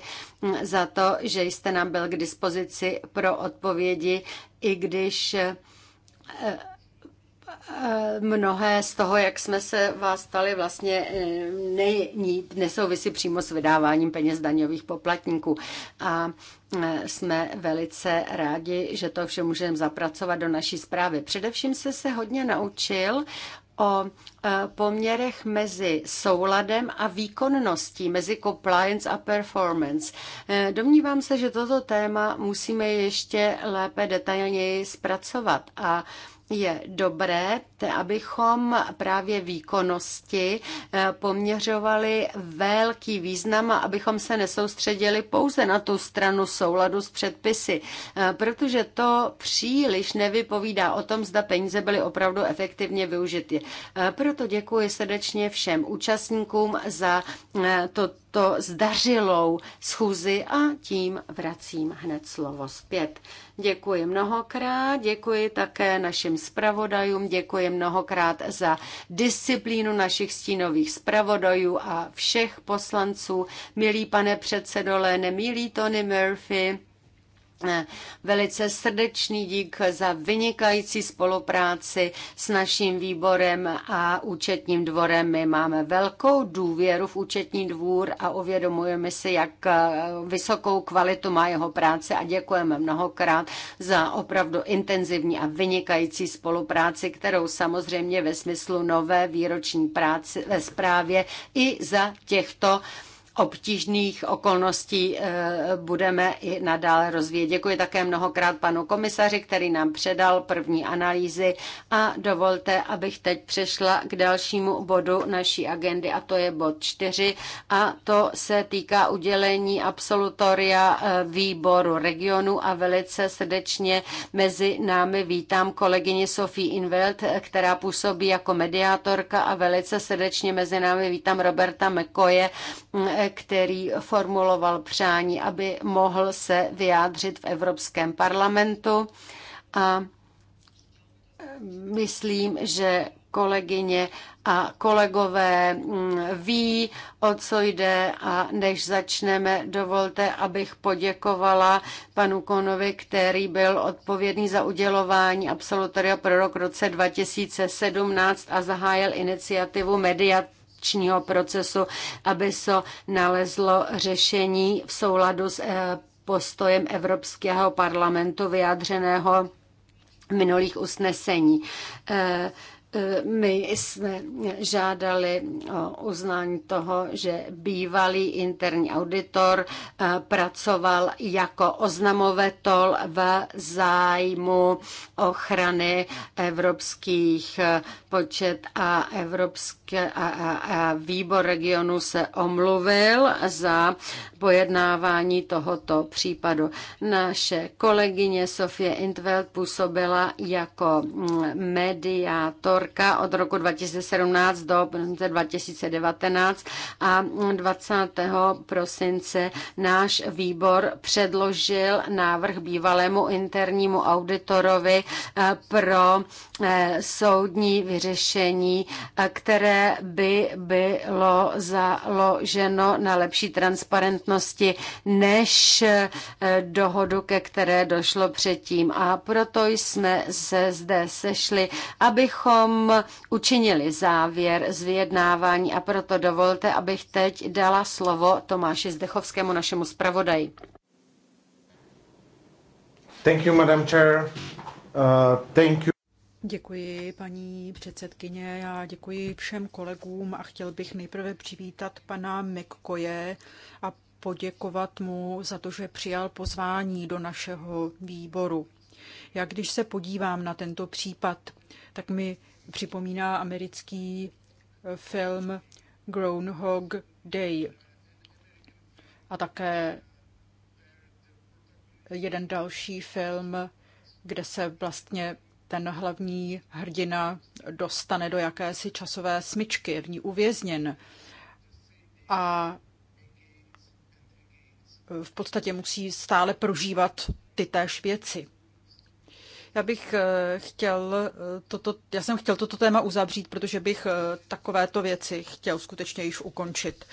Speaker 4: za to, že jste nám byl k dispozici pro odpovědi, i když eh, eh, mnohé z toho, jak jsme se vás stali, vlastně eh, ne, nesouvisí přímo s vydáváním peněz daňových poplatníků. A jsme velice rádi, že to vše můžeme zapracovat do naší zprávy. Především jste se hodně naučil o e, poměrech mezi souladem a výkonností, mezi compliance a performance. E, domnívám se, že toto téma musíme ještě lépe detailněji zpracovat a je dobré abychom právě výkonnosti eh, poměřovali velký význam a abychom se nesoustředili pouze na tu stranu souladu s předpisy, eh, protože to příliš nevypovídá o tom, zda peníze byly opravdu efektivně využity. Eh, proto děkuji srdečně všem účastníkům za toto zdařilou schůzi a tím vracím hned slovo zpět. Děkuji mnohokrát, děkuji také našim zpravodajům, děkuji mnohokrát za disciplínu našich stínových zpravodajů a všech poslanců. Milý pane předsedo Lene, milý Tony Murphy, Velice srdečný dík za vynikající spolupráci s naším výborem a účetním dvorem. My máme velkou důvěru v účetní dvůr a uvědomujeme si, jak eh, vysokou kvalitu má jeho práce a děkujeme mnohokrát za opravdu intenzivní a vynikající spolupráci, kterou samozřejmě ve smyslu nové výroční práce ve zprávě i za těchto obtížných okolností eh, budeme i nadále rozvíjet. Děkuji také mnohokrát panu komisaři, který nám předal první analýzy a dovolte, abych teď přešla k dalšímu bodu naší agendy a to je bod 4 a to se týká udělení absolutoria eh, výboru regionu a velice srdečně mezi námi vítám kolegyni Sophie Invelt, která působí jako mediátorka a velice srdečně mezi námi vítám Roberta Mekoje, který formuloval přání, aby mohl se vyjádřit v Evropském parlamentu. A myslím, že kolegyně a kolegové mm, ví, o co jde a než začneme, dovolte, abych poděkovala panu Konovi, který byl odpovědný za udělování absolutoria pro rok roce 2017 a zahájil iniciativu mediat akčního procesu, aby se nalezlo řešení v souladu s eh, postojem Evropského parlamentu vyjádřeného minulých usnesení. Eh, my jsme žádali o uznání toho, že bývalý interní auditor eh, pracoval jako oznamovatel v zájmu ochrany evropských eh, počet a, evropské, a, a, a výbor regionu se omluvil za pojednávání tohoto případu. Naše kolegyně Sofie Intveld působila jako mediátorka od roku 2017 do 2019 a 20. prosince náš výbor předložil návrh bývalému internímu auditorovi eh, pro soudní vyřešení, které by bylo založeno na lepší transparentnosti než eh, dohodu, ke které došlo předtím. A proto jsme se zde sešli, abychom učinili závěr z vyjednávání a proto dovolte, abych teď dala slovo Tomáši Zdechovskému, našemu zpravodaji.
Speaker 5: Thank you, Madam Chair. Uh, thank you.
Speaker 1: Děkuji, paní předsedkyně. Já děkuji všem kolegům a chtěl bych nejprve přivítat pana Mekkoje a poděkovat mu za to, že přijal pozvání do našeho výboru. Já když se podívám na tento případ, tak mi připomíná americký eh, film Groundhog Day a také jeden další film, kde se vlastně ten hlavní hrdina dostane do jakési časové smyčky, je v ní uvězněn a v podstatě musí stále prožívat ty též věci. Já bych eh, chtěl eh, toto, já jsem chtěl toto téma uzavřít, protože bych eh, takovéto věci chtěl skutečně již ukončit.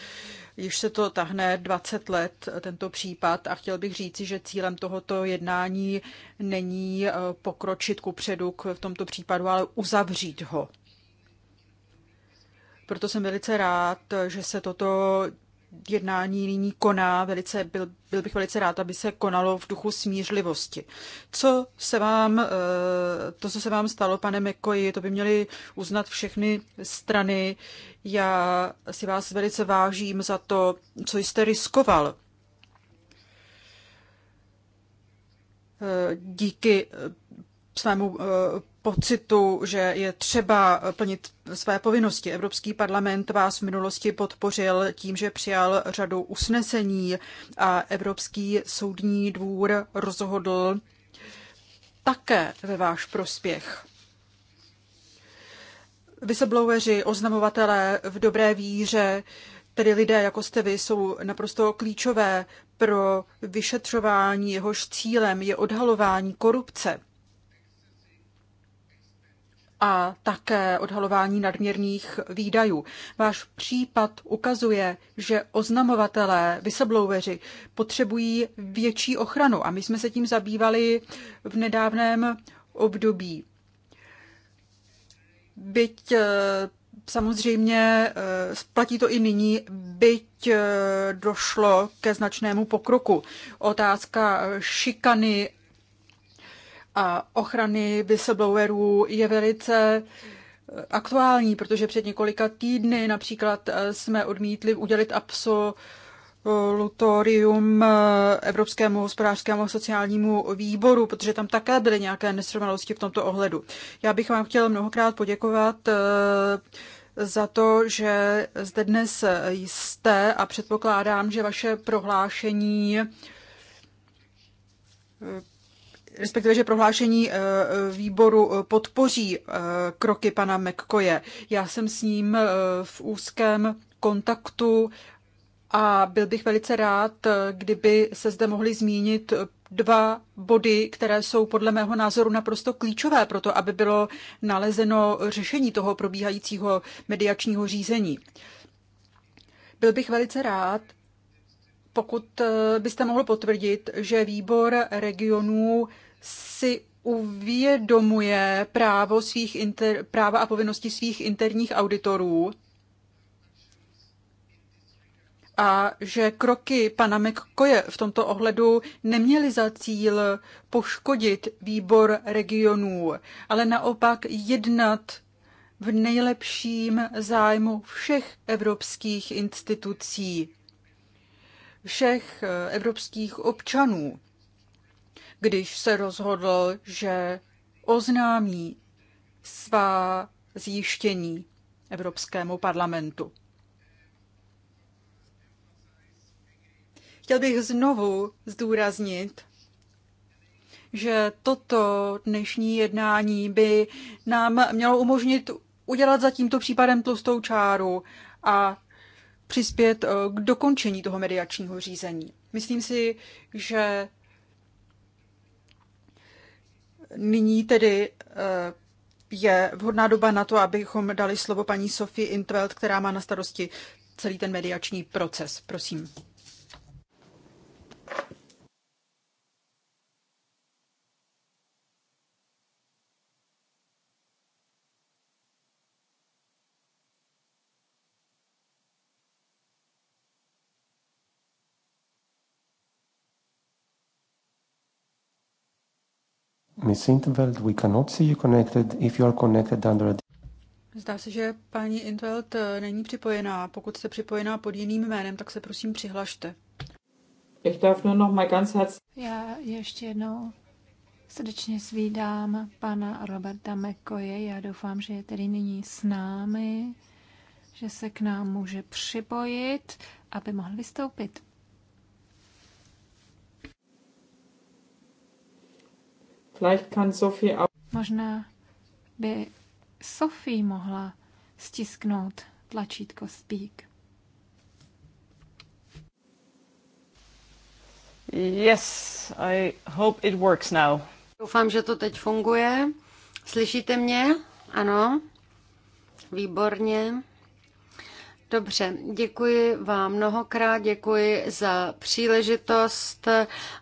Speaker 1: Již se to tahne 20 let, tento případ, a chtěl bych říci, že cílem tohoto jednání není eh, pokročit ku předu v tomto případu, ale uzavřít ho. Proto jsem velice rád, že se toto jednání nyní koná, velice, byl, byl bych velice rád, aby se konalo v duchu smířlivosti. Co se vám, eh, to, co se vám stalo, pane Mekoji, to by měly uznat všechny strany. Já si vás velice vážím za to, co jste riskoval. Eh, díky eh, svému pocitu, že je třeba plnit své povinnosti. Evropský parlament vás v minulosti podpořil tím, že přijal řadu usnesení a Evropský soudní dvůr rozhodl také ve váš prospěch. Whistlebloweri, oznamovatelé v dobré víře, tedy lidé jako jste vy, jsou naprosto klíčové pro vyšetřování, jehož cílem je odhalování korupce a také odhalování nadměrných výdajů. Váš případ ukazuje, že oznamovatelé, vysablouveři potřebují větší ochranu a my jsme se tím zabývali v nedávném období. Byť eh, samozřejmě eh, platí to i nyní, byť eh, došlo ke značnému pokroku. Otázka šikany a ochrany whistleblowerů je velice eh, aktuální, protože před několika týdny například eh, jsme odmítli udělit absol lutorium eh, Evropskému hospodářskému sociálnímu výboru, protože tam také byly nějaké nesrovnalosti v tomto ohledu. Já bych vám chtěla mnohokrát poděkovat za to, že zde dnes jste a předpokládám, že vaše prohlášení respektive, že prohlášení eh, výboru eh, podpoří eh, kroky pana McCoye. Já jsem s ním v úzkém kontaktu a byl bych velice rád, kdyby se zde mohli zmínit dva body, které jsou podle mého názoru naprosto klíčové pro to, aby bylo nalezeno řešení toho probíhajícího mediačního řízení. Byl bych velice rád, pokud eh, byste mohl potvrdit, že výbor regionů si uvědomuje právo svých inter, práva a povinnosti svých interních auditorů a že kroky pana McCoye v tomto ohledu neměly za cíl poškodit výbor regionů, ale naopak jednat v nejlepším zájmu všech evropských institucí všech eh, evropských občanů, když se rozhodl, že oznámí svá zjištění Evropskému parlamentu. Chtěl bych znovu zdůraznit, že toto dnešní jednání by nám mělo umožnit udělat za tímto případem tlustou čáru a přispět eh, k dokončení toho mediačního řízení. Myslím si, že nyní tedy eh, je vhodná doba na to, abychom dali slovo paní Sofii Intveld, která má na starosti celý ten mediační proces. Prosím.
Speaker 6: Miss Intveld, we cannot see you connected if you are connected under a...
Speaker 1: Zdá se, že paní Intveld eh, není připojená. Pokud jste připojená pod jiným jménem, tak se prosím přihlašte. Ich darf nur noch mal ganz herz...
Speaker 3: Já ještě jednou srdečně svídám pana Roberta Mekoje. Já doufám, že je tedy nyní s námi, že se k nám může připojit, aby mohl vystoupit.
Speaker 2: Vielleicht kann Sophie auch...
Speaker 3: Možná by Sophie mohla stisknout tlačítko Speak.
Speaker 4: Yes, I hope it works now. Doufám, že to teď funguje. Slyšíte mě? Ano. Výborně. Dobře, děkuji vám mnohokrát, děkuji za příležitost,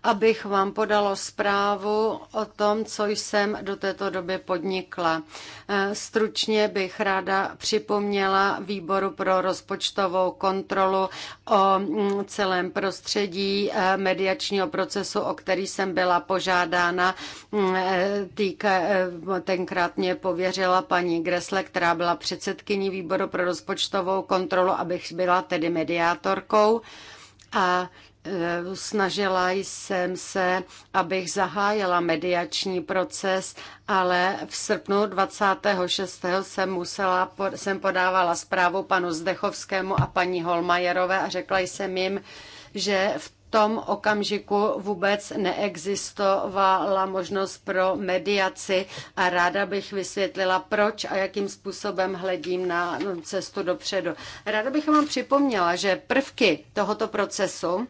Speaker 4: abych vám podala zprávu o tom, co jsem do této doby podnikla. Stručně bych ráda připomněla výboru pro rozpočtovou kontrolu o celém prostředí eh, mediačního procesu, o který jsem byla požádána. Eh, týka, eh, tenkrát mě pověřila paní Gresle, která byla předsedkyní výboru pro rozpočtovou kontrolu kontrolu, abych byla tedy mediátorkou a e, snažila jsem se, abych zahájila mediační proces, ale v srpnu 26. jsem musela, jsem podávala zprávu panu Zdechovskému a paní Holmajerové a řekla jsem jim, že v tom okamžiku vůbec neexistovala možnost pro mediaci a ráda bych vysvětlila, proč a jakým způsobem hledím na cestu dopředu. Ráda bych vám připomněla, že prvky tohoto procesu,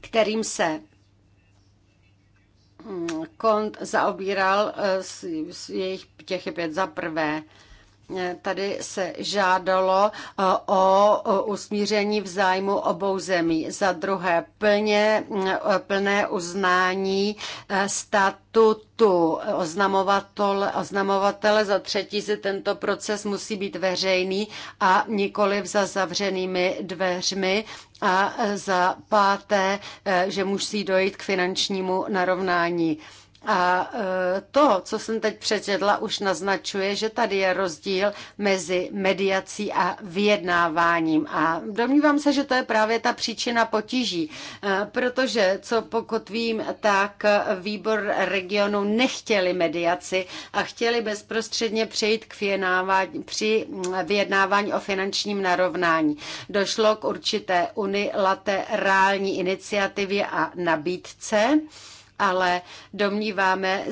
Speaker 4: kterým se hm, kont zaobíral, z eh, jejich těch pět za prvé, tady se žádalo eh, o usmíření v zájmu obou zemí. Za druhé, plně, eh, plné uznání eh, statutu oznamovatele, oznamovatele. Za třetí, že tento proces musí být veřejný a nikoliv za zavřenými dveřmi. A za páté, že musí dojít k finančnímu narovnání. A e, to, co jsem teď přečetla, už naznačuje, že tady je rozdíl mezi mediací a vyjednáváním. A domnívám se, že to je právě ta příčina potíží, e, protože, co pokud vím, tak výbor regionu nechtěli mediaci a chtěli bezprostředně přejít k při vyjednávání o finančním narovnání. Došlo k určité unilaterální iniciativě a nabídce ale domníváme,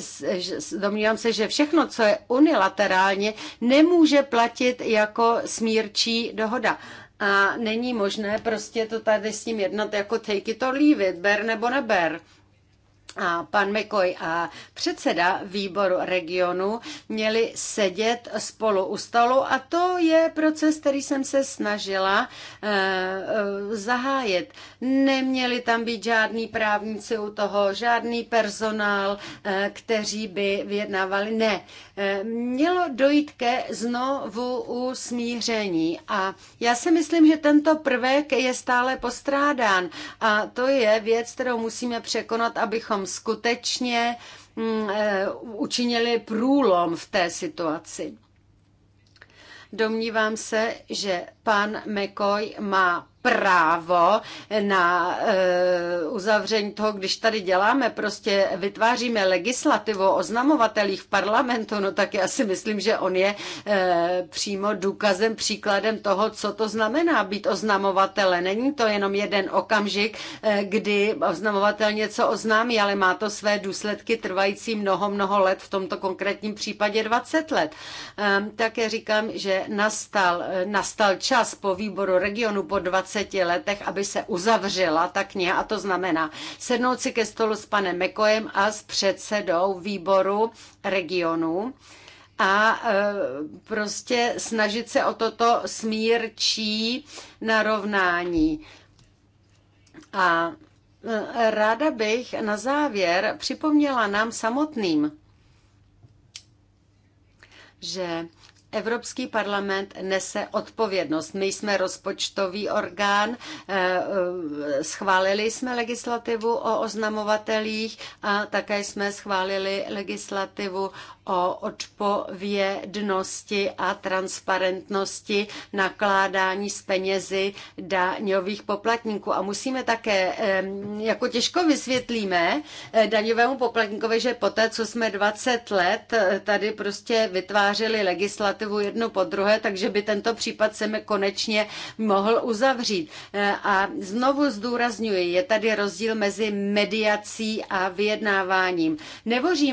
Speaker 4: domnívám se, že všechno, co je unilaterálně, nemůže platit jako smírčí dohoda. A není možné prostě to tady s ním jednat jako take it or leave it, ber nebo neber a pan Mekoj a předseda výboru regionu měli sedět spolu u stolu a to je proces, který jsem se snažila e, e, zahájit. Neměli tam být žádní právníci u toho, žádný personál, e, kteří by vyjednávali. Ne, Mělo dojít ke znovu usmíření a já si myslím, že tento prvek je stále postrádán a to je věc, kterou musíme překonat, abychom skutečně mm, eh, učinili průlom v té situaci. Domnívám se, že pan McCoy má právo na e, uzavření toho, když tady děláme, prostě vytváříme legislativu o oznamovatelích v parlamentu, no tak já si myslím, že on je e, přímo důkazem, příkladem toho, co to znamená být oznamovatele. Není to jenom jeden okamžik, e, kdy oznamovatel něco oznámí, ale má to své důsledky trvající mnoho, mnoho let, v tomto konkrétním případě 20 let. E, já říkám, že nastal, e, nastal čas, čas po výboru regionu po 20 letech, aby se uzavřela ta kniha a to znamená sednout si ke stolu s panem Mekojem a s předsedou výboru regionu a e, prostě snažit se o toto smírčí narovnání. A e, ráda bych na závěr připomněla nám samotným, že Evropský parlament nese odpovědnost. My jsme rozpočtový orgán, eh, eh, schválili jsme legislativu o oznamovatelích a také jsme schválili legislativu o odpovědnosti a transparentnosti nakládání s penězi daňových poplatníků. A musíme také, eh, jako těžko vysvětlíme daňovému poplatníkovi, že poté, co jsme 20 let tady prostě vytvářeli legislativu, legislativu jednu po druhé, takže by tento případ se mi konečně mohl uzavřít. E, a znovu zdůrazňuji, je tady rozdíl mezi mediací a vyjednáváním.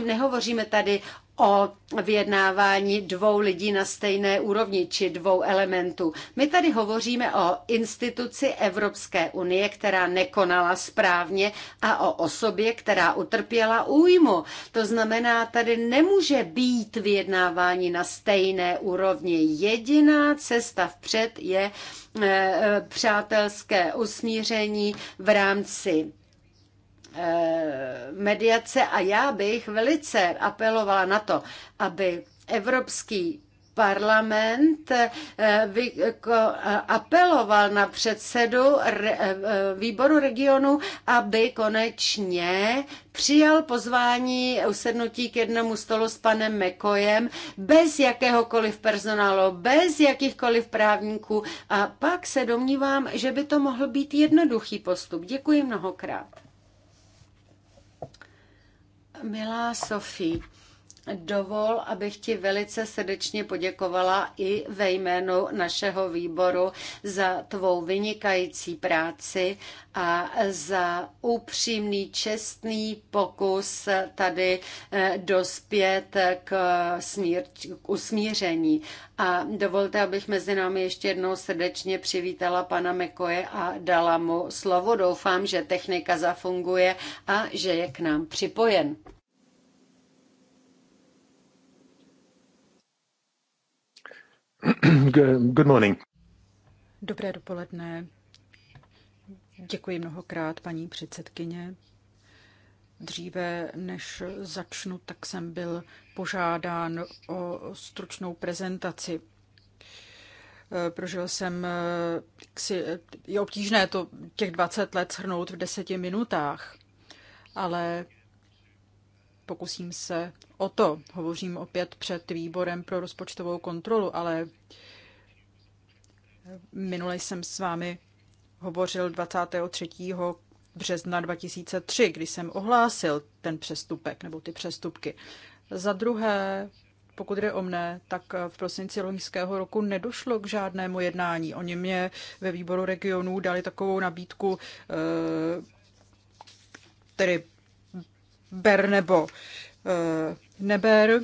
Speaker 4: nehovoříme tady o vyjednávání dvou lidí na stejné úrovni či dvou elementů. My tady hovoříme o instituci Evropské unie, která nekonala správně a o osobě, která utrpěla újmu. To znamená, tady nemůže být vyjednávání na stejné úrovni. Jediná cesta vpřed je eh, eh, přátelské usmíření v rámci Eh, mediace a já bych velice apelovala na to, aby Evropský parlament eh, eh, apeloval na předsedu výboru regionu, aby konečně přijal pozvání usednutí k jednomu stolu s panem Mekojem bez jakéhokoliv personálu, bez jakýchkoliv právníků a pak se domnívám, že by to mohl být jednoduchý postup. Děkuji mnohokrát. Milá Sofie, Dovol, abych ti velice srdečně poděkovala i ve jménu našeho výboru za tvou vynikající práci a za upřímný, čestný pokus tady eh, dospět k, smír, k usmíření. A dovolte, abych mezi námi ještě jednou srdečně přivítala pana Mekoje a dala mu slovo. Doufám, že technika zafunguje a že je k nám připojen.
Speaker 5: Good morning.
Speaker 4: Dobré
Speaker 1: dopoledne. Děkuji mnohokrát, paní předsedkyně. Dříve než začnu, tak jsem byl požádán o stručnou prezentaci. Eh, prožil jsem, eh, eh, je obtížné to těch 20 let shrnout v deseti minutách, ale pokusím se o to. Hovořím opět před výborem pro rozpočtovou kontrolu, ale minule jsem s vámi hovořil 23. března 2003, kdy jsem ohlásil ten přestupek nebo ty přestupky. Za druhé, pokud jde o mne, tak v prosinci loňského roku nedošlo k žádnému jednání. Oni mě ve výboru regionů dali takovou nabídku, eh, tedy ber nebo eh, neber.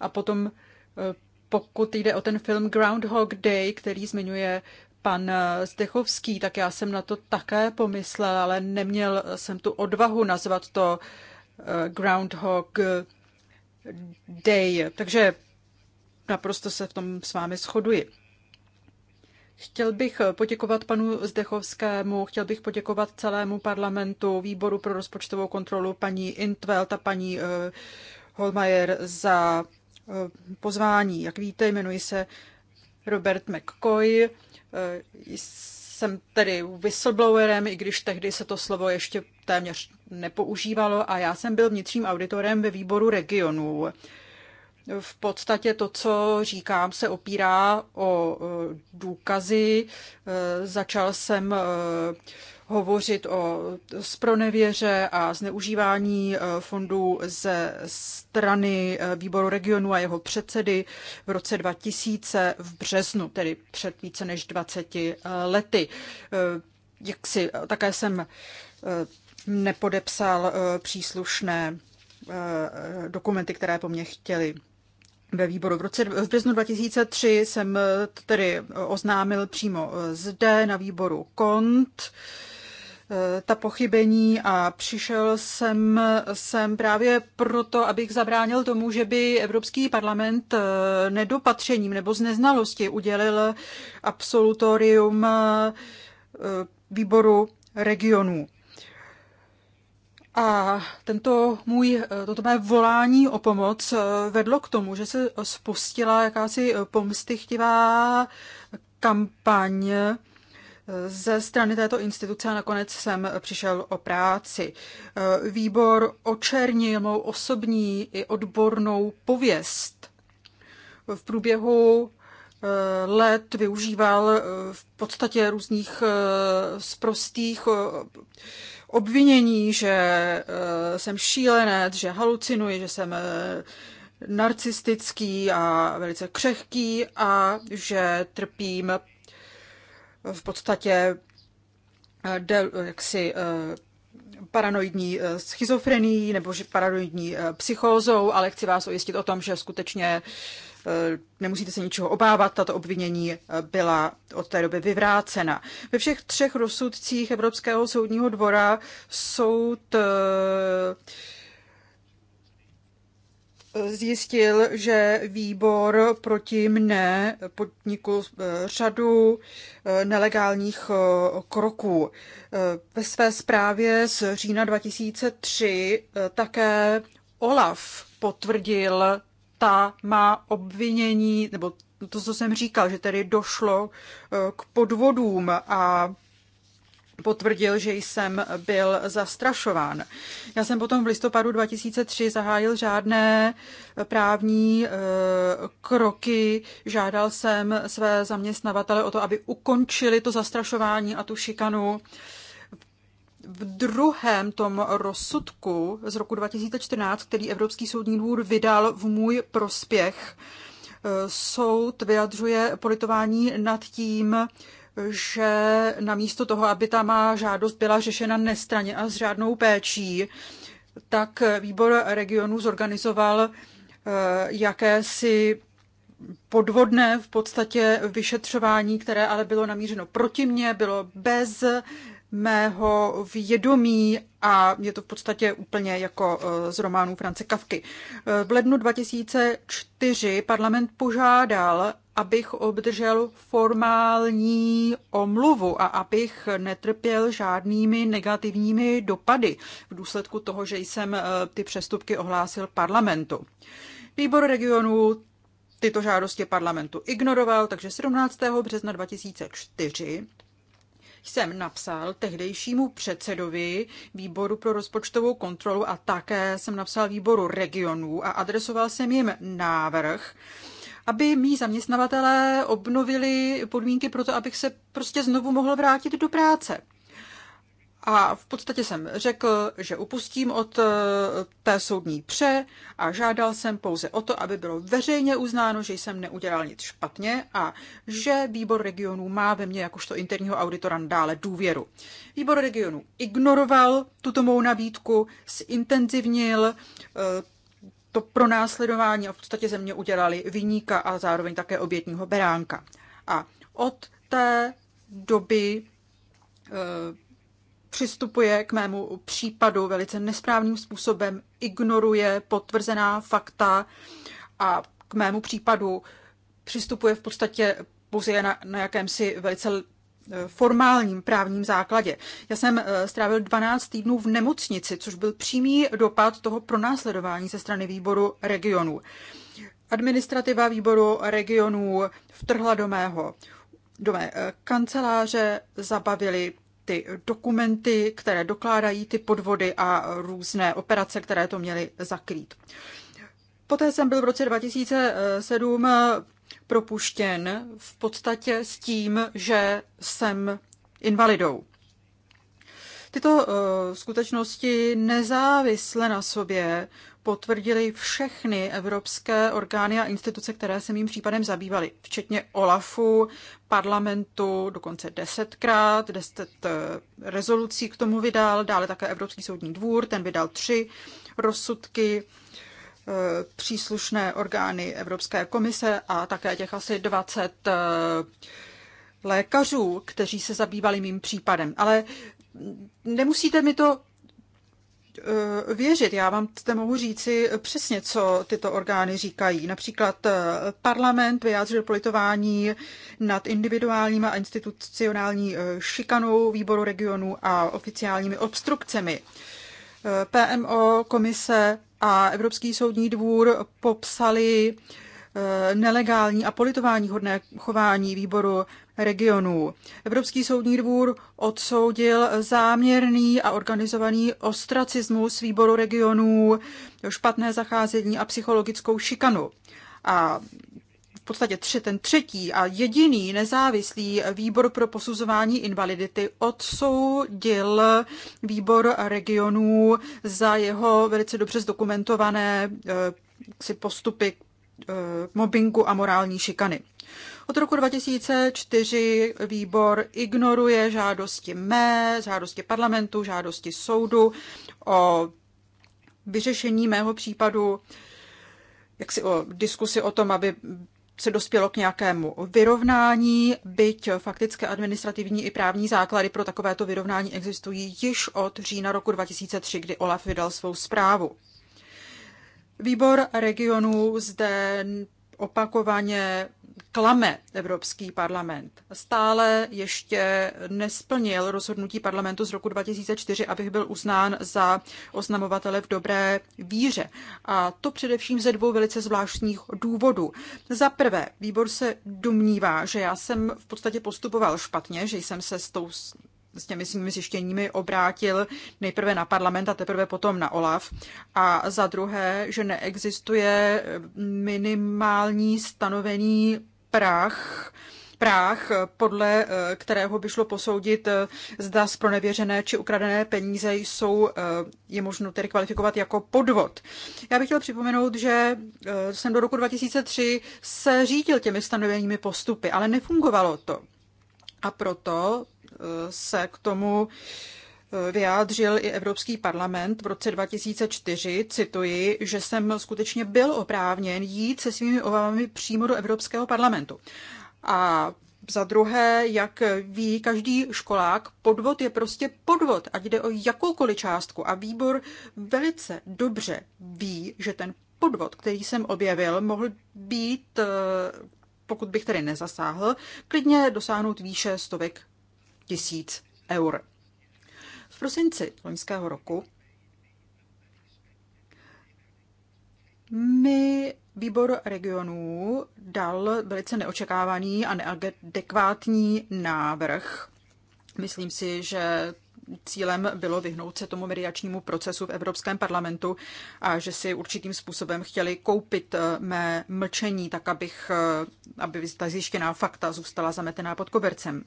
Speaker 1: A potom, eh, pokud jde o ten film Groundhog Day, který zmiňuje pan eh, Zdechovský, tak já jsem na to také pomyslela, ale neměl jsem tu odvahu nazvat to Groundhog Day. Takže naprosto se v tom s vámi shoduji. Chtěl bych eh, poděkovat panu Zdechovskému, chtěl bych poděkovat celému parlamentu, výboru pro rozpočtovou kontrolu, paní Intvelt a paní eh, Holmajer za eh, pozvání. Jak víte, jmenuji se Robert McCoy. Jsem tedy whistleblowerem, i když tehdy se to slovo ještě téměř nepoužívalo a já jsem byl vnitřním auditorem ve výboru regionů v podstatě to, co říkám, se opírá o e, důkazy. E, začal jsem e, hovořit o spronevěře a zneužívání fondů ze strany výboru regionu a jeho předsedy v roce 2000 v březnu, tedy před více než 20 lety. Jak si, také jsem nepodepsal příslušné dokumenty, které po mně chtěli ve výboru. V roce v březnu 2003 jsem e, tedy oznámil přímo e, zde na výboru KONT e, ta pochybení a přišel jsem sem právě proto, abych zabránil tomu, že by Evropský parlament nedopatřením nebo z neznalosti udělil absolutorium výboru regionů. A tento můj, eh, toto mé volání o pomoc eh, vedlo k tomu, že se spustila jakási pomstychtivá kampaň eh, ze strany této instituce a nakonec jsem přišel o práci. Výbor očernil mou osobní i odbornou pověst. V průběhu let využíval v podstatě různých zprostých obvinění, že eh, jsem šílenec, že halucinuji, že jsem eh, narcistický a velice křehký a že trpím v podstatě eh, jaksi paranoidní schizofrenii nebo paranoidní psychózou, ale chci vás ujistit o tom, že skutečně Eh, nemusíte se ničeho obávat, tato obvinění eh, byla od té doby vyvrácena. Ve všech třech rozsudcích Evropského soudního dvora soud eh, zjistil, že výbor proti mne podnikl řadu nelegálních kroků. Ve své zprávě z října 2003 také Olaf potvrdil ta má obvinění, nebo to, co jsem říkal, že tedy došlo eh, k podvodům a potvrdil, že jsem byl zastrašován. Já jsem potom v listopadu 2003 zahájil žádné eh, právní eh, kroky. Žádal jsem své zaměstnavatele o to, aby ukončili to zastrašování a tu šikanu v druhém tom rozsudku z roku 2014, který Evropský soudní dvůr vydal v můj prospěch, eh, soud vyjadřuje politování nad tím, že namísto toho, aby ta má žádost byla řešena nestraně a s řádnou péčí, tak výbor regionu zorganizoval eh, jakési podvodné v podstatě vyšetřování, které ale bylo namířeno proti mně, bylo bez mého vědomí a je to v podstatě úplně jako eh, z románu France Kavky. Eh, v lednu 2004 parlament požádal, abych obdržel formální omluvu a abych netrpěl žádnými negativními dopady v důsledku toho, že jsem eh, ty přestupky ohlásil parlamentu. Výbor regionu tyto žádosti parlamentu ignoroval, takže 17. března 2004 jsem napsal tehdejšímu předsedovi výboru pro rozpočtovou kontrolu a také jsem napsal výboru regionů a adresoval jsem jim návrh, aby mý zaměstnavatelé obnovili podmínky pro to, abych se prostě znovu mohl vrátit do práce a v podstatě jsem řekl, že upustím od eh, té soudní pře a žádal jsem pouze o to, aby bylo veřejně uznáno, že jsem neudělal nic špatně a že výbor regionů má ve mně jakožto interního auditora dále důvěru. Výbor regionů ignoroval tuto mou nabídku, zintenzivnil eh, to pronásledování a v podstatě ze mě udělali vyníka a zároveň také obětního beránka. A od té doby eh, přistupuje k mému případu velice nesprávným způsobem, ignoruje potvrzená fakta a k mému případu přistupuje v podstatě pouze na, na jakémsi velice e, formálním právním základě. Já jsem e, strávil 12 týdnů v nemocnici, což byl přímý dopad toho pronásledování ze strany výboru regionů. Administrativa výboru regionů vtrhla do mého do mé e, kanceláře, zabavili ty dokumenty, které dokládají ty podvody a různé operace, které to měly zakrýt. Poté jsem byl v roce 2007 propuštěn v podstatě s tím, že jsem invalidou. Tyto eh, skutečnosti nezávisle na sobě potvrdili všechny evropské orgány a instituce, které se mým případem zabývaly, včetně OLAFu, parlamentu, dokonce desetkrát, deset eh, rezolucí k tomu vydal, dále také Evropský soudní dvůr, ten vydal tři rozsudky, eh, příslušné orgány Evropské komise a také těch asi 20 eh, lékařů, kteří se zabývali mým případem. Ale nemusíte mi to Eh, věřit. Já vám to mohu říci přesně, co tyto orgány říkají. Například eh, parlament vyjádřil politování nad individuálním a institucionální eh, šikanou výboru regionu a oficiálními obstrukcemi. PMO, komise a Evropský soudní dvůr popsali nelegální a politování hodné chování výboru regionů. Evropský soudní dvůr odsoudil záměrný a organizovaný ostracismus výboru regionů, špatné zacházení a psychologickou šikanu. A v podstatě tři, ten třetí a jediný nezávislý výbor pro posuzování invalidity odsoudil výbor regionů za jeho velice dobře zdokumentované eh, si postupy eh, mobbingu a morální šikany. Od roku 2004 výbor ignoruje žádosti mé, žádosti parlamentu, žádosti soudu o vyřešení mého případu, jak si o diskusi o tom, aby se dospělo k nějakému vyrovnání, byť faktické administrativní i právní základy pro takovéto vyrovnání existují již od října roku 2003, kdy Olaf vydal svou zprávu. Výbor regionů zde opakovaně klame Evropský parlament. Stále ještě nesplnil rozhodnutí parlamentu z roku 2004, abych byl uznán za oznamovatele v dobré víře. A to především ze dvou velice zvláštních důvodů. Za prvé, výbor se domnívá, že já jsem v podstatě postupoval špatně, že jsem se s tou s těmi svými zjištěními obrátil nejprve na parlament a teprve potom na OLAF. A za druhé, že neexistuje minimální stanovený prach, práh, podle eh, kterého by šlo posoudit, eh, zda z pronevěřené či ukradené peníze jsou, eh, je možno tedy kvalifikovat jako podvod. Já bych chtěl připomenout, že jsem do roku 2003 se řídil těmi stanovenými postupy, ale nefungovalo to. A proto se k tomu eh, vyjádřil i Evropský parlament v roce 2004, cituji, že jsem skutečně byl oprávněn jít se svými obavami přímo do Evropského parlamentu. A za druhé, jak ví každý školák, podvod je prostě podvod, ať jde o jakoukoliv částku. A výbor velice dobře ví, že ten podvod, který jsem objevil, mohl být, eh, pokud bych tedy nezasáhl, klidně dosáhnout výše stovek tisíc eur. V prosinci loňského roku mi výbor regionů dal velice neočekávaný a neadekvátní návrh. Myslím si, že cílem bylo vyhnout se tomu mediačnímu procesu v Evropském parlamentu a že si určitým způsobem chtěli koupit eh, mé mlčení, tak abych, eh, aby ta zjištěná fakta zůstala zametená pod kobercem.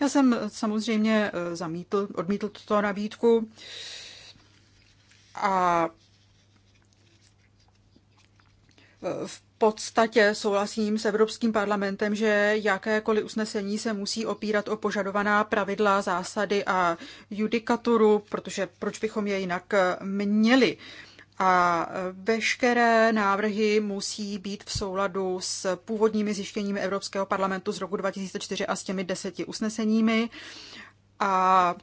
Speaker 1: Já jsem eh, samozřejmě zamítl, odmítl tuto nabídku a v podstatě souhlasím s Evropským parlamentem, že jakékoliv usnesení se musí opírat o požadovaná pravidla, zásady a judikaturu, protože proč bychom je jinak eh, měli. A eh, veškeré návrhy musí být v souladu s původními zjištěními Evropského parlamentu z roku 2004 a s těmi deseti usneseními. A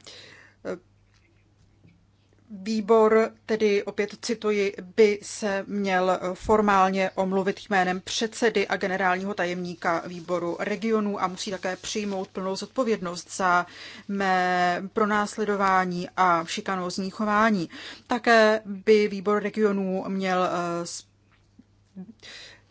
Speaker 1: Výbor, tedy opět cituji, by se měl formálně omluvit jménem předsedy a generálního tajemníka výboru regionu a musí také přijmout plnou zodpovědnost za mé pronásledování a šikanózní chování. Také by výbor regionů měl eh,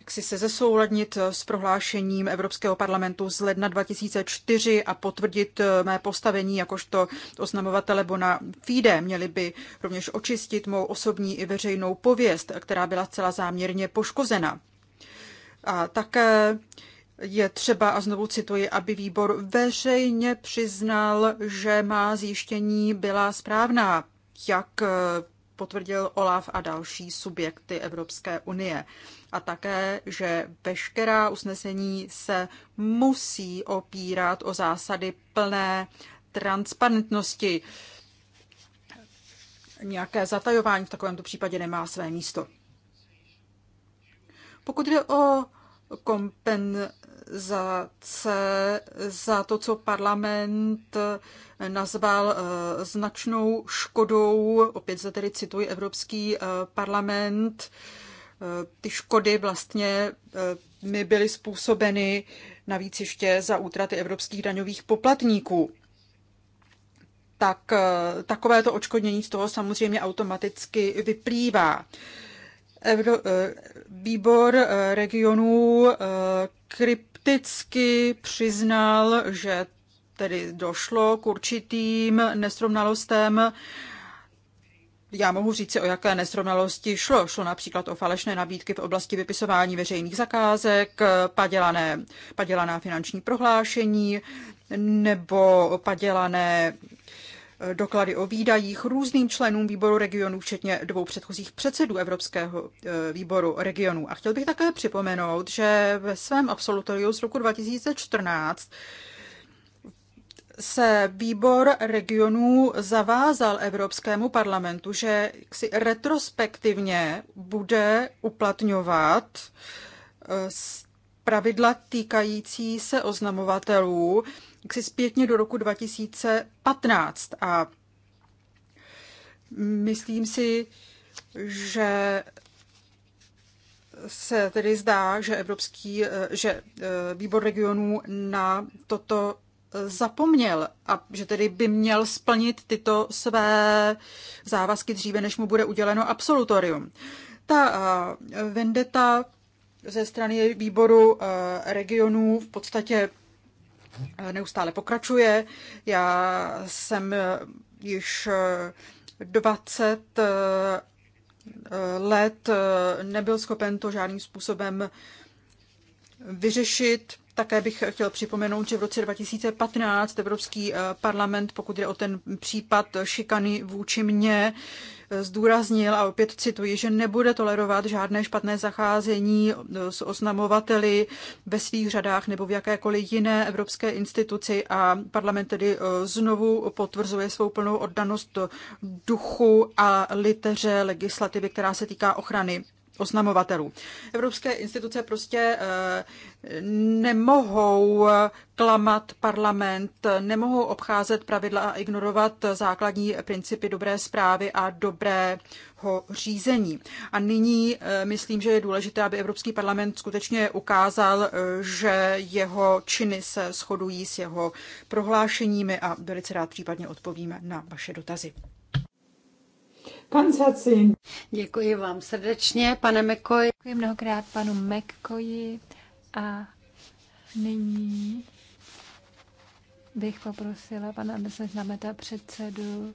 Speaker 1: jaksi se zesouladnit eh, s prohlášením Evropského parlamentu z ledna 2004 a potvrdit eh, mé postavení jakožto oznamovatele Bona Fide. Měli by rovněž očistit mou osobní i veřejnou pověst, která byla zcela záměrně poškozena. A také je třeba, a znovu cituji, aby výbor veřejně přiznal, že má zjištění byla správná, jak eh, potvrdil Olaf a další subjekty Evropské unie a také, že veškerá usnesení se musí opírat o zásady plné transparentnosti. Nějaké zatajování v takovémto případě nemá své místo. Pokud jde o kompenzace za to, co parlament nazval eh, značnou škodou, opět za tedy cituji Evropský eh, parlament, Eh, ty škody vlastně eh, mi byly způsobeny navíc ještě za útraty evropských daňových poplatníků. Tak eh, takovéto očkodnění z toho samozřejmě automaticky vyplývá. Evro, výbor regionů krypticky přiznal, že tedy došlo k určitým nesrovnalostem já mohu říct si, o jaké nesrovnalosti šlo. Šlo například o falešné nabídky v oblasti vypisování veřejných zakázek, padělané, padělaná finanční prohlášení nebo padělané eh, doklady o výdajích různým členům výboru regionů, včetně dvou předchozích předsedů Evropského eh, výboru regionů. A chtěl bych také připomenout, že ve svém absolutoriu z roku 2014 se výbor regionů zavázal Evropskému parlamentu, že si retrospektivně bude uplatňovat eh, pravidla týkající se oznamovatelů si zpětně do roku 2015. A myslím si, že se tedy zdá, že Evropský, eh, že eh, výbor regionů na toto zapomněl a že tedy by měl splnit tyto své závazky dříve, než mu bude uděleno absolutorium. Ta eh, vendeta ze strany výboru eh, regionů v podstatě eh, neustále pokračuje. Já jsem již 20 let nebyl schopen to žádným způsobem vyřešit. Také bych chtěl připomenout, že v roce 2015 Evropský eh, parlament, pokud je o ten případ šikany vůči mně, eh, zdůraznil, a opět cituji, že nebude tolerovat žádné špatné zacházení eh, s oznamovateli ve svých řadách nebo v jakékoliv jiné evropské instituci a parlament tedy znovu potvrzuje svou plnou oddanost duchu a liteře legislativy, která se týká ochrany oznamovatelů. Evropské instituce prostě eh, nemohou klamat parlament, nemohou obcházet pravidla a ignorovat základní principy dobré zprávy a dobrého řízení. A nyní eh, myslím, že je důležité, aby Evropský parlament skutečně ukázal, eh, že jeho činy se shodují s jeho prohlášeními a velice rád případně odpovíme na vaše dotazy.
Speaker 4: Děkuji vám srdečně, pane Mekoji. Děkuji mnohokrát panu Mekoji a nyní bych poprosila
Speaker 3: pana Andrese Znameta, předsedu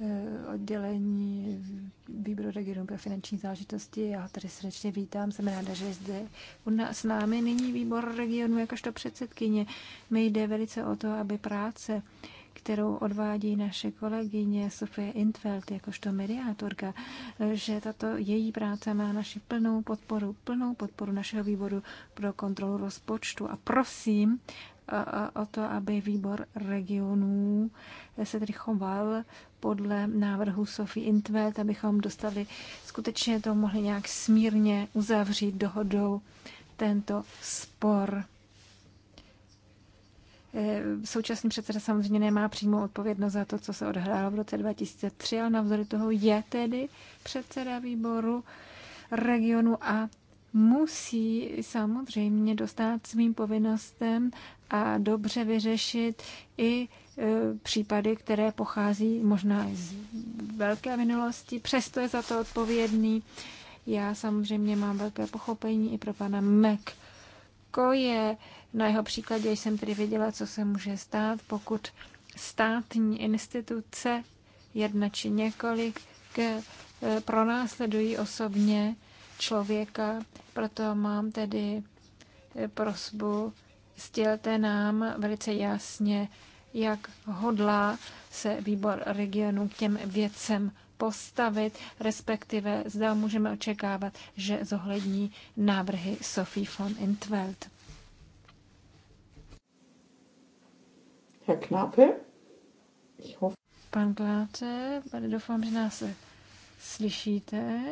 Speaker 3: eh, oddělení výboru regionu pro finanční záležitosti. Já ho tady srdečně vítám, jsem ráda, že zde u nás, s námi nyní výbor regionu jakožto předsedkyně. Mi jde velice o to, aby práce kterou odvádí naše kolegyně Sofie Intfeld jakožto mediátorka, že tato její práce má naši plnou podporu, plnou podporu našeho výboru pro kontrolu rozpočtu. A prosím o to, aby výbor regionů se tedy choval podle návrhu Sofie Intveld, abychom dostali, skutečně to mohli nějak smírně uzavřít dohodou tento spor. Eh, současný předseda samozřejmě nemá přímou odpovědnost za to, co se odhrálo v roce 2003, ale navzory toho je tedy předseda výboru regionu a musí samozřejmě dostat svým povinnostem a dobře vyřešit i eh, případy, které pochází možná z velké minulosti, přesto je za to odpovědný. Já samozřejmě mám velké pochopení i pro pana mek je Na jeho příkladě jsem tedy viděla, co se může stát, pokud státní instituce, jedna či několik, k, e, pronásledují osobně člověka. Proto mám tedy e, prosbu, sdělte nám velice jasně, jak hodlá se výbor regionu k těm věcem postavit, respektive zda můžeme očekávat, že zohlední návrhy Sophie von Intveld. Herr Knape? Ich hoffe. Pan Gláte, doufám, že nás slyšíte.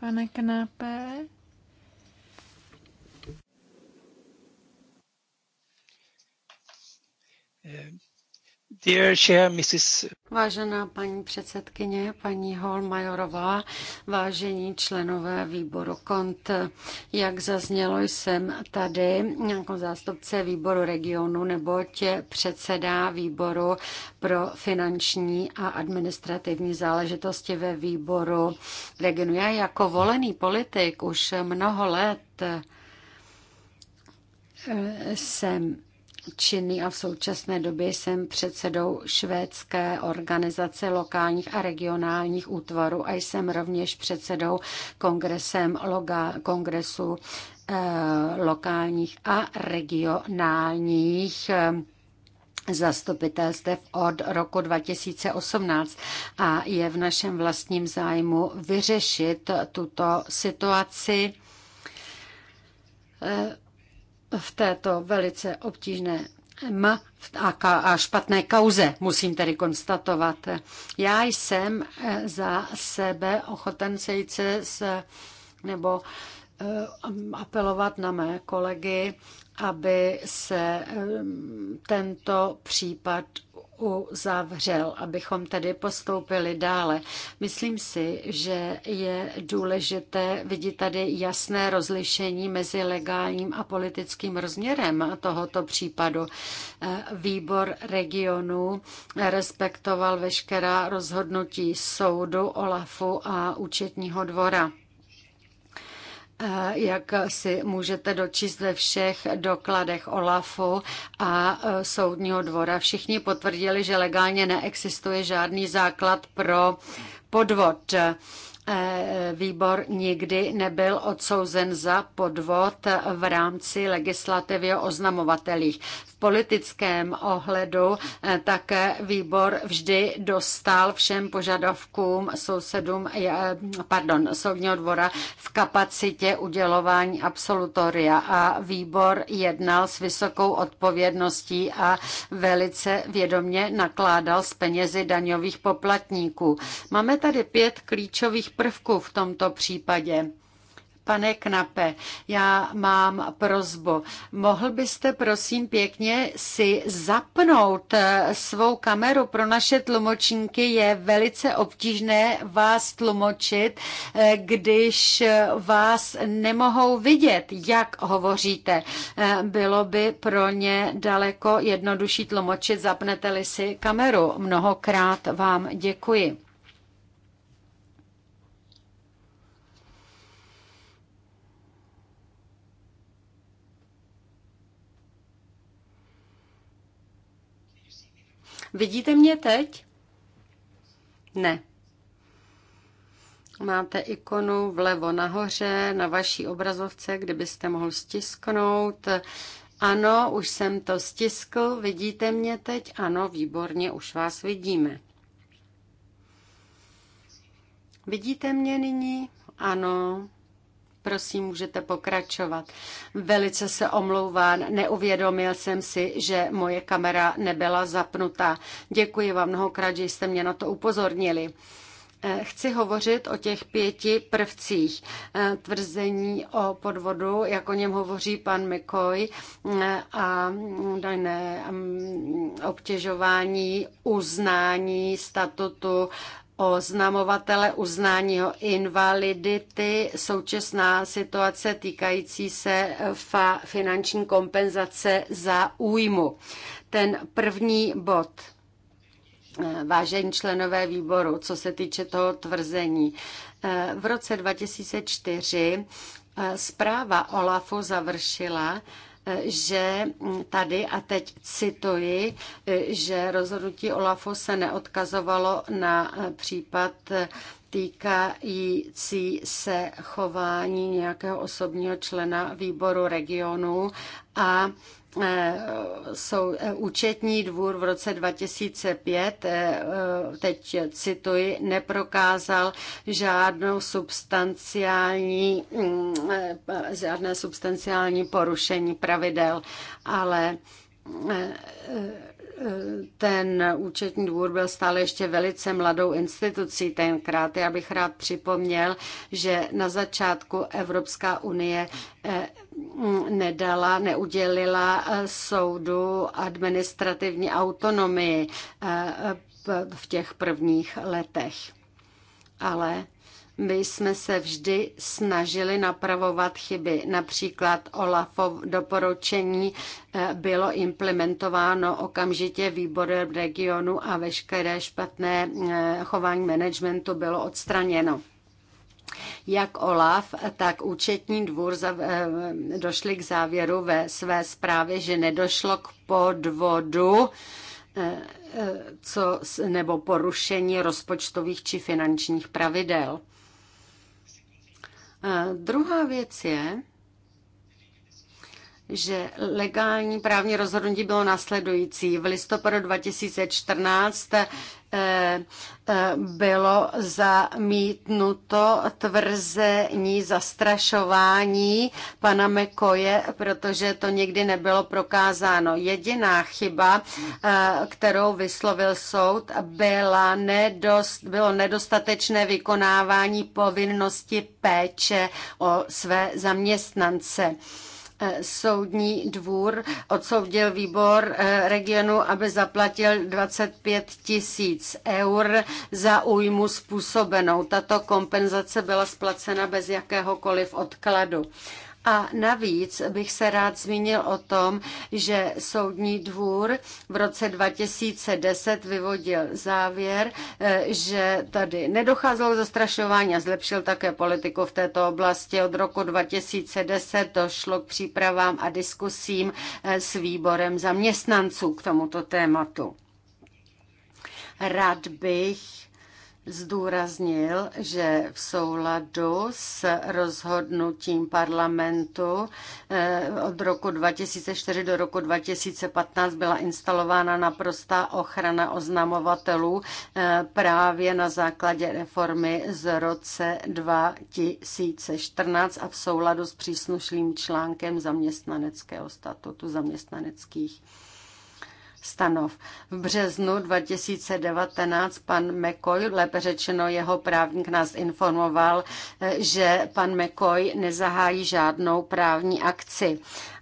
Speaker 3: Pane Knape?
Speaker 2: Eh, Dear chair, Mrs.
Speaker 4: Vážená paní předsedkyně, paní Holmajorová, vážení členové výboru KONT, jak zaznělo, jsem tady jako zástupce výboru regionu, nebo tě předsedá výboru pro finanční a administrativní záležitosti ve výboru regionu. Já jako volený politik už mnoho let eh, jsem činný a v současné době jsem předsedou švédské organizace lokálních a regionálních útvarů a jsem rovněž předsedou kongresem loga, kongresu eh, lokálních a regionálních eh, zastupitelstev od roku 2018 a je v našem vlastním zájmu vyřešit tuto situaci. Eh, v této velice obtížné M a špatné kauze, musím tedy konstatovat. Já jsem eh, za sebe ochoten sejít se s, nebo eh, apelovat na mé kolegy, aby se eh, tento případ uzavřel, abychom tedy postoupili dále. Myslím si, že je důležité vidět tady jasné rozlišení mezi legálním a politickým rozměrem tohoto případu. Výbor regionu respektoval veškerá rozhodnutí soudu, OLAFu a účetního dvora jak si můžete dočíst ve všech dokladech OLAFu a e, Soudního dvora. Všichni potvrdili, že legálně neexistuje žádný základ pro podvod. E, výbor nikdy nebyl odsouzen za podvod v rámci legislativy o oznamovatelích politickém ohledu eh, také výbor vždy dostal všem požadavkům sousedům, eh, pardon, soudního dvora v kapacitě udělování absolutoria a výbor jednal s vysokou odpovědností a velice vědomně nakládal s penězi daňových poplatníků. Máme tady pět klíčových prvků v tomto případě. Pane Knape, já mám prozbu. Mohl byste prosím pěkně si zapnout eh, svou kameru pro naše tlumočníky? Je velice obtížné vás tlumočit, eh, když eh, vás nemohou vidět, jak hovoříte. Bylo by pro ně daleko jednodušší tlumočit, zapnete-li si kameru. Mnohokrát vám děkuji. Vidíte mě teď? Ne. Máte ikonu vlevo nahoře na vaší obrazovce, kdybyste mohl stisknout. Ano, už jsem to stiskl, vidíte mě teď? Ano, výborně, už vás vidíme. Vidíte mě nyní? Ano, Prosím, můžete pokračovat. Velice se omlouvám, neuvědomil jsem si, že moje kamera nebyla zapnutá. Děkuji vám mnohokrát, že jste mě na to upozornili. Eh, chci hovořit o těch pěti prvcích. Eh, tvrzení o podvodu, jak o něm hovoří pan Mikoj, eh, a mm, dané mm, obtěžování, uznání statutu oznamovatele uznání o invalidity, současná situace týkající se eh, fa finanční kompenzace za újmu. Ten první bod, eh, vážení členové výboru, co se týče toho tvrzení. Eh, v roce 2004 zpráva OLAFu završila, že tady, a teď cituji, že rozhodnutí Olafu se neodkazovalo na případ týkající se chování nějakého osobního člena výboru regionu a Eh, jsou eh, účetní dvůr v roce 2005, eh, teď cituji, neprokázal žádnou substanciální, mm, žádné substanciální porušení pravidel, ale ten účetní dvůr byl stále ještě velice mladou institucí tenkrát. Já bych rád připomněl, že na začátku Evropská unie eh, nedala, neudělila eh, soudu administrativní autonomii eh, v těch prvních letech. Ale my jsme se vždy snažili napravovat chyby. Například Olafov doporučení eh, bylo implementováno okamžitě výborem regionu a veškeré špatné eh, chování managementu bylo odstraněno jak OLAF, tak účetní dvůr eh, došli k závěru ve své zprávě, že nedošlo k podvodu co, nebo porušení rozpočtových či finančních pravidel druhá věc je, že legální právní rozhodnutí bylo následující. V listopadu 2014 eh, eh, bylo zamítnuto tvrzení zastrašování pana Mekoje, protože to nikdy nebylo prokázáno. Jediná chyba, eh, kterou vyslovil soud, byla nedost, bylo nedostatečné vykonávání povinnosti péče o své zaměstnance. Eh, soudní dvůr odsoudil výbor eh, regionu, aby zaplatil 25 tisíc eur za újmu způsobenou. Tato kompenzace byla splacena bez jakéhokoliv odkladu. A navíc bych se rád zmínil o tom, že Soudní dvůr v roce 2010 vyvodil závěr, eh, že tady nedocházelo zastrašování a zlepšil také politiku v této oblasti. Od roku 2010 došlo k přípravám a diskusím eh, s výborem zaměstnanců k tomuto tématu. Rád bych zdůraznil, že v souladu s rozhodnutím parlamentu eh, od roku 2004 do roku 2015 byla instalována naprostá ochrana oznamovatelů eh, právě na základě reformy z roce 2014 a v souladu s příslušným článkem zaměstnaneckého statutu zaměstnaneckých stanov. V březnu 2019 pan McCoy, lépe řečeno jeho právník, nás informoval, eh, že pan McCoy nezahájí žádnou právní akci.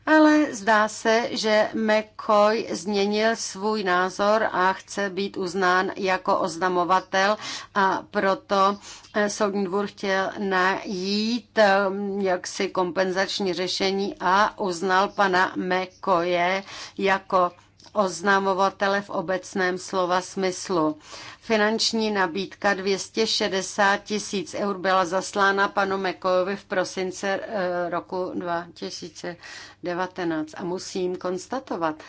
Speaker 4: Ale zdá se, že McCoy změnil svůj názor a chce být uznán jako oznamovatel a proto eh, soudní dvůr chtěl najít eh, jaksi kompenzační řešení a uznal pana McCoye jako oznamovatele v obecném slova smyslu. Finanční nabídka 260 tisíc eur byla zaslána panu Mekojovi v prosince eh, roku 2019. A musím konstatovat,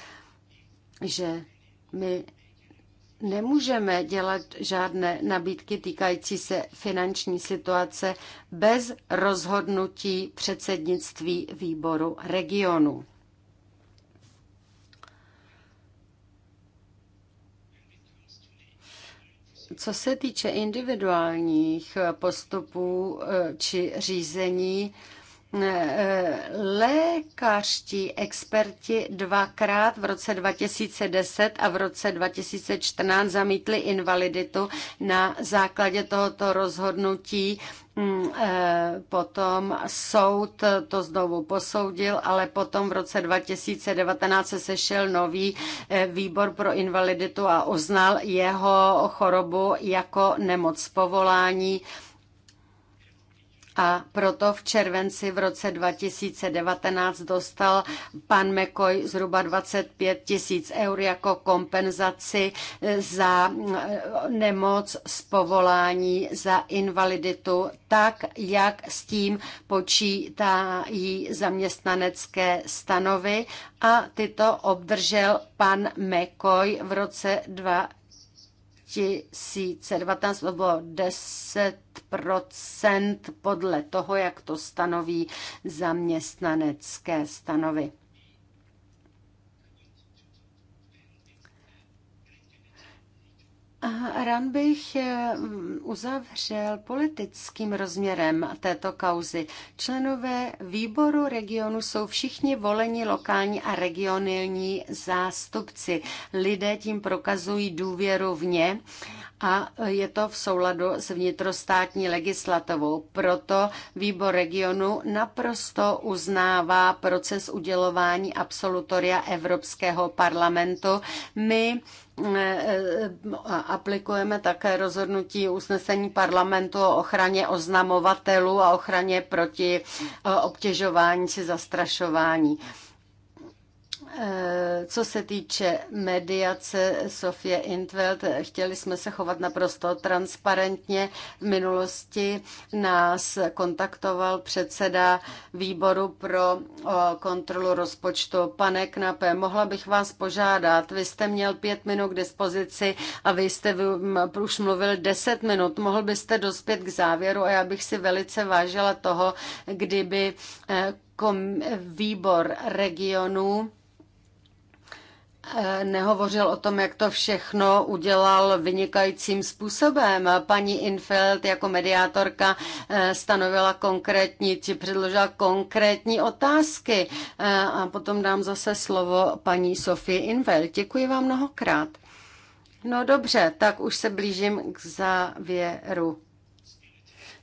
Speaker 4: že my nemůžeme dělat žádné nabídky týkající se finanční situace bez rozhodnutí předsednictví výboru regionu. Co se týče individuálních postupů eh, či řízení, eh, lékařští experti dvakrát v roce 2010 a v roce 2014 zamítli invaliditu na základě tohoto rozhodnutí Mm, eh, potom soud to znovu posoudil, ale potom v roce 2019 se sešel nový eh, výbor pro invaliditu a uznal jeho chorobu jako nemoc povolání a proto v červenci v roce 2019 dostal pan Mekoj zhruba 25 tisíc eur jako kompenzaci za eh, nemoc z povolání za invaliditu, tak jak s tím počítají zaměstnanecké stanovy a tyto obdržel pan Mekoj v roce 2019 2019 nebo 10 podle toho, jak to stanoví zaměstnanecké stanovy. A rán bych eh, mm, uzavřel politickým rozměrem této kauzy. Členové výboru regionu jsou všichni voleni lokální a regionální zástupci. Lidé tím prokazují důvěru v ně a je to v souladu s vnitrostátní legislativou. Proto výbor regionu naprosto uznává proces udělování absolutoria Evropského parlamentu. My eh, eh, aplikujeme také rozhodnutí usnesení parlamentu o ochraně oznamovatelů a ochraně proti eh, obtěžování či zastrašování. Eh, co se týče mediace Sofie Intveld, chtěli jsme se chovat naprosto transparentně. V minulosti nás kontaktoval předseda výboru pro kontrolu rozpočtu, pane Knape. Mohla bych vás požádat, vy jste měl pět minut k dispozici a vy jste už mluvil deset minut. Mohl byste dospět k závěru a já bych si velice vážila toho, kdyby eh, výbor regionů nehovořil o tom, jak to všechno udělal vynikajícím způsobem. Paní Infeld jako mediátorka eh, stanovila konkrétní, či předložila konkrétní otázky. Eh, a potom dám zase slovo paní Sofii Infeld. Děkuji vám mnohokrát. No dobře, tak už se blížím k závěru.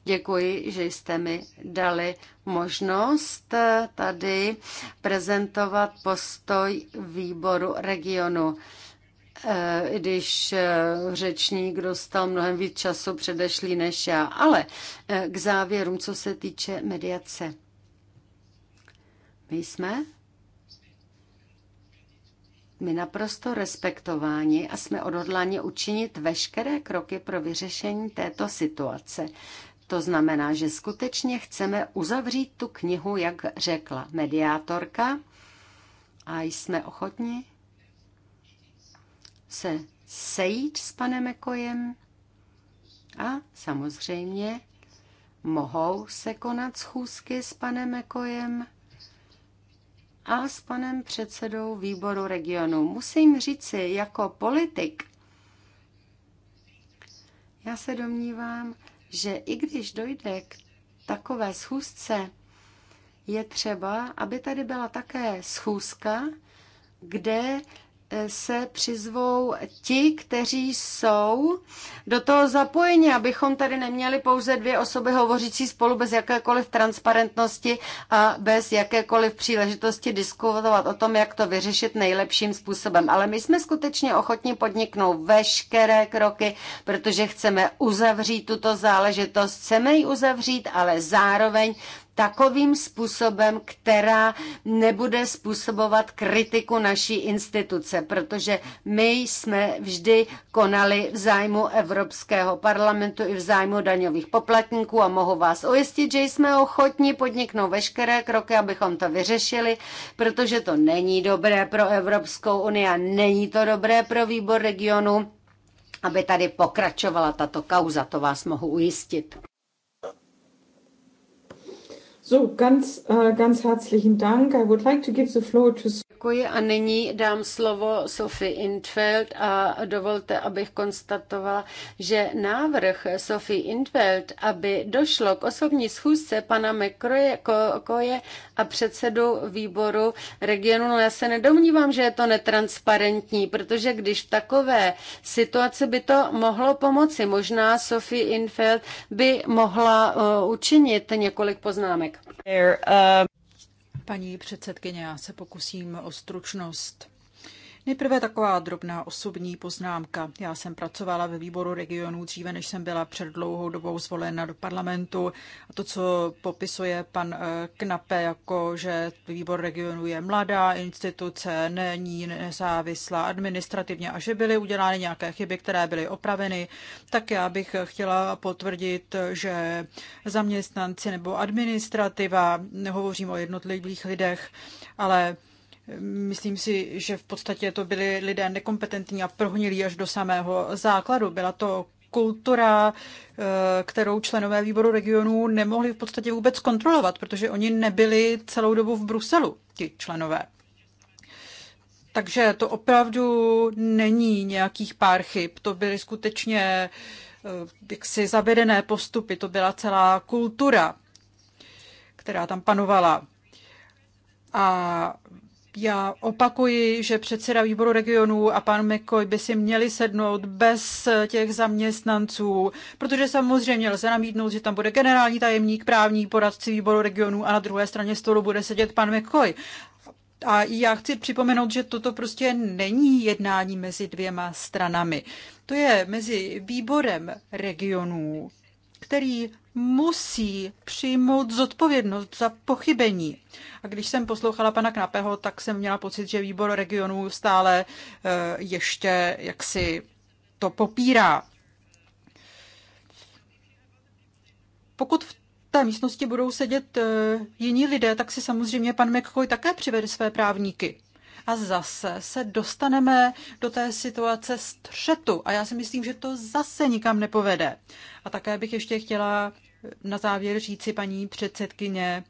Speaker 4: Děkuji, že jste mi dali možnost tady prezentovat postoj výboru regionu eh, i když eh, řečník dostal mnohem víc času předešlý než já. Ale eh, k závěrům, co se týče mediace. My jsme my naprosto respektováni a jsme odhodláni učinit veškeré kroky pro vyřešení této situace. To znamená, že skutečně chceme uzavřít tu knihu, jak řekla mediátorka, a jsme ochotni se sejít s panem Ekojem a samozřejmě mohou se konat schůzky s panem Ekojem a s panem předsedou výboru regionu. Musím říci, jako politik, já se domnívám, že i když dojde k takové schůzce, je třeba, aby tady byla také schůzka, kde se přizvou ti, kteří jsou do toho zapojeni, abychom tady neměli pouze dvě osoby hovořící spolu bez jakékoliv transparentnosti a bez jakékoliv příležitosti diskutovat o tom, jak to vyřešit nejlepším způsobem. Ale my jsme skutečně ochotni podniknout veškeré kroky, protože chceme uzavřít tuto záležitost, chceme ji uzavřít, ale zároveň takovým způsobem, která nebude způsobovat kritiku naší instituce, protože my jsme vždy konali v zájmu Evropského parlamentu i v zájmu daňových poplatníků a mohu vás ujistit, že jsme ochotní podniknout veškeré kroky, abychom to vyřešili, protože to není dobré pro Evropskou unii a není to dobré pro výbor regionu, aby tady pokračovala tato kauza, to vás mohu ujistit. So, ganz,
Speaker 2: uh, ganz herzlichen Dank. I would like to give the floor to
Speaker 4: Děkuji a nyní dám slovo Sophie Intfeld a dovolte, abych konstatovala, že návrh Sophie Intfeld, aby došlo k osobní schůzce pana McCoye a předsedu výboru regionu, no já se nedomnívám, že je to netransparentní, protože když v takové situaci by to mohlo pomoci, možná Sophie Infeld by mohla uh, učinit několik poznámek. Uh, Paní předsedkyně, já se pokusím o stručnost.
Speaker 1: Nejprve taková drobná osobní poznámka. Já jsem pracovala ve výboru regionů dříve, než jsem byla před dlouhou dobou zvolena do parlamentu. A to, co popisuje pan eh, Knape, jako že výbor regionů je mladá instituce, není nezávislá administrativně a že byly udělány nějaké chyby, které byly opraveny, tak já bych chtěla potvrdit, že zaměstnanci nebo administrativa, nehovořím o jednotlivých lidech, ale Myslím si, že v podstatě to byli lidé nekompetentní a prohnilí až do samého základu. Byla to kultura, eh, kterou členové výboru regionů nemohli v podstatě vůbec kontrolovat, protože oni nebyli celou dobu v Bruselu, ti členové. Takže to opravdu není nějakých pár chyb, to byly skutečně eh, jaksi zavedené postupy, to byla celá kultura, která tam panovala. A já opakuji, že předseda výboru regionů a pan Mekoj by si měli sednout bez těch zaměstnanců, protože samozřejmě lze namítnout, že tam bude generální tajemník, právní poradci výboru regionů a na druhé straně stolu bude sedět pan Mekoj. A já chci připomenout, že toto prostě není jednání mezi dvěma stranami. To je mezi výborem regionů, který musí přijmout zodpovědnost za pochybení. A když jsem poslouchala pana Knapeho, tak jsem měla pocit, že výbor regionů stále eh, ještě jaksi to popírá. Pokud v té místnosti budou sedět eh, jiní lidé, tak si samozřejmě pan McCoy také přivede své právníky a zase se dostaneme do té situace střetu a já si myslím, že to zase nikam nepovede. A také bych ještě chtěla na závěr říci paní předsedkyně,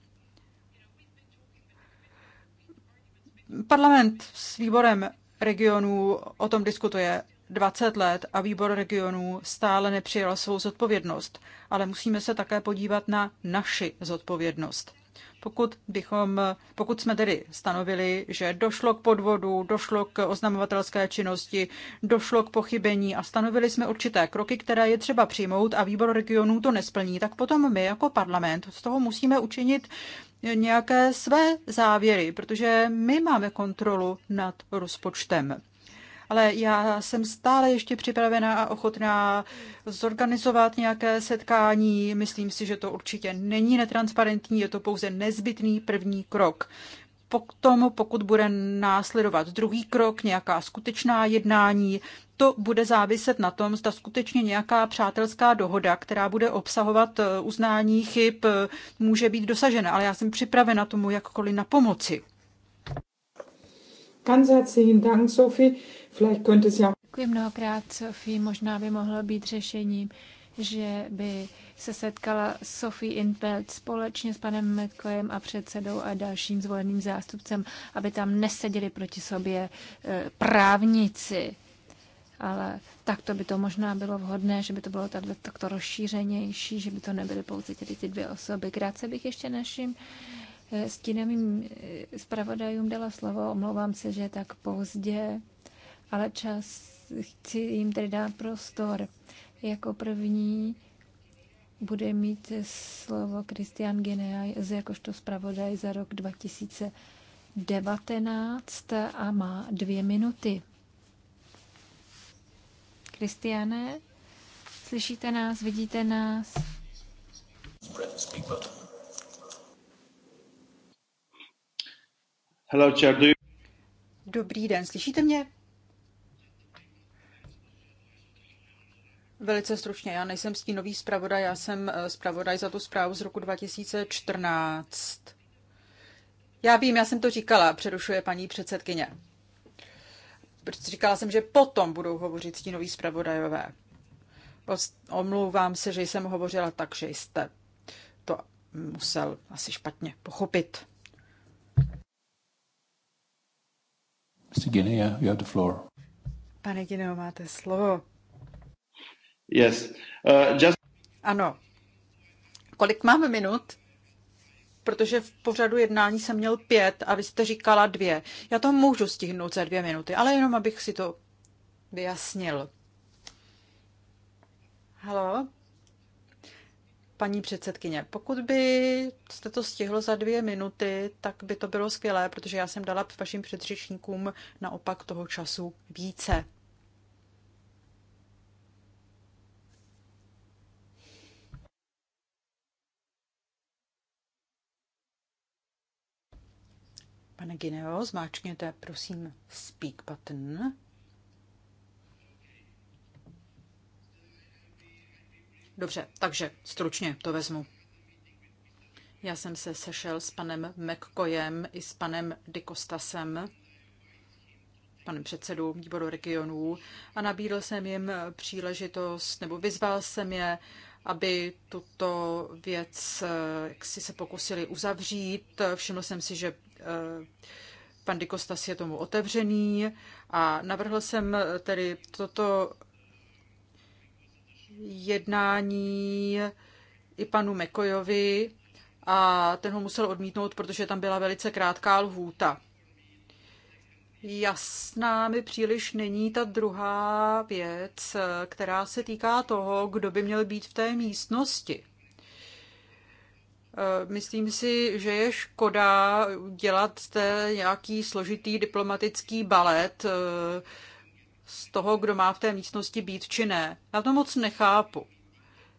Speaker 1: parlament s výborem regionů o tom diskutuje 20 let a výbor regionů stále nepřijal svou zodpovědnost, ale musíme se také podívat na naši zodpovědnost. Pokud, bychom, pokud jsme tedy stanovili, že došlo k podvodu, došlo k oznamovatelské činnosti, došlo k pochybení a stanovili jsme určité kroky, které je třeba přijmout a výbor regionů to nesplní, tak potom my jako parlament z toho musíme učinit nějaké své závěry, protože my máme kontrolu nad rozpočtem ale já jsem stále ještě připravená a ochotná zorganizovat nějaké setkání. Myslím si, že to určitě není netransparentní, je to pouze nezbytný první krok. Potom, pokud bude následovat druhý krok, nějaká skutečná jednání, to bude záviset na tom, zda skutečně nějaká přátelská dohoda, která bude obsahovat eh, uznání chyb, eh, může být dosažena. Ale já jsem připravena tomu jakkoliv na pomoci.
Speaker 2: Ganz herzlichen Dank, Sophie. Děkuji mnohokrát, Sofie. Možná by mohlo být řešením,
Speaker 3: že by se setkala Sophie Inpelt společně s panem Metkojem a předsedou a dalším zvoleným zástupcem, aby tam neseděli proti sobě eh, právníci. Ale takto by to možná bylo vhodné, že by to bylo takto rozšířenější, že by to nebyly pouze tedy ty dvě osoby. Krátce bych ještě našim eh, stínovým eh, zpravodajům dala slovo. Omlouvám se, že tak pozdě ale čas chci jim tedy dát prostor. Jako první bude mít slovo Kristian z jakožto zpravodaj za rok 2019 a má dvě minuty. Kristiane, slyšíte nás,
Speaker 1: vidíte nás? Hello, Dobrý den, slyšíte mě? Velice stručně, já nejsem stínový zpravodaj, já jsem eh, zpravodaj za tu zprávu z roku 2014. Já vím, já jsem to říkala, přerušuje paní předsedkyně. Říkala jsem, že potom budou hovořit stínoví zpravodajové. Omlouvám se, že jsem hovořila tak, že jste to musel asi špatně pochopit. Pane Gineo, máte slovo.
Speaker 5: Yes. Uh, just...
Speaker 1: Ano. Kolik máme minut? Protože v pořadu jednání jsem měl pět a vy jste říkala dvě. Já to můžu stihnout za dvě minuty, ale jenom abych si to vyjasnil. Halo? Paní předsedkyně, pokud by jste to stihlo za dvě minuty, tak by to bylo skvělé, protože já jsem dala vašim předřečníkům naopak toho času více. Pane Gineo, zmáčkněte prosím speak button. Dobře, takže stručně to vezmu. Já jsem se sešel s panem McCoyem i s panem Dikostasem, panem předsedou výboru regionů, a nabídl jsem jim příležitost, nebo vyzval jsem je, aby tuto věc eh, jak si se pokusili uzavřít. Všiml jsem si, že Eh, pan Dikostas je tomu otevřený a navrhl jsem tedy toto jednání i panu Mekojovi a ten ho musel odmítnout, protože tam byla velice krátká lhůta. Jasná mi příliš není ta druhá věc, eh, která se týká toho, kdo by měl být v té místnosti. Eh, myslím si, že je škoda dělat nějaký složitý diplomatický balet eh, z toho, kdo má v té místnosti být či ne. Já to moc nechápu.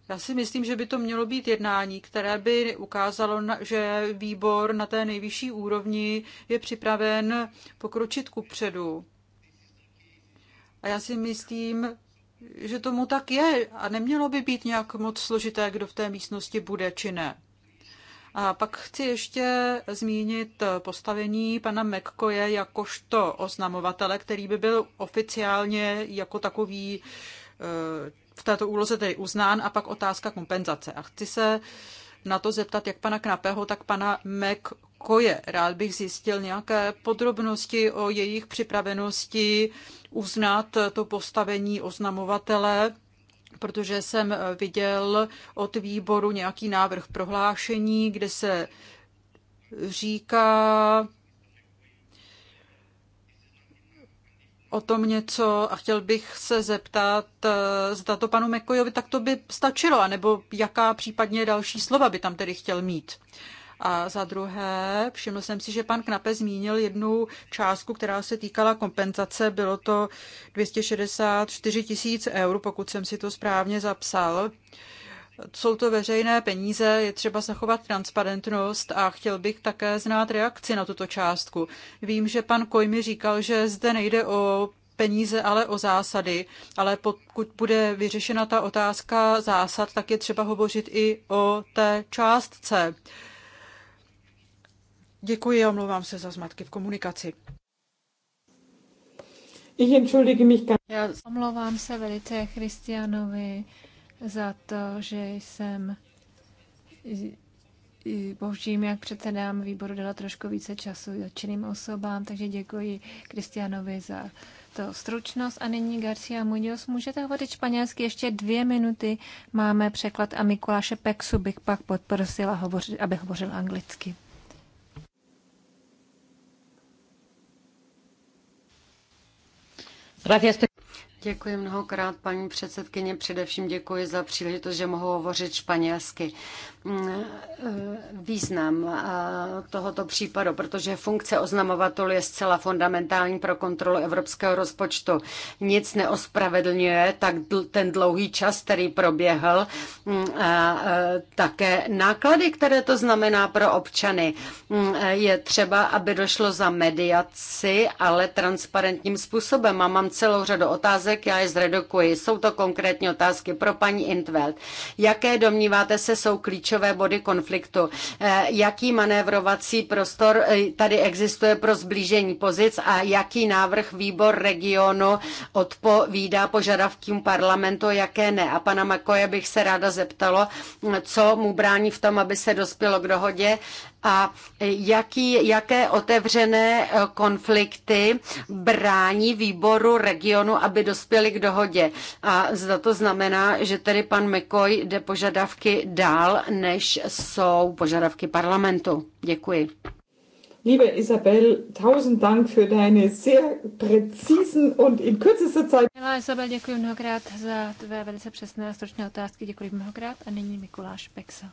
Speaker 1: Já si myslím, že by to mělo být jednání, které by ukázalo, že výbor na té nejvyšší úrovni je připraven pokročit ku předu. A já si myslím, že tomu tak je a nemělo by být nějak moc složité, kdo v té místnosti bude či ne. A pak chci ještě zmínit postavení pana McCoye jakožto oznamovatele, který by byl oficiálně jako takový eh, v této úloze tedy uznán a pak otázka kompenzace. A chci se na to zeptat jak pana Knapeho, tak pana McCoye. Rád bych zjistil nějaké podrobnosti o jejich připravenosti uznat to postavení oznamovatele protože jsem eh, viděl od výboru nějaký návrh prohlášení, kde se říká o tom něco a chtěl bych se zeptat, eh, zda to panu Mekojovi tak to by stačilo, anebo jaká případně další slova by tam tedy chtěl mít. A za druhé, všiml jsem si, že pan Knape zmínil jednu částku, která se týkala kompenzace. Bylo to 264 tisíc eur, pokud jsem si to správně zapsal. Jsou to veřejné peníze, je třeba zachovat transparentnost a chtěl bych také znát reakci na tuto částku. Vím, že pan Kojmi říkal, že zde nejde o peníze, ale o zásady. Ale pokud bude vyřešena ta otázka zásad, tak je třeba hovořit i o té částce. Děkuji a omlouvám se za zmatky v komunikaci.
Speaker 3: Já omlouvám se velice Christianovi za to, že jsem božím, jak předsedám výboru, dala trošku více času dotčeným osobám, takže děkuji Kristianovi za to stručnost. A nyní Garcia Munoz, můžete hovořit španělsky, ještě dvě minuty máme překlad a Mikuláše Pexu bych pak podprosila, aby hovořil anglicky.
Speaker 4: señor Děkuji mnohokrát, paní předsedkyně. Především děkuji za příležitost, že mohu hovořit španělsky. Mm, eh, význam eh, tohoto případu, protože funkce oznamovatelů je zcela fundamentální pro kontrolu evropského rozpočtu. Nic neospravedlňuje tak ten dlouhý čas, který proběhl, mm, a také náklady, které to znamená pro občany. Mm, je třeba, aby došlo za mediaci, ale transparentním způsobem. A mám celou řadu otázek, otázek, já je zredukuji. Jsou to konkrétní otázky pro paní Intveld. Jaké domníváte se jsou klíčové body konfliktu? Eh, jaký manévrovací prostor eh, tady existuje pro zblížení pozic a jaký návrh výbor regionu odpovídá požadavkům parlamentu, jaké ne? A pana Makoje bych se ráda zeptalo, co mu brání v tom, aby se dospělo k dohodě a jaký, jaké otevřené eh, konflikty brání výboru regionu, aby dospěli k dohodě. A zda to znamená, že tedy pan McCoy jde požadavky dál, než jsou požadavky parlamentu. Děkuji.
Speaker 2: Liebe Isabel, tausend Dank für deine sehr präzisen und in kürzester Zeit.
Speaker 3: Milá Isabel, děkuji mnohokrát za tvé velice přesné a stručné otázky. Děkuji mnohokrát a nyní Mikuláš Peksa.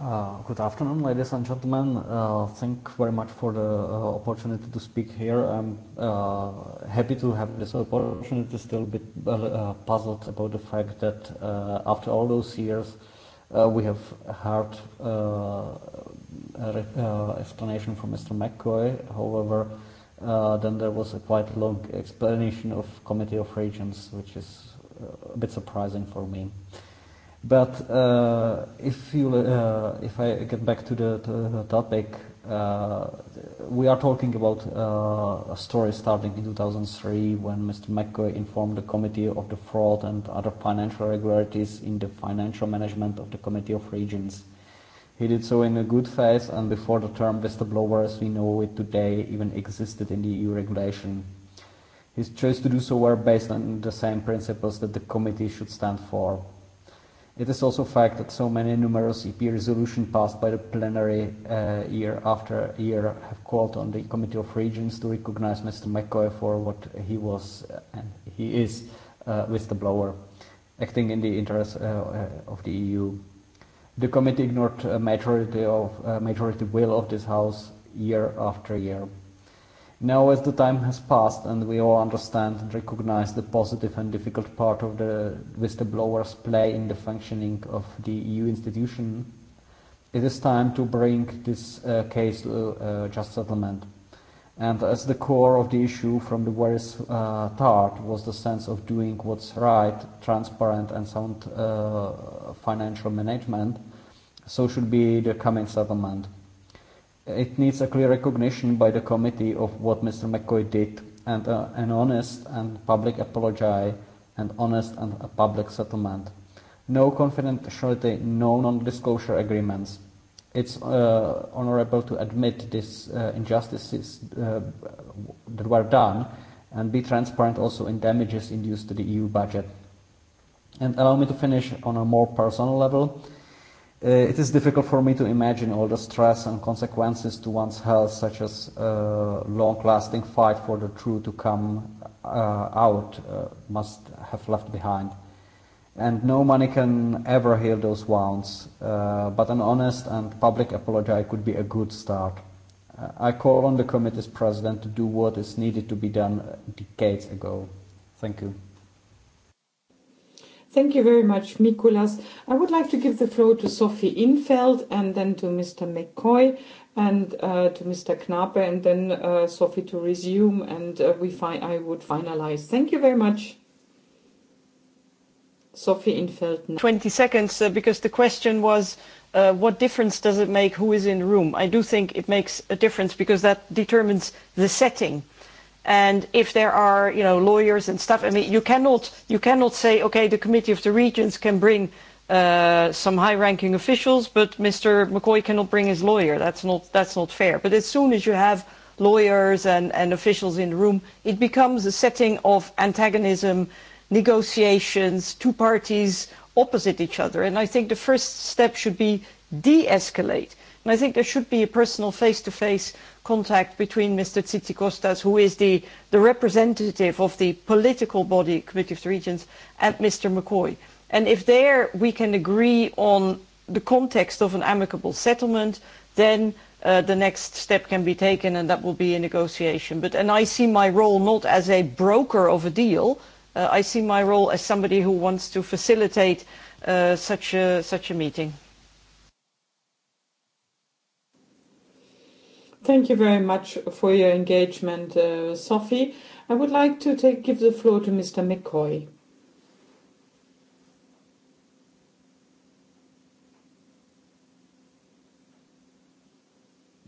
Speaker 6: Uh, good afternoon, ladies and gentlemen. Uh, thank very much for the uh, opportunity to speak here. I'm uh, happy to have this opportunity. Still a bit uh, uh, puzzled about the fact that after all those years, we have heard explanation from Mr. McCoy. However, then there was a quite long explanation of Committee of Regions, which is a bit surprising for me. Uh, But uh, if you, uh, if I get back to the, to the topic, uh, we are talking about uh, a story starting in 2003 when Mr. McCoy informed the Committee of the Fraud and other financial irregularities in the financial management of the Committee of Regions. He did so in a good faith and before the term whistleblower as we know it today even existed in the EU regulation. His choice to do so were based on the same principles that the committee should stand for It is also a fact that so many numerous EP resolutions passed by the plenary uh, year after year have called on the Committee of Regions to recognize Mr. McCoy for what he was uh, and he is uh, whistleblower, acting in the interest uh, uh of the EU. The committee ignored a majority of uh, majority will of this House year after year. Now, as the time has passed and we all understand and recognize the positive and difficult part of the whistleblower's play in the functioning of the EU institution, it is time to bring this uh, case to uh, just settlement. And as the core of the issue from the very uh, start was the sense of doing what's right, transparent and sound uh, financial management, so should be the coming settlement it needs a clear recognition by the committee of what Mr. McCoy did and uh, an honest and public apology and honest and a public settlement. No confidentiality, no non-disclosure agreements. It's uh, honorable to admit these uh, injustices uh, that were done and be transparent also in damages induced to the EU budget. And allow me to finish on a more personal level uh, it is difficult for me to imagine all the stress and consequences to one's health, such as uh, long-lasting fight for the truth to come uh, out, uh, must have left behind. And no money can ever heal those wounds, uh, but an honest and public apology could be a good start. Uh, I call on the committee's president to do what is needed to be done decades ago. Thank you.
Speaker 2: Thank you very much, Mikulas. I would like to give the floor to Sophie Infeld and then to Mr. McCoy and uh, to Mr. Knappe and then uh, Sophie to resume and uh, we
Speaker 7: fi I would finalize. Thank you very much. Sophie Infeld. Now. 20 seconds uh, because the question was uh, what difference does it make who is in the room? I do think it makes a difference because that determines the setting and if there are you know lawyers and stuff i mean you cannot you cannot say okay the committee of the regions can bring uh, some high ranking officials but mr mccoy cannot bring his lawyer that's not that's not fair but as soon as you have lawyers and, and officials in the room it becomes a setting of antagonism negotiations two parties opposite each other and i think the first step should be de-escalate i think there should be a personal face-to-face -face contact between Mr. Tsitsikostas, who is the, the representative of the political body, Committee of the Regions, and Mr. McCoy. And if there we can agree on the context of an amicable settlement, then uh, the next step can be taken and that will be a negotiation. But, and I see my role not as a broker of a deal, uh, I see my role as somebody who wants to facilitate uh, such, a, such a meeting.
Speaker 2: Thank you very much for your engagement, uh, Sophie. I would like to take, give the floor to Mr. McCoy.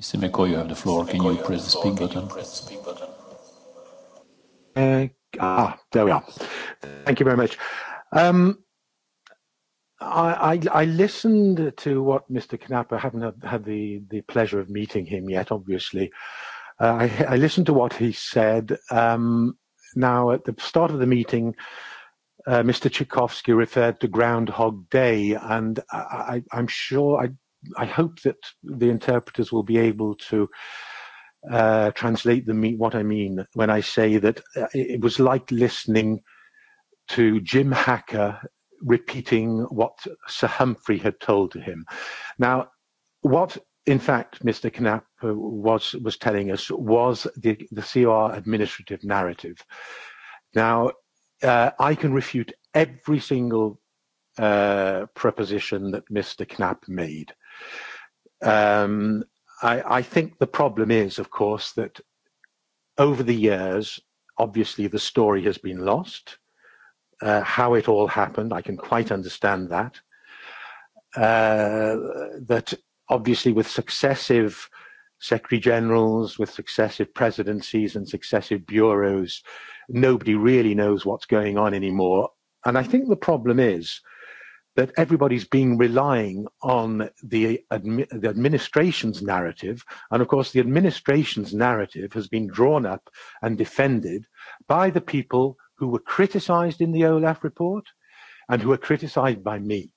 Speaker 5: Mr. McCoy, you have the floor. Can you press the speak button? Press the speak button. Uh, ah, there we are. Thank you very much. Um, i, I, I, listened to what Mr. Knapper, I haven't had, had, the, the pleasure of meeting him yet, obviously. Uh, I, I, listened to what he said. Um, now, at the start of the meeting, uh, Mr. Tchaikovsky referred to Groundhog Day, and I, I'm sure, I, I hope that the interpreters will be able to uh, translate the me- what I mean when I say that uh, it was like listening to Jim Hacker repeating what Sir Humphrey had told to him. Now, what in fact Mr. Knapp uh, was, was telling us was the, the COR administrative narrative. Now, uh, I can refute every single uh, proposition that Mr. Knapp made. Um, I, I think the problem is, of course, that over the years, obviously the story has been lost uh, how it all happened. I can quite understand that. Uh, that obviously, with successive secretary generals, with successive presidencies and successive bureaus, nobody really knows what's going on anymore. And I think the problem is that everybody's been relying on the, admi- the administration's narrative. And of course, the administration's narrative has been drawn up and defended by the people who were criticised in the OLAF report and who are criticised by me.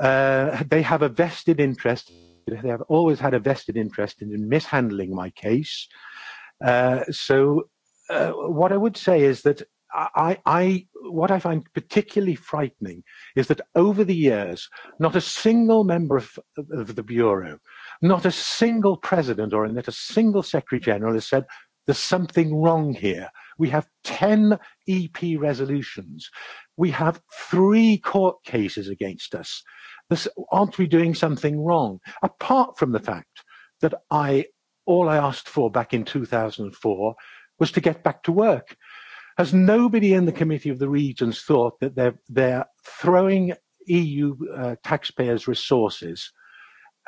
Speaker 5: Uh, they have a vested interest. They have always had a vested interest in mishandling my case. Uh, so, uh, what I would say is that I, I, what I find particularly frightening is that over the years, not a single member of, of the Bureau, not a single president or not a single secretary general has said, there's something wrong here. We have 10 EP resolutions. We have three court cases against us. This, aren't we doing something wrong? Apart from the fact that I, all I asked for back in 2004 was to get back to work. Has nobody in the Committee of the Regions thought that they're, they're throwing EU uh, taxpayers' resources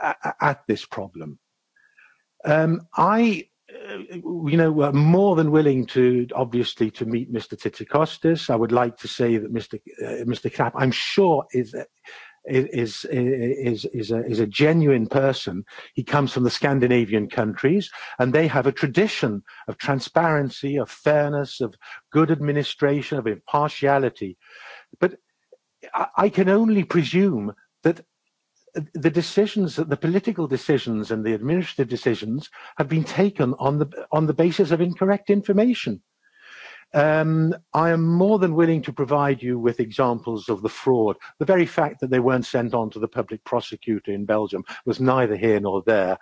Speaker 5: at, uh, at this problem? Um, I you know, we're more than willing to, obviously, to meet Mr. Titicostas. I would like to say that Mr. Uh, Mr. Knapp, I'm sure, is is is is a, is a genuine person. He comes from the Scandinavian countries, and they have a tradition of transparency, of fairness, of good administration, of impartiality. But I, I can only presume that the decisions, the political decisions and the administrative decisions have been taken on the, on the basis of incorrect information. Um, I am more than willing to provide you with examples of the fraud. The very fact that they weren't sent on to the public prosecutor in Belgium was neither here nor there.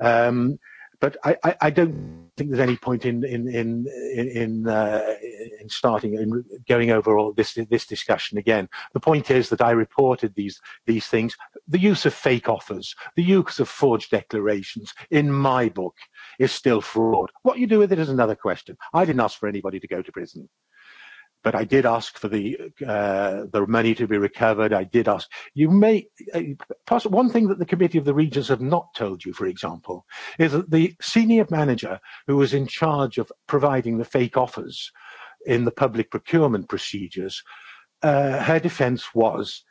Speaker 5: Um, but I, I, I, don't think there's any point in in in in, uh, in starting in going over all this this discussion again. The point is that I reported these these things, the use of fake offers, the use of forged declarations, in my book, is still fraud. What you do with it is another question. I didn't ask for anybody to go to prison but I did ask for the uh, the money to be recovered. I did ask. You may uh, uh one thing that the committee of the regions have not told you, for example, is that the senior manager who was in charge of providing the fake offers in the public procurement procedures, uh, her defence was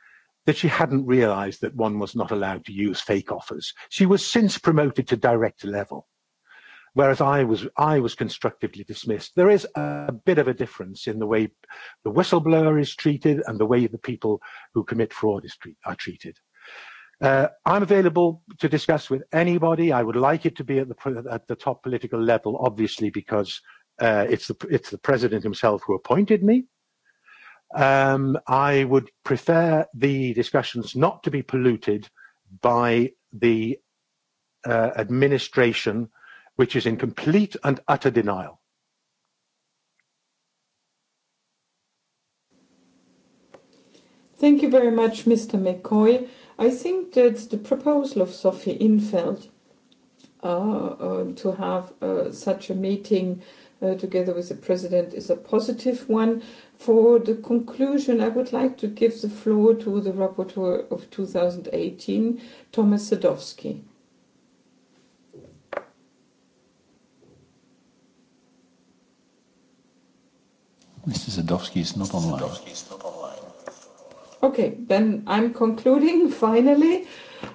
Speaker 5: that she hadn't realised that one was not allowed to use fake offers. She was since promoted to director level whereas I was I was constructively dismissed. There is a bit of a difference in the way the whistleblower is treated and the way the people who commit fraud is treat, are treated. Uh, I'm available to discuss with anybody. I would like it to be at the at the top political level, obviously, because uh, it's the it's the president himself who appointed me. Um, I would prefer the discussions not to be polluted by the uh, administration which is in complete and utter denial.
Speaker 2: Thank you very much, Mr. McCoy. I think that the proposal of Sophie Infeld uh, uh, to have uh, such a meeting uh, together with the president is a positive one. For the conclusion, I would like to give the floor to the rapporteur of 2018, Thomas Sadowski.
Speaker 5: Mr. Sadowski is not online. is not online.
Speaker 2: Okay, then I'm concluding [laughs] finally.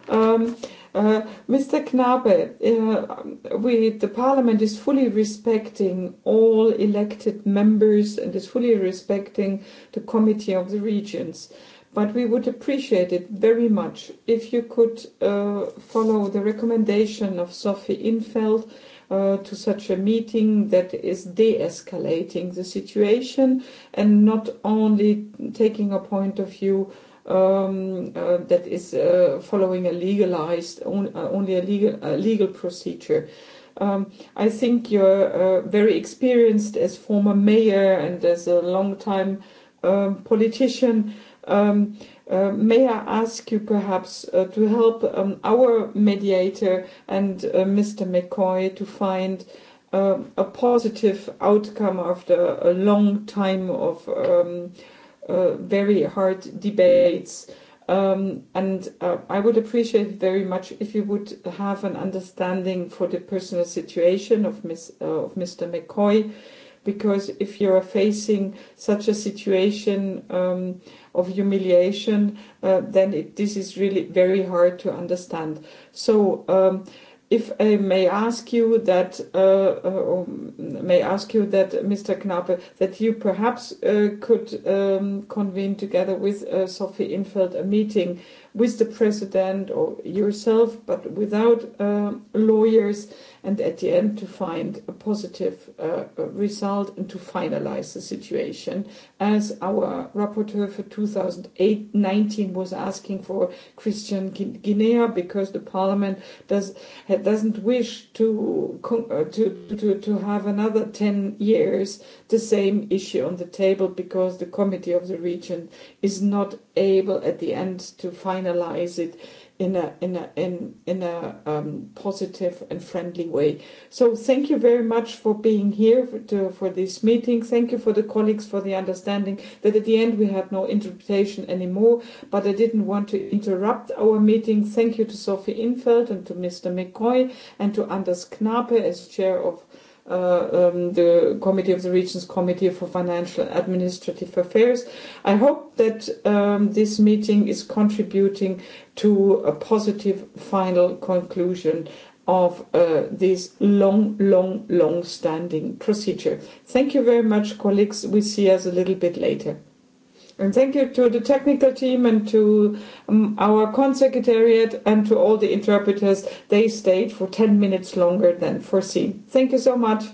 Speaker 2: Um, uh, Mr. Knabe, uh, we, the Parliament is fully respecting all elected members and is fully respecting the Committee of the Regions. But we would appreciate it very much if you could uh, follow the recommendation of Sophie Infeld uh, to such a meeting that is de-escalating the situation and not only taking a point of view um, uh, that is uh, following a legalized on, uh, only a legal, a legal procedure. Um, I think you're uh, very experienced as former mayor and as a long time um, politician. Um, Uh, may I ask you perhaps uh, to help um, our mediator and uh, Mr. McCoy to find uh, a positive outcome after a long time of um, uh, very hard debates? Um, and uh, I would appreciate very much if you would have an understanding for the personal situation of, Ms., uh, of Mr. McCoy, because if you are facing such a situation, um, of humiliation, uh, then it, this is really very hard to understand. So. Um, if I may ask you that, uh, uh, um, may ask you that, Mr. Knappe, that you perhaps uh, could um, convene together with uh, Sophie Infeld a meeting with the president or yourself, but without uh, lawyers, and at the end to find a positive uh, result and to finalize the situation, as our rapporteur for 2019 was asking for Christian Guinea, because the parliament does doesn't wish to uh, to to, to have another 10 years the same issue on the table because the Committee of the Region is not able at the end to finalize it in a in a in in a um, positive and friendly way. So thank you very much for being here for, to, for this meeting. Thank you for the colleagues for the understanding that at the end we had no interpretation anymore, but I didn't want to interrupt our meeting. Thank you to Sophie Infeld and to Mr. McCoy and to Anders Knape as chair of uh, um, the Committee of the Regions Committee for Financial and Administrative Affairs. I hope that um, this meeting is contributing to a positive final conclusion of uh, this long, long, long standing procedure. Thank you very much, colleagues. We see us a little bit later. And thank you to the technical team and to um, our consecretariat and to all the interpreters. They stayed for 10 minutes longer than foreseen. Thank you so much.